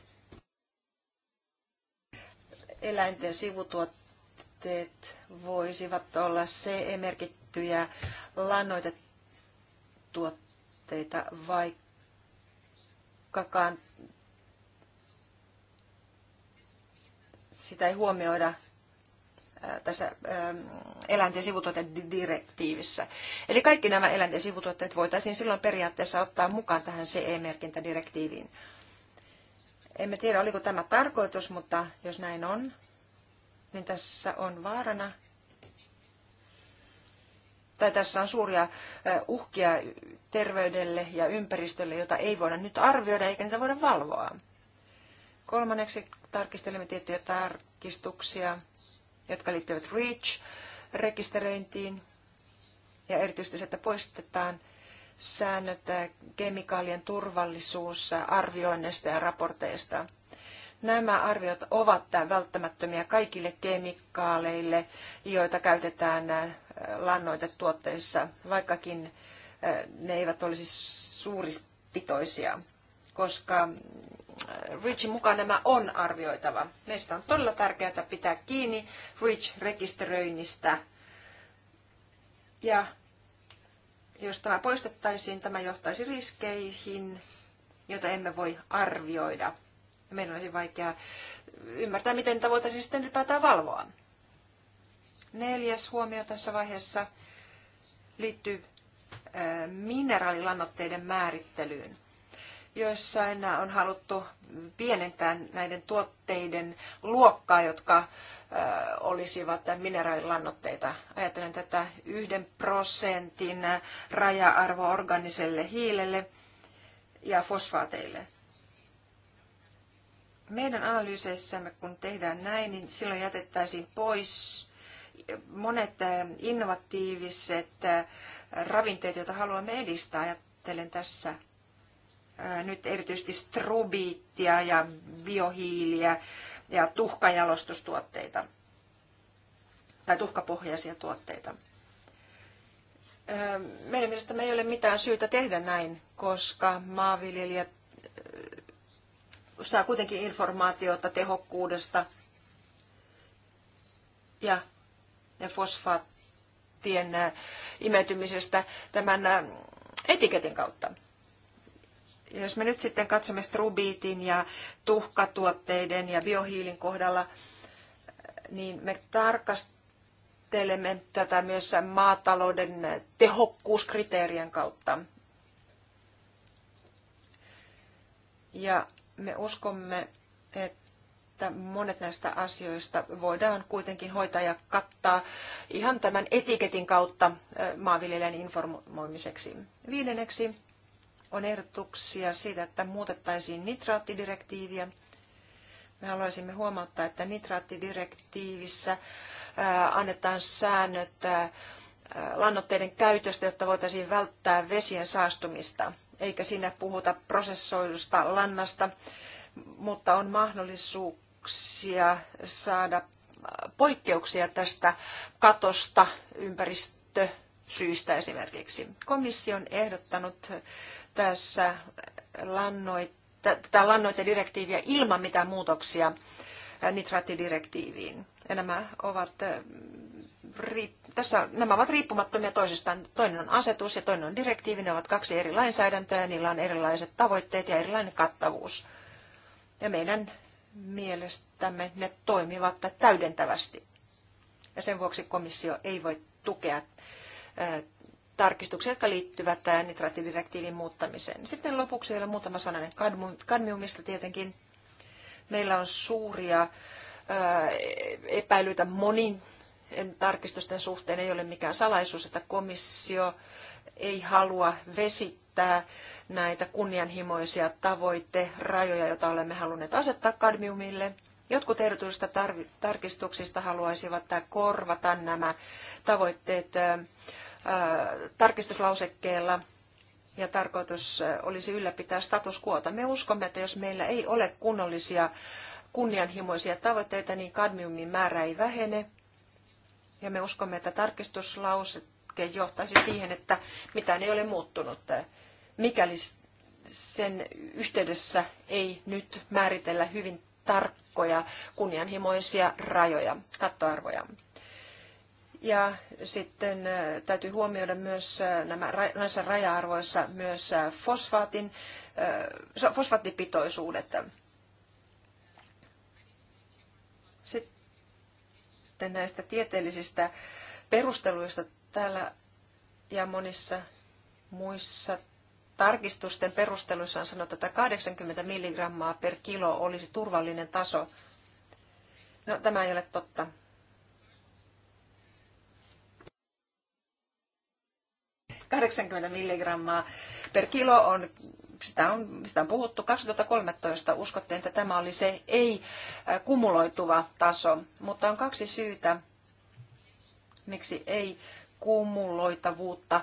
eläinten sivutuotteet voisivat olla CE-merkittyjä lannoitetuotteita, vaikkakaan sitä ei huomioida tässä eläinten sivutuotedirektiivissä. Eli kaikki nämä eläinten sivutuotteet voitaisiin silloin periaatteessa ottaa mukaan tähän CE-merkintädirektiiviin. Emme tiedä, oliko tämä tarkoitus, mutta jos näin on, niin tässä on vaarana, tai tässä on suuria uhkia terveydelle ja ympäristölle, jota ei voida nyt arvioida eikä niitä voida valvoa. Kolmanneksi tarkistelemme tiettyjä tarkistuksia, jotka liittyvät REACH-rekisteröintiin ja erityisesti se, että poistetaan säännöt kemikaalien turvallisuusarvioinneista ja raporteista. Nämä arviot ovat välttämättömiä kaikille kemikaaleille, joita käytetään lannoitetuotteissa, vaikkakin eh, ne eivät olisi suurispitoisia koska äh, REACHin mukaan nämä on arvioitava. Meistä on todella tärkeää pitää kiinni REACH-rekisteröinnistä. Ja jos tämä poistettaisiin, tämä johtaisi riskeihin, joita emme voi arvioida. Meidän olisi vaikea ymmärtää, miten tätä voitaisiin sitten ylipäätään valvoa. Neljäs huomio tässä vaiheessa liittyy äh, mineraalilannoitteiden määrittelyyn joissain on haluttu pienentää näiden tuotteiden luokkaa, jotka olisivat mineraalilannoitteita. Ajattelen tätä yhden prosentin raja-arvo organiselle hiilelle ja fosfaateille. Meidän analyyseissämme, kun tehdään näin, niin silloin jätettäisiin pois monet innovatiiviset ravinteet, joita haluamme edistää. Ajattelen tässä nyt erityisesti strobiittia ja biohiiliä ja tuhkajalostustuotteita tai tuhkapohjaisia tuotteita. Meidän mielestämme ei ole mitään syytä tehdä näin, koska maanviljelijät saa kuitenkin informaatiota tehokkuudesta ja, ja fosfaattien imeytymisestä tämän etiketin kautta. Jos me nyt sitten katsomme strubiitin ja tuhkatuotteiden ja biohiilin kohdalla, niin me tarkastelemme tätä myös maatalouden tehokkuuskriteerien kautta. Ja me uskomme, että monet näistä asioista voidaan kuitenkin hoitaa ja kattaa ihan tämän etiketin kautta maanviljelijän informoimiseksi. Viidenneksi on ehdotuksia siitä, että muutettaisiin nitraattidirektiiviä. Me haluaisimme huomauttaa, että nitraattidirektiivissä annetaan säännöt lannoitteiden käytöstä, jotta voitaisiin välttää vesien saastumista, eikä siinä puhuta prosessoidusta lannasta, mutta on mahdollisuuksia saada poikkeuksia tästä katosta ympäristö syistä esimerkiksi. Komissio on ehdottanut tässä lannoite, tätä lannoitedirektiiviä ilman mitään muutoksia nitraattidirektiiviin. Ja nämä ovat, tässä, nämä ovat riippumattomia toisistaan. Toinen on asetus ja toinen on direktiivi. Ne ovat kaksi eri lainsäädäntöä ja niillä on erilaiset tavoitteet ja erilainen kattavuus. Ja meidän mielestämme ne toimivat täydentävästi. Ja sen vuoksi komissio ei voi tukea tarkistuksia, jotka liittyvät tähän nitraattidirektiivin muuttamiseen. Sitten lopuksi vielä muutama sananen kadmiumista tietenkin. Meillä on suuria epäilyitä monin tarkistusten suhteen. Ei ole mikään salaisuus, että komissio ei halua vesittää näitä kunnianhimoisia tavoiterajoja, joita olemme halunneet asettaa kadmiumille. Jotkut ehdotuista tarkistuksista haluaisivat korvata nämä tavoitteet tarkistuslausekkeella ja tarkoitus olisi ylläpitää status quota. Me uskomme, että jos meillä ei ole kunnollisia kunnianhimoisia tavoitteita, niin kadmiumin määrä ei vähene. Ja me uskomme, että tarkistuslauseke johtaisi siihen, että mitään ei ole muuttunut, mikäli sen yhteydessä ei nyt määritellä hyvin tarkkoja kunnianhimoisia rajoja, kattoarvoja. Ja sitten äh, täytyy huomioida myös äh, nämä, näissä raja-arvoissa myös äh, fosfaatin, fosfaattipitoisuudet. Sitten näistä tieteellisistä perusteluista täällä ja monissa muissa tarkistusten perusteluissa on sanottu, että 80 milligrammaa per kilo olisi turvallinen taso. No, tämä ei ole totta. 80 milligrammaa per kilo on sitä on, sitä on puhuttu 2013, uskottiin, että tämä oli se ei-kumuloituva äh, taso, mutta on kaksi syytä, miksi ei-kumuloitavuutta äh,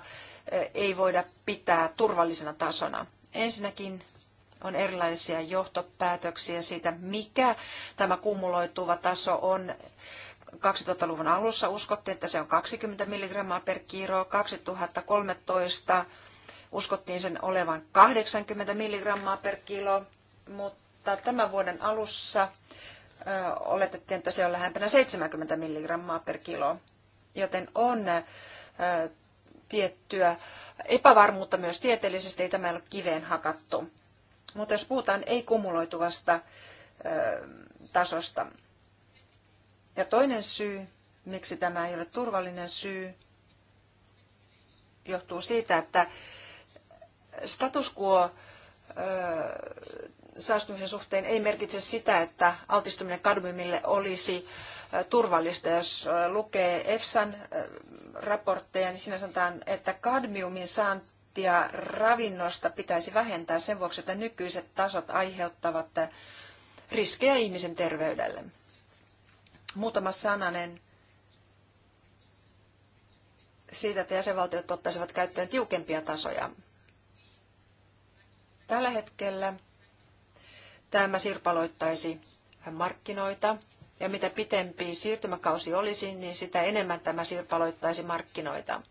ei voida pitää turvallisena tasona. Ensinnäkin on erilaisia johtopäätöksiä siitä, mikä tämä kumuloituva taso on 2000-luvun alussa uskottiin, että se on 20 milligrammaa per kilo. 2013 uskottiin sen olevan 80 milligrammaa per kilo, mutta tämän vuoden alussa oletettiin, että se on lähempänä 70 milligrammaa per kilo. Joten on tiettyä epävarmuutta myös tieteellisesti, ei tämä ole kiveen hakattu. Mutta jos puhutaan ei-kumuloituvasta tasosta, ja toinen syy, miksi tämä ei ole turvallinen syy, johtuu siitä, että status quo saastumisen suhteen ei merkitse sitä, että altistuminen kadmiumille olisi turvallista. Jos lukee EFSAn raportteja, niin siinä sanotaan, että kadmiumin saantia ravinnosta pitäisi vähentää sen vuoksi, että nykyiset tasot aiheuttavat riskejä ihmisen terveydelle. Muutama sananen siitä, että jäsenvaltiot ottaisivat käyttöön tiukempia tasoja. Tällä hetkellä tämä sirpaloittaisi markkinoita, ja mitä pitempi siirtymäkausi olisi, niin sitä enemmän tämä sirpaloittaisi markkinoita.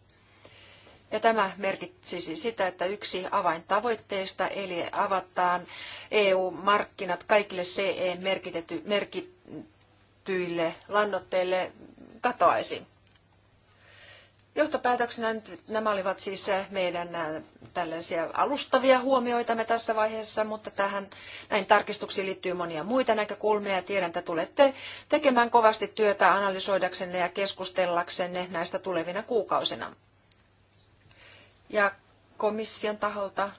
Ja tämä merkitsisi sitä, että yksi avaintavoitteista, eli avataan EU-markkinat kaikille CE-merkitty käytetyille lannoitteille katoaisi. Johtopäätöksenä nämä olivat siis meidän tällaisia alustavia huomioitamme tässä vaiheessa, mutta tähän näin tarkistuksiin liittyy monia muita näkökulmia ja tiedän, että tulette tekemään kovasti työtä analysoidaksenne ja keskustellaksenne näistä tulevina kuukausina. Ja komission taholta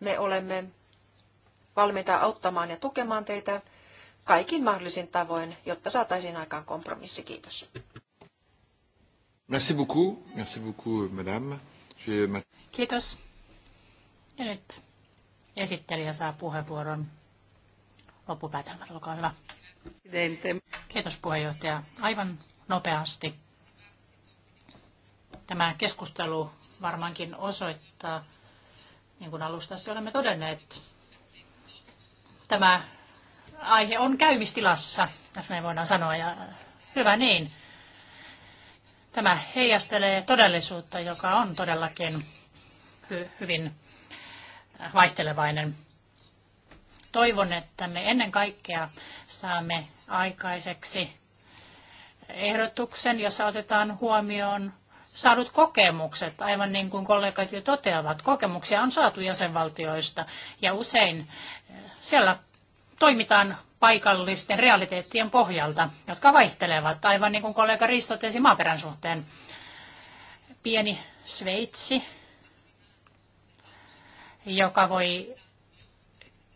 me olemme valmiita auttamaan ja tukemaan teitä kaikin mahdollisin tavoin, jotta saataisiin aikaan kompromissi. Kiitos. Merci beaucoup. Merci beaucoup, madame. Je... Kiitos. Ja nyt esittelijä saa puheenvuoron. Loppupäätelmät, olkaa hyvä. Kiitos puheenjohtaja. Aivan nopeasti. Tämä keskustelu varmaankin osoittaa, niin kuin alusta asti olemme todenneet, tämä aihe on käymistilassa, jos näin voidaan sanoa, ja hyvä niin. Tämä heijastelee todellisuutta, joka on todellakin hy- hyvin vaihtelevainen. Toivon, että me ennen kaikkea saamme aikaiseksi ehdotuksen, jossa otetaan huomioon saadut kokemukset, aivan niin kuin kollegat jo toteavat. Kokemuksia on saatu jäsenvaltioista ja usein eh, siellä toimitaan paikallisten realiteettien pohjalta, jotka vaihtelevat, aivan niin kuin kollega Risto totesi maaperän suhteen. Pieni Sveitsi, joka voi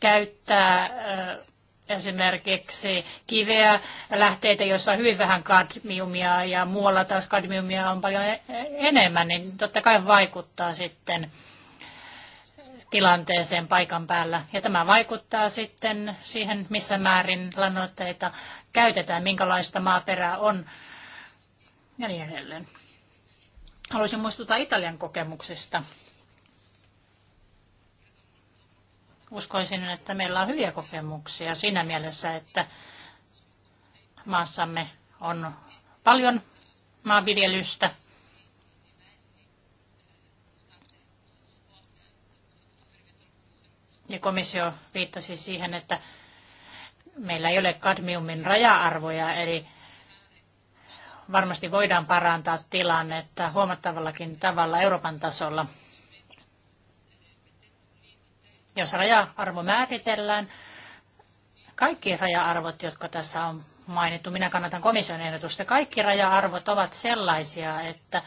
käyttää esimerkiksi kiveä, lähteitä, joissa on hyvin vähän kadmiumia ja muualla taas kadmiumia on paljon e-, enemmän, niin totta kai vaikuttaa sitten tilanteeseen paikan päällä. Ja tämä vaikuttaa sitten siihen, missä määrin lannoitteita käytetään, minkälaista maaperää on ja niin edelleen. Haluaisin muistuttaa Italian kokemuksista. Uskoisin, että meillä on hyviä kokemuksia siinä mielessä, että maassamme on paljon maanviljelystä – Ja komissio viittasi siihen, että meillä ei ole kadmiumin raja-arvoja, eli varmasti voidaan parantaa tilannetta huomattavallakin tavalla Euroopan tasolla. Jos raja-arvo määritellään, kaikki raja-arvot, jotka tässä on mainittu, minä kannatan komission ehdotusta, kaikki raja-arvot ovat sellaisia, että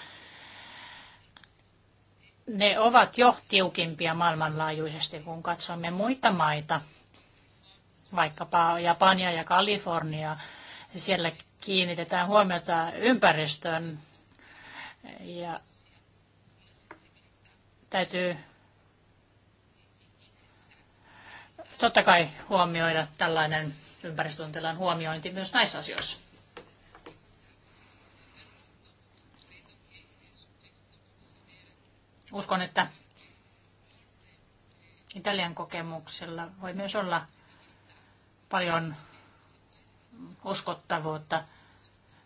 ne ovat jo tiukimpia maailmanlaajuisesti, kun katsomme muita maita, vaikkapa Japania ja Kalifornia. Siellä kiinnitetään huomiota ympäristöön ja täytyy totta kai huomioida tällainen ympäristön huomiointi myös näissä asioissa. Uskon, että Italian kokemuksella voi myös olla paljon uskottavuutta.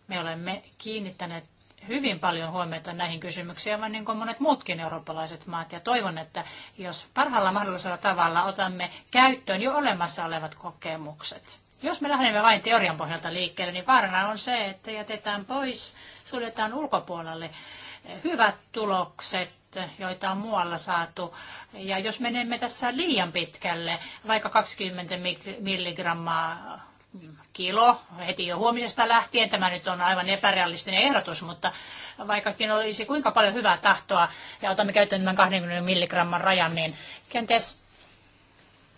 Me olemme kiinnittäneet hyvin paljon huomiota näihin kysymyksiin, vaan niin kuin monet muutkin eurooppalaiset maat. Ja toivon, että jos parhaalla mahdollisella tavalla otamme käyttöön jo olemassa olevat kokemukset. Jos me lähdemme vain teorian pohjalta liikkeelle, niin vaarana on se, että jätetään pois, suljetaan ulkopuolelle hyvät tulokset joita on muualla saatu. Ja jos menemme tässä liian pitkälle, vaikka 20 milligrammaa kilo heti jo huomisesta lähtien. Tämä nyt on aivan epärealistinen ehdotus, mutta vaikkakin olisi kuinka paljon hyvää tahtoa ja otamme käyttöön tämän 20 milligramman rajan, niin kenties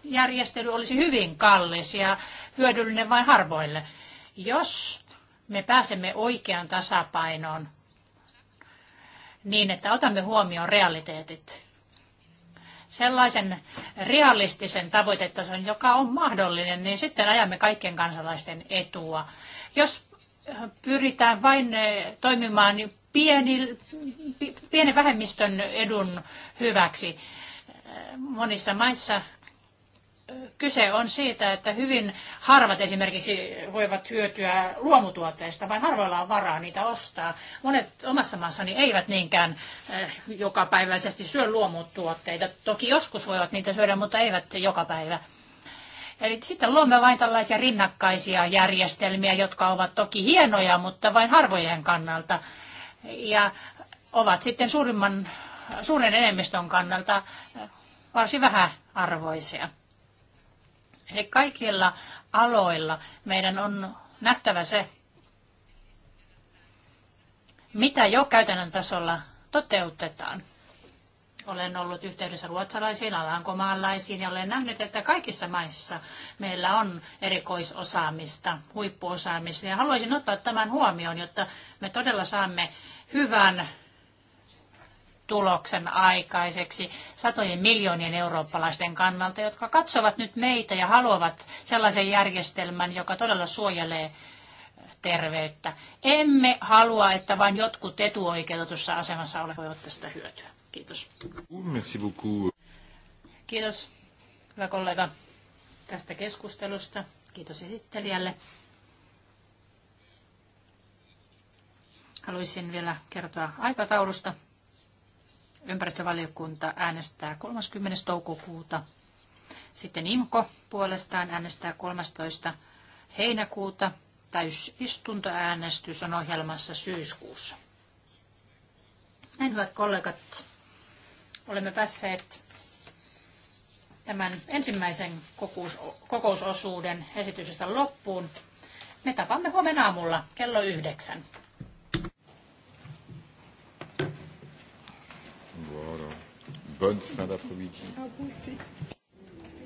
järjestely olisi hyvin kallis ja hyödyllinen vain harvoille. Jos me pääsemme oikeaan tasapainoon niin, että otamme huomioon realiteetit. Sellaisen realistisen tavoitetason, joka on mahdollinen, niin sitten ajamme kaikkien kansalaisten etua. Jos pyritään vain eh, toimimaan pieni, pienen vähemmistön edun hyväksi, eh, monissa maissa kyse on siitä, että hyvin harvat esimerkiksi voivat hyötyä luomutuotteista, vain harvoilla on varaa niitä ostaa. Monet omassa maassani eivät niinkään eh, jokapäiväisesti syö luomutuotteita. Toki joskus voivat niitä syödä, mutta eivät joka päivä. Eli sitten luomme vain tällaisia rinnakkaisia järjestelmiä, jotka ovat toki hienoja, mutta vain harvojen kannalta. Ja ovat sitten suurimman, suuren enemmistön kannalta varsin vähäarvoisia. Eli kaikilla aloilla meidän on nähtävä se, mitä jo käytännön tasolla toteutetaan. Olen ollut yhteydessä ruotsalaisiin, alankomaalaisiin ja olen nähnyt, että kaikissa maissa meillä on erikoisosaamista, huippuosaamista. Ja haluaisin ottaa tämän huomioon, jotta me todella saamme hyvän tuloksen aikaiseksi satojen miljoonien eurooppalaisten kannalta, jotka katsovat nyt meitä ja haluavat sellaisen järjestelmän, joka todella suojelee terveyttä. Emme halua, että vain jotkut etuoikeutetussa asemassa olevat voivat tästä hyötyä. Kiitos. Merci beaucoup. Kiitos, hyvä kollega, tästä keskustelusta. Kiitos esittelijälle. Haluaisin vielä kertoa aikataulusta. Ympäristövaliokunta äänestää 30. toukokuuta. Sitten IMKO puolestaan äänestää 13. heinäkuuta. Täysistuntoäänestys on ohjelmassa syyskuussa. Näin hyvät kollegat, olemme päässeet tämän ensimmäisen kokous, kokousosuuden esityksestä loppuun. Me tapaamme huomenna aamulla kello yhdeksän. bonne fin d'après-midi.